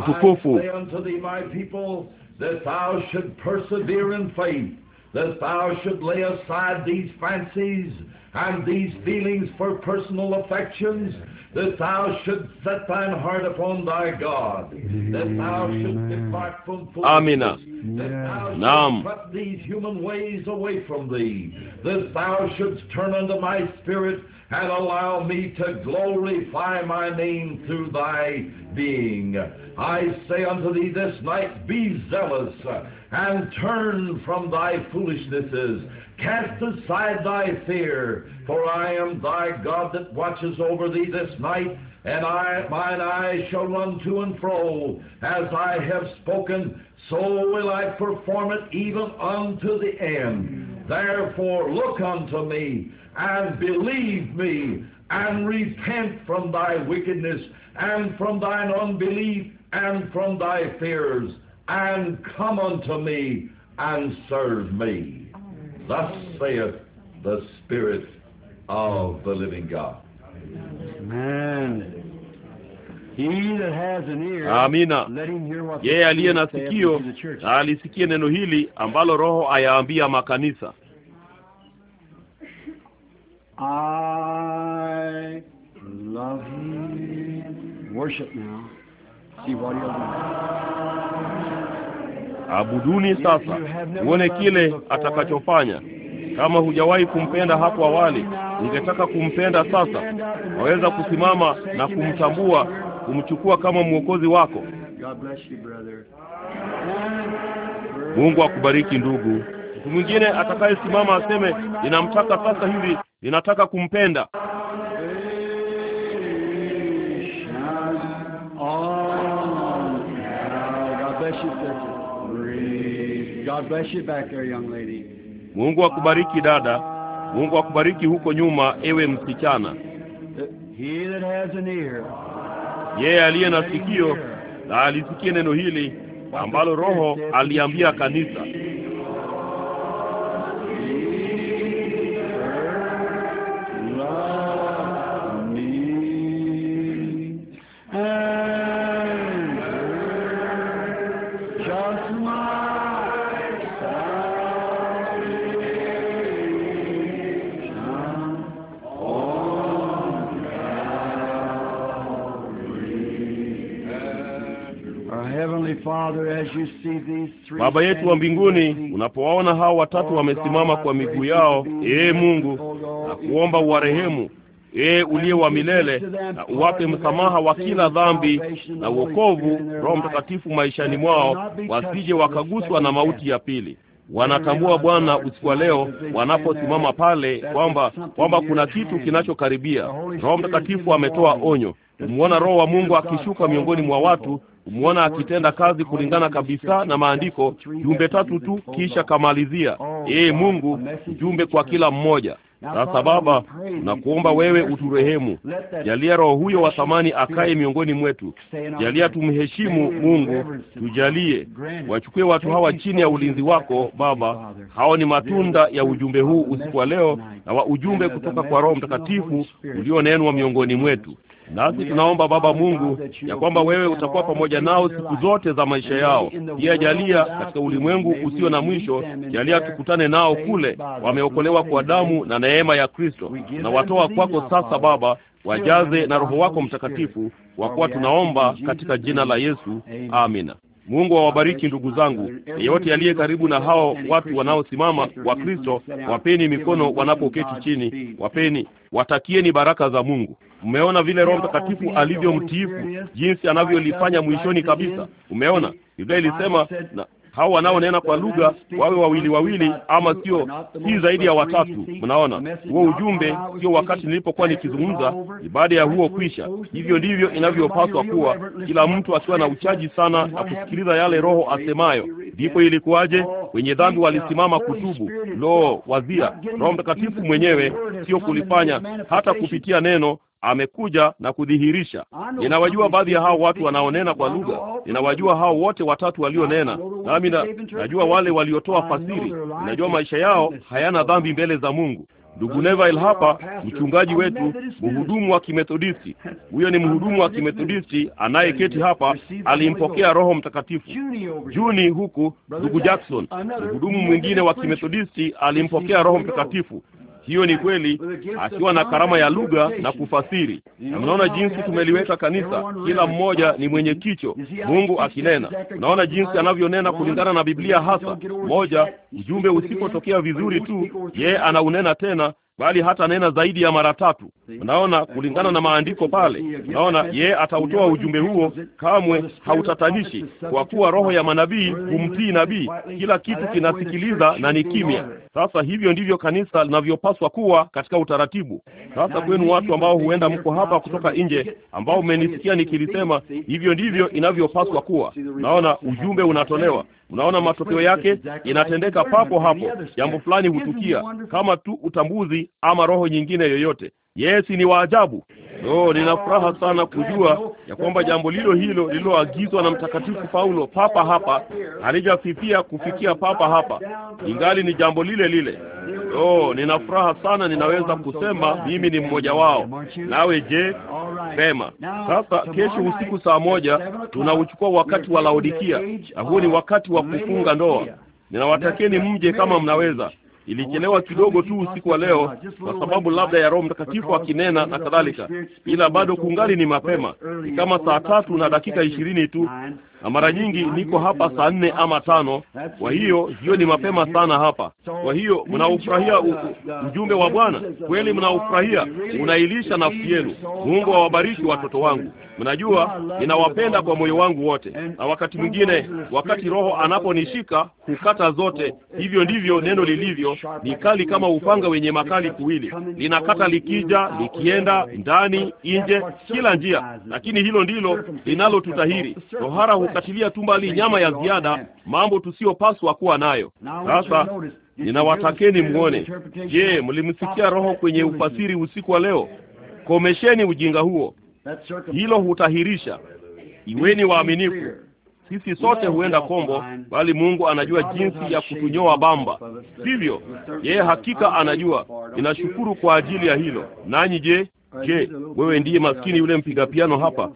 I say unto thee, my people, that thou should persevere in faith, that thou should lay aside these fancies and these feelings for personal affections that thou should set thine heart upon thy God, that thou should depart from Amina. Naam. Put these human ways away from thee, that thou shouldst turn unto my spirit and allow me to glorify my name through thy being. I say unto thee this night, be zealous and turn from thy foolishnesses Cast aside thy fear, for I am thy God that watches over thee this night, and I, mine eyes shall run to and fro. As I have spoken, so will I perform it even unto the end. Therefore look unto me, and believe me, and repent from thy wickedness, and from thine unbelief, and from thy fears, and come unto me, and serve me. Thus saith the Spirit of the living God. Amen. Amina. Yeye aliye na sikio alisikie neno hili ambalo Roho ayaambia makanisa. I love you. Worship now. See what abuduni sasa, uone kile atakachofanya. Kama hujawahi kumpenda hapo awali, ungetaka kumpenda sasa. Waweza kusimama na kumtambua, kumchukua kama mwokozi wako. Mungu akubariki ndugu. Mtu mwingine atakayesimama aseme, ninamtaka sasa hivi, ninataka kumpenda. God bless you back there, young lady. Mungu akubariki dada. Mungu akubariki huko nyuma, ewe msichana. He that has an ear. Yeye aliye na sikio na alisikie neno hili ambalo Roho aliambia kanisa. Baba yetu wa mbinguni, unapowaona hao watatu wamesimama kwa miguu yao, ee Mungu, na kuomba uwarehemu, ee uliye wa milele, na uwape msamaha wa kila dhambi na uokovu, Roho Mtakatifu maishani mwao, wasije wakaguswa na mauti ya pili. Wanatambua Bwana usiku wa leo wanaposimama pale kwamba kwamba kuna kitu kinachokaribia. Roho Mtakatifu ametoa onyo. kumwona Roho wa Mungu akishuka miongoni mwa watu kumwona akitenda kazi kulingana kabisa na maandiko, jumbe tatu tu, kisha kamalizia ee Mungu, jumbe kwa kila mmoja. Sasa Baba, tunakuomba wewe uturehemu, jalia roho huyo wa thamani akae miongoni mwetu, jalia tumheshimu Mungu, tujalie wachukue watu hawa chini ya ulinzi wako Baba. Hao ni matunda ya ujumbe huu usiku wa leo na wa ujumbe kutoka kwa Roho Mtakatifu ulionenwa miongoni mwetu. Nasi tunaomba Baba Mungu ya kwamba wewe utakuwa pamoja nao siku zote za maisha yao. Pia jalia katika ulimwengu usio na mwisho, jalia tukutane nao kule, wameokolewa kwa damu na neema ya Kristo. Na watoa kwako sasa Baba, wajaze na Roho wako Mtakatifu, kwa kuwa tunaomba katika jina la Yesu, amina. Mungu awabariki ndugu zangu, yeyote aliye karibu na hao watu wanaosimama wa Kristo, wapeni mikono wanapoketi chini, wapeni, watakieni baraka za Mungu. Mmeona vile Roho Mtakatifu alivyomtiifu, jinsi anavyolifanya mwishoni kabisa. Umeona Biblia ilisema na, hao wanaonena kwa lugha wawe wawili wawili, ama sio, si zaidi ya watatu. Mnaona huo ujumbe? Sio wakati nilipokuwa nikizungumza, ni baada ya huo kwisha. Hivyo ndivyo inavyopaswa kuwa, kila mtu akiwa na uchaji sana na kusikiliza yale Roho asemayo. Ndipo ilikuwaje wenye dhambi walisimama kutubu? Lo, wazia Roho Mtakatifu mwenyewe, sio kulifanya hata kupitia neno amekuja na kudhihirisha. Ninawajua baadhi ya hao watu wanaonena kwa lugha, ninawajua hao wote watatu walionena nami, na najua wale waliotoa fasiri, ninajua maisha yao hayana dhambi mbele za Mungu. Ndugu Neville hapa, mchungaji wetu, mhudumu wa Kimethodisti. [laughs] Huyo ni mhudumu wa Kimethodisti anayeketi hapa, alimpokea Roho Mtakatifu. Juni huku, ndugu Jackson, mhudumu mwingine wa Kimethodisti, alimpokea Roho Mtakatifu hiyo ni kweli, akiwa na karama ya lugha na kufasiri. Na mnaona jinsi tumeliweka kanisa, kila mmoja ni mwenye kicho, Mungu akinena. Unaona jinsi anavyonena kulingana na Biblia hasa. Moja, ujumbe usipotokea vizuri tu, yeye anaunena tena bali hata nena zaidi ya mara tatu. Unaona, eh, kulingana na maandiko pale, unaona yeye atautoa ujumbe huo, kamwe hautatanishi, kwa kuwa roho ya manabii humtii nabii, kila kitu kinasikiliza na ni kimya. Sasa hivyo ndivyo kanisa linavyopaswa kuwa katika utaratibu. Sasa kwenu watu ambao huenda mko hapa kutoka nje, ambao mmenisikia nikilisema, hivyo ndivyo inavyopaswa kuwa. Naona ujumbe unatolewa Unaona matokeo yake inatendeka papo hapo, jambo fulani hutukia kama tu utambuzi ama roho nyingine yoyote. Yesi ni waajabu. No, nina furaha oh, sana kujua ya kwamba jambo lilo hilo lililoagizwa na Mtakatifu Paulo papa hapa halijafifia kufikia papa hapa, ingali ni jambo lile lile. Oh, nina furaha sana, ninaweza kusema mimi ni mmoja wao. Nawe je? Sema sasa. Kesho usiku saa moja tunauchukua wakati wa Laodikia, na huu ni wakati wa kufunga ndoa. Ninawatakeni mje kama mnaweza. Ilichelewa kidogo tu usiku wa leo kwa sababu labda ya Roho Mtakatifu akinena na kadhalika, ila bado kungali ni mapema, ni kama saa tatu na dakika ishirini tu na mara nyingi niko hapa saa nne ama tano. Kwa hiyo hiyo ni mapema sana hapa. Kwa hiyo mnaufurahia mjumbe wa Bwana kweli, mnaufurahia, unailisha nafsi yenu. Mungu awabariki watoto wangu. Mnajua ninawapenda kwa moyo wangu wote, na wakati mwingine, wakati Roho anaponishika hukata zote. Hivyo ndivyo neno lilivyo, ni kali kama upanga wenye makali kuwili, linakata likija, likienda ndani, nje, kila njia, lakini hilo ndilo linalotutahiri tohara hukatilia tumbali nyama ya ziada, mambo tusiyopaswa kuwa nayo. Sasa ninawatakeni mwone. Je, mlimsikia Roho kwenye ufasiri usiku wa leo? Komesheni ujinga huo, hilo hutahirisha. Iweni waaminifu. Sisi sote huenda kombo, bali Mungu anajua jinsi ya kutunyoa bamba, sivyo? Yeye hakika anajua. Ninashukuru kwa ajili ya hilo. Nanyi je? Je, wewe ndiye maskini yule mpiga piano hapa?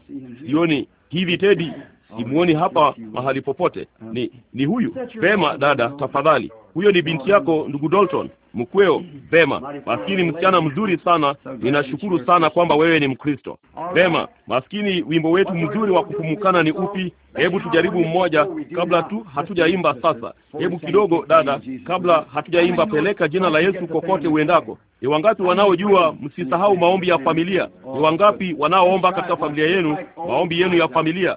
Sioni hivi Tedi, simuoni hapa mahali popote. Um, ni ni huyu. Vema dada, tafadhali. Huyo ni binti yako ndugu Dalton mkweo. Vema, maskini msichana mzuri sana. Ninashukuru sana kwamba wewe ni Mkristo. Vema, maskini, wimbo wetu mzuri wa kupumukana ni upi? Hebu tujaribu mmoja kabla tu hatujaimba. Sasa hebu kidogo, dada, kabla hatujaimba, peleka jina la Yesu kokote uendako. Ni wangapi wanaojua? Msisahau maombi ya familia. Ni wangapi wanaoomba katika familia yenu, maombi yenu ya familia?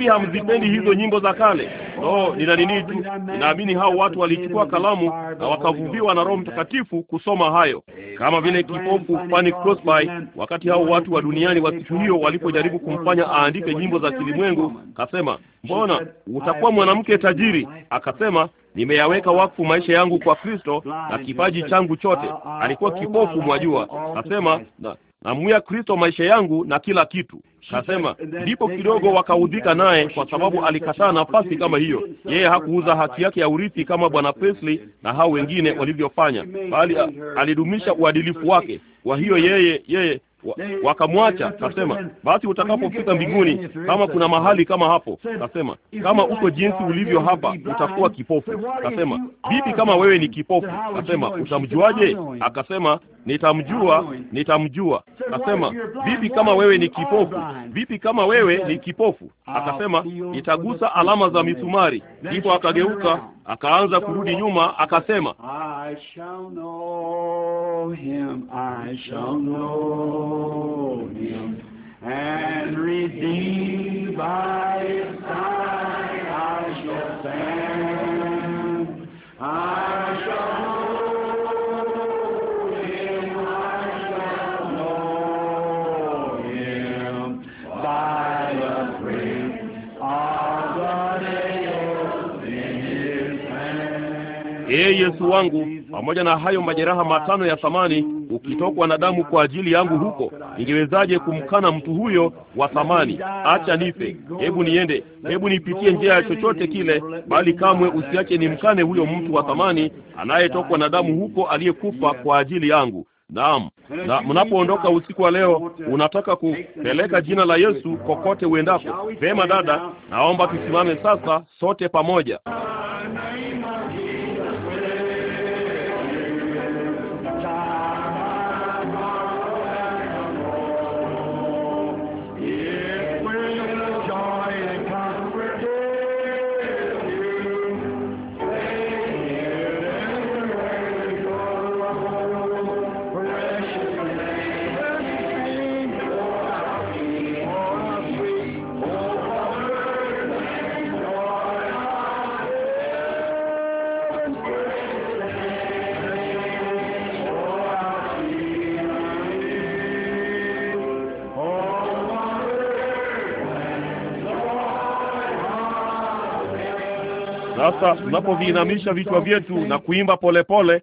hivi hamzipendi hizo nyimbo za kale? No, nina nini tu, ninaamini hao watu walichukua kalamu na wakavuviwa na Roho Mtakatifu kusoma hayo, kama vile kipofu Fanny Crosby, wakati hao watu wa duniani wa siku hiyo walipojaribu kumfanya aandike nyimbo za kilimwengu, kasema mbona utakuwa mwanamke tajiri? Akasema, nimeyaweka wakfu maisha yangu kwa Kristo na kipaji changu chote. Alikuwa kipofu mwajua, akasema na namuya Kristo maisha yangu na kila kitu. Kasema ndipo kidogo wakaudhika naye, kwa sababu alikataa nafasi kama hiyo. Yeye hakuuza haki yake ya urithi kama bwana Presley na hao wengine walivyofanya, bali alidumisha uadilifu wake. Kwa hiyo yeye yeye wakamwacha. Kasema, basi utakapofika mbinguni, kama kuna mahali kama hapo, kasema, kama uko jinsi ulivyo hapa, utakuwa kipofu. Kasema, vipi kama wewe ni kipofu? Kasema, utamjuaje? Akasema, nitamjua, nitamjua. Kasema, vipi kama wewe ni kipofu? Vipi kama wewe ni kipofu? Akasema, nitagusa alama za misumari. Ndipo akageuka I shall know him, I shall know him and redeemed by his side I shall stand, I shall Ee Yesu wangu, pamoja na hayo majeraha matano ya thamani, ukitokwa na damu kwa ajili yangu huko, ningewezaje kumkana mtu huyo wa thamani? Acha nife, hebu niende, hebu nipitie njia ya chochote kile, bali kamwe usiache nimkane huyo mtu wa thamani anayetokwa na damu huko, aliyekufa kwa ajili yangu. Naam, na mnapoondoka usiku wa leo, unataka kupeleka jina la Yesu kokote uendapo. Vema dada, naomba tusimame sasa sote pamoja. tunapoviinamisha vichwa vyetu na kuimba polepole pole.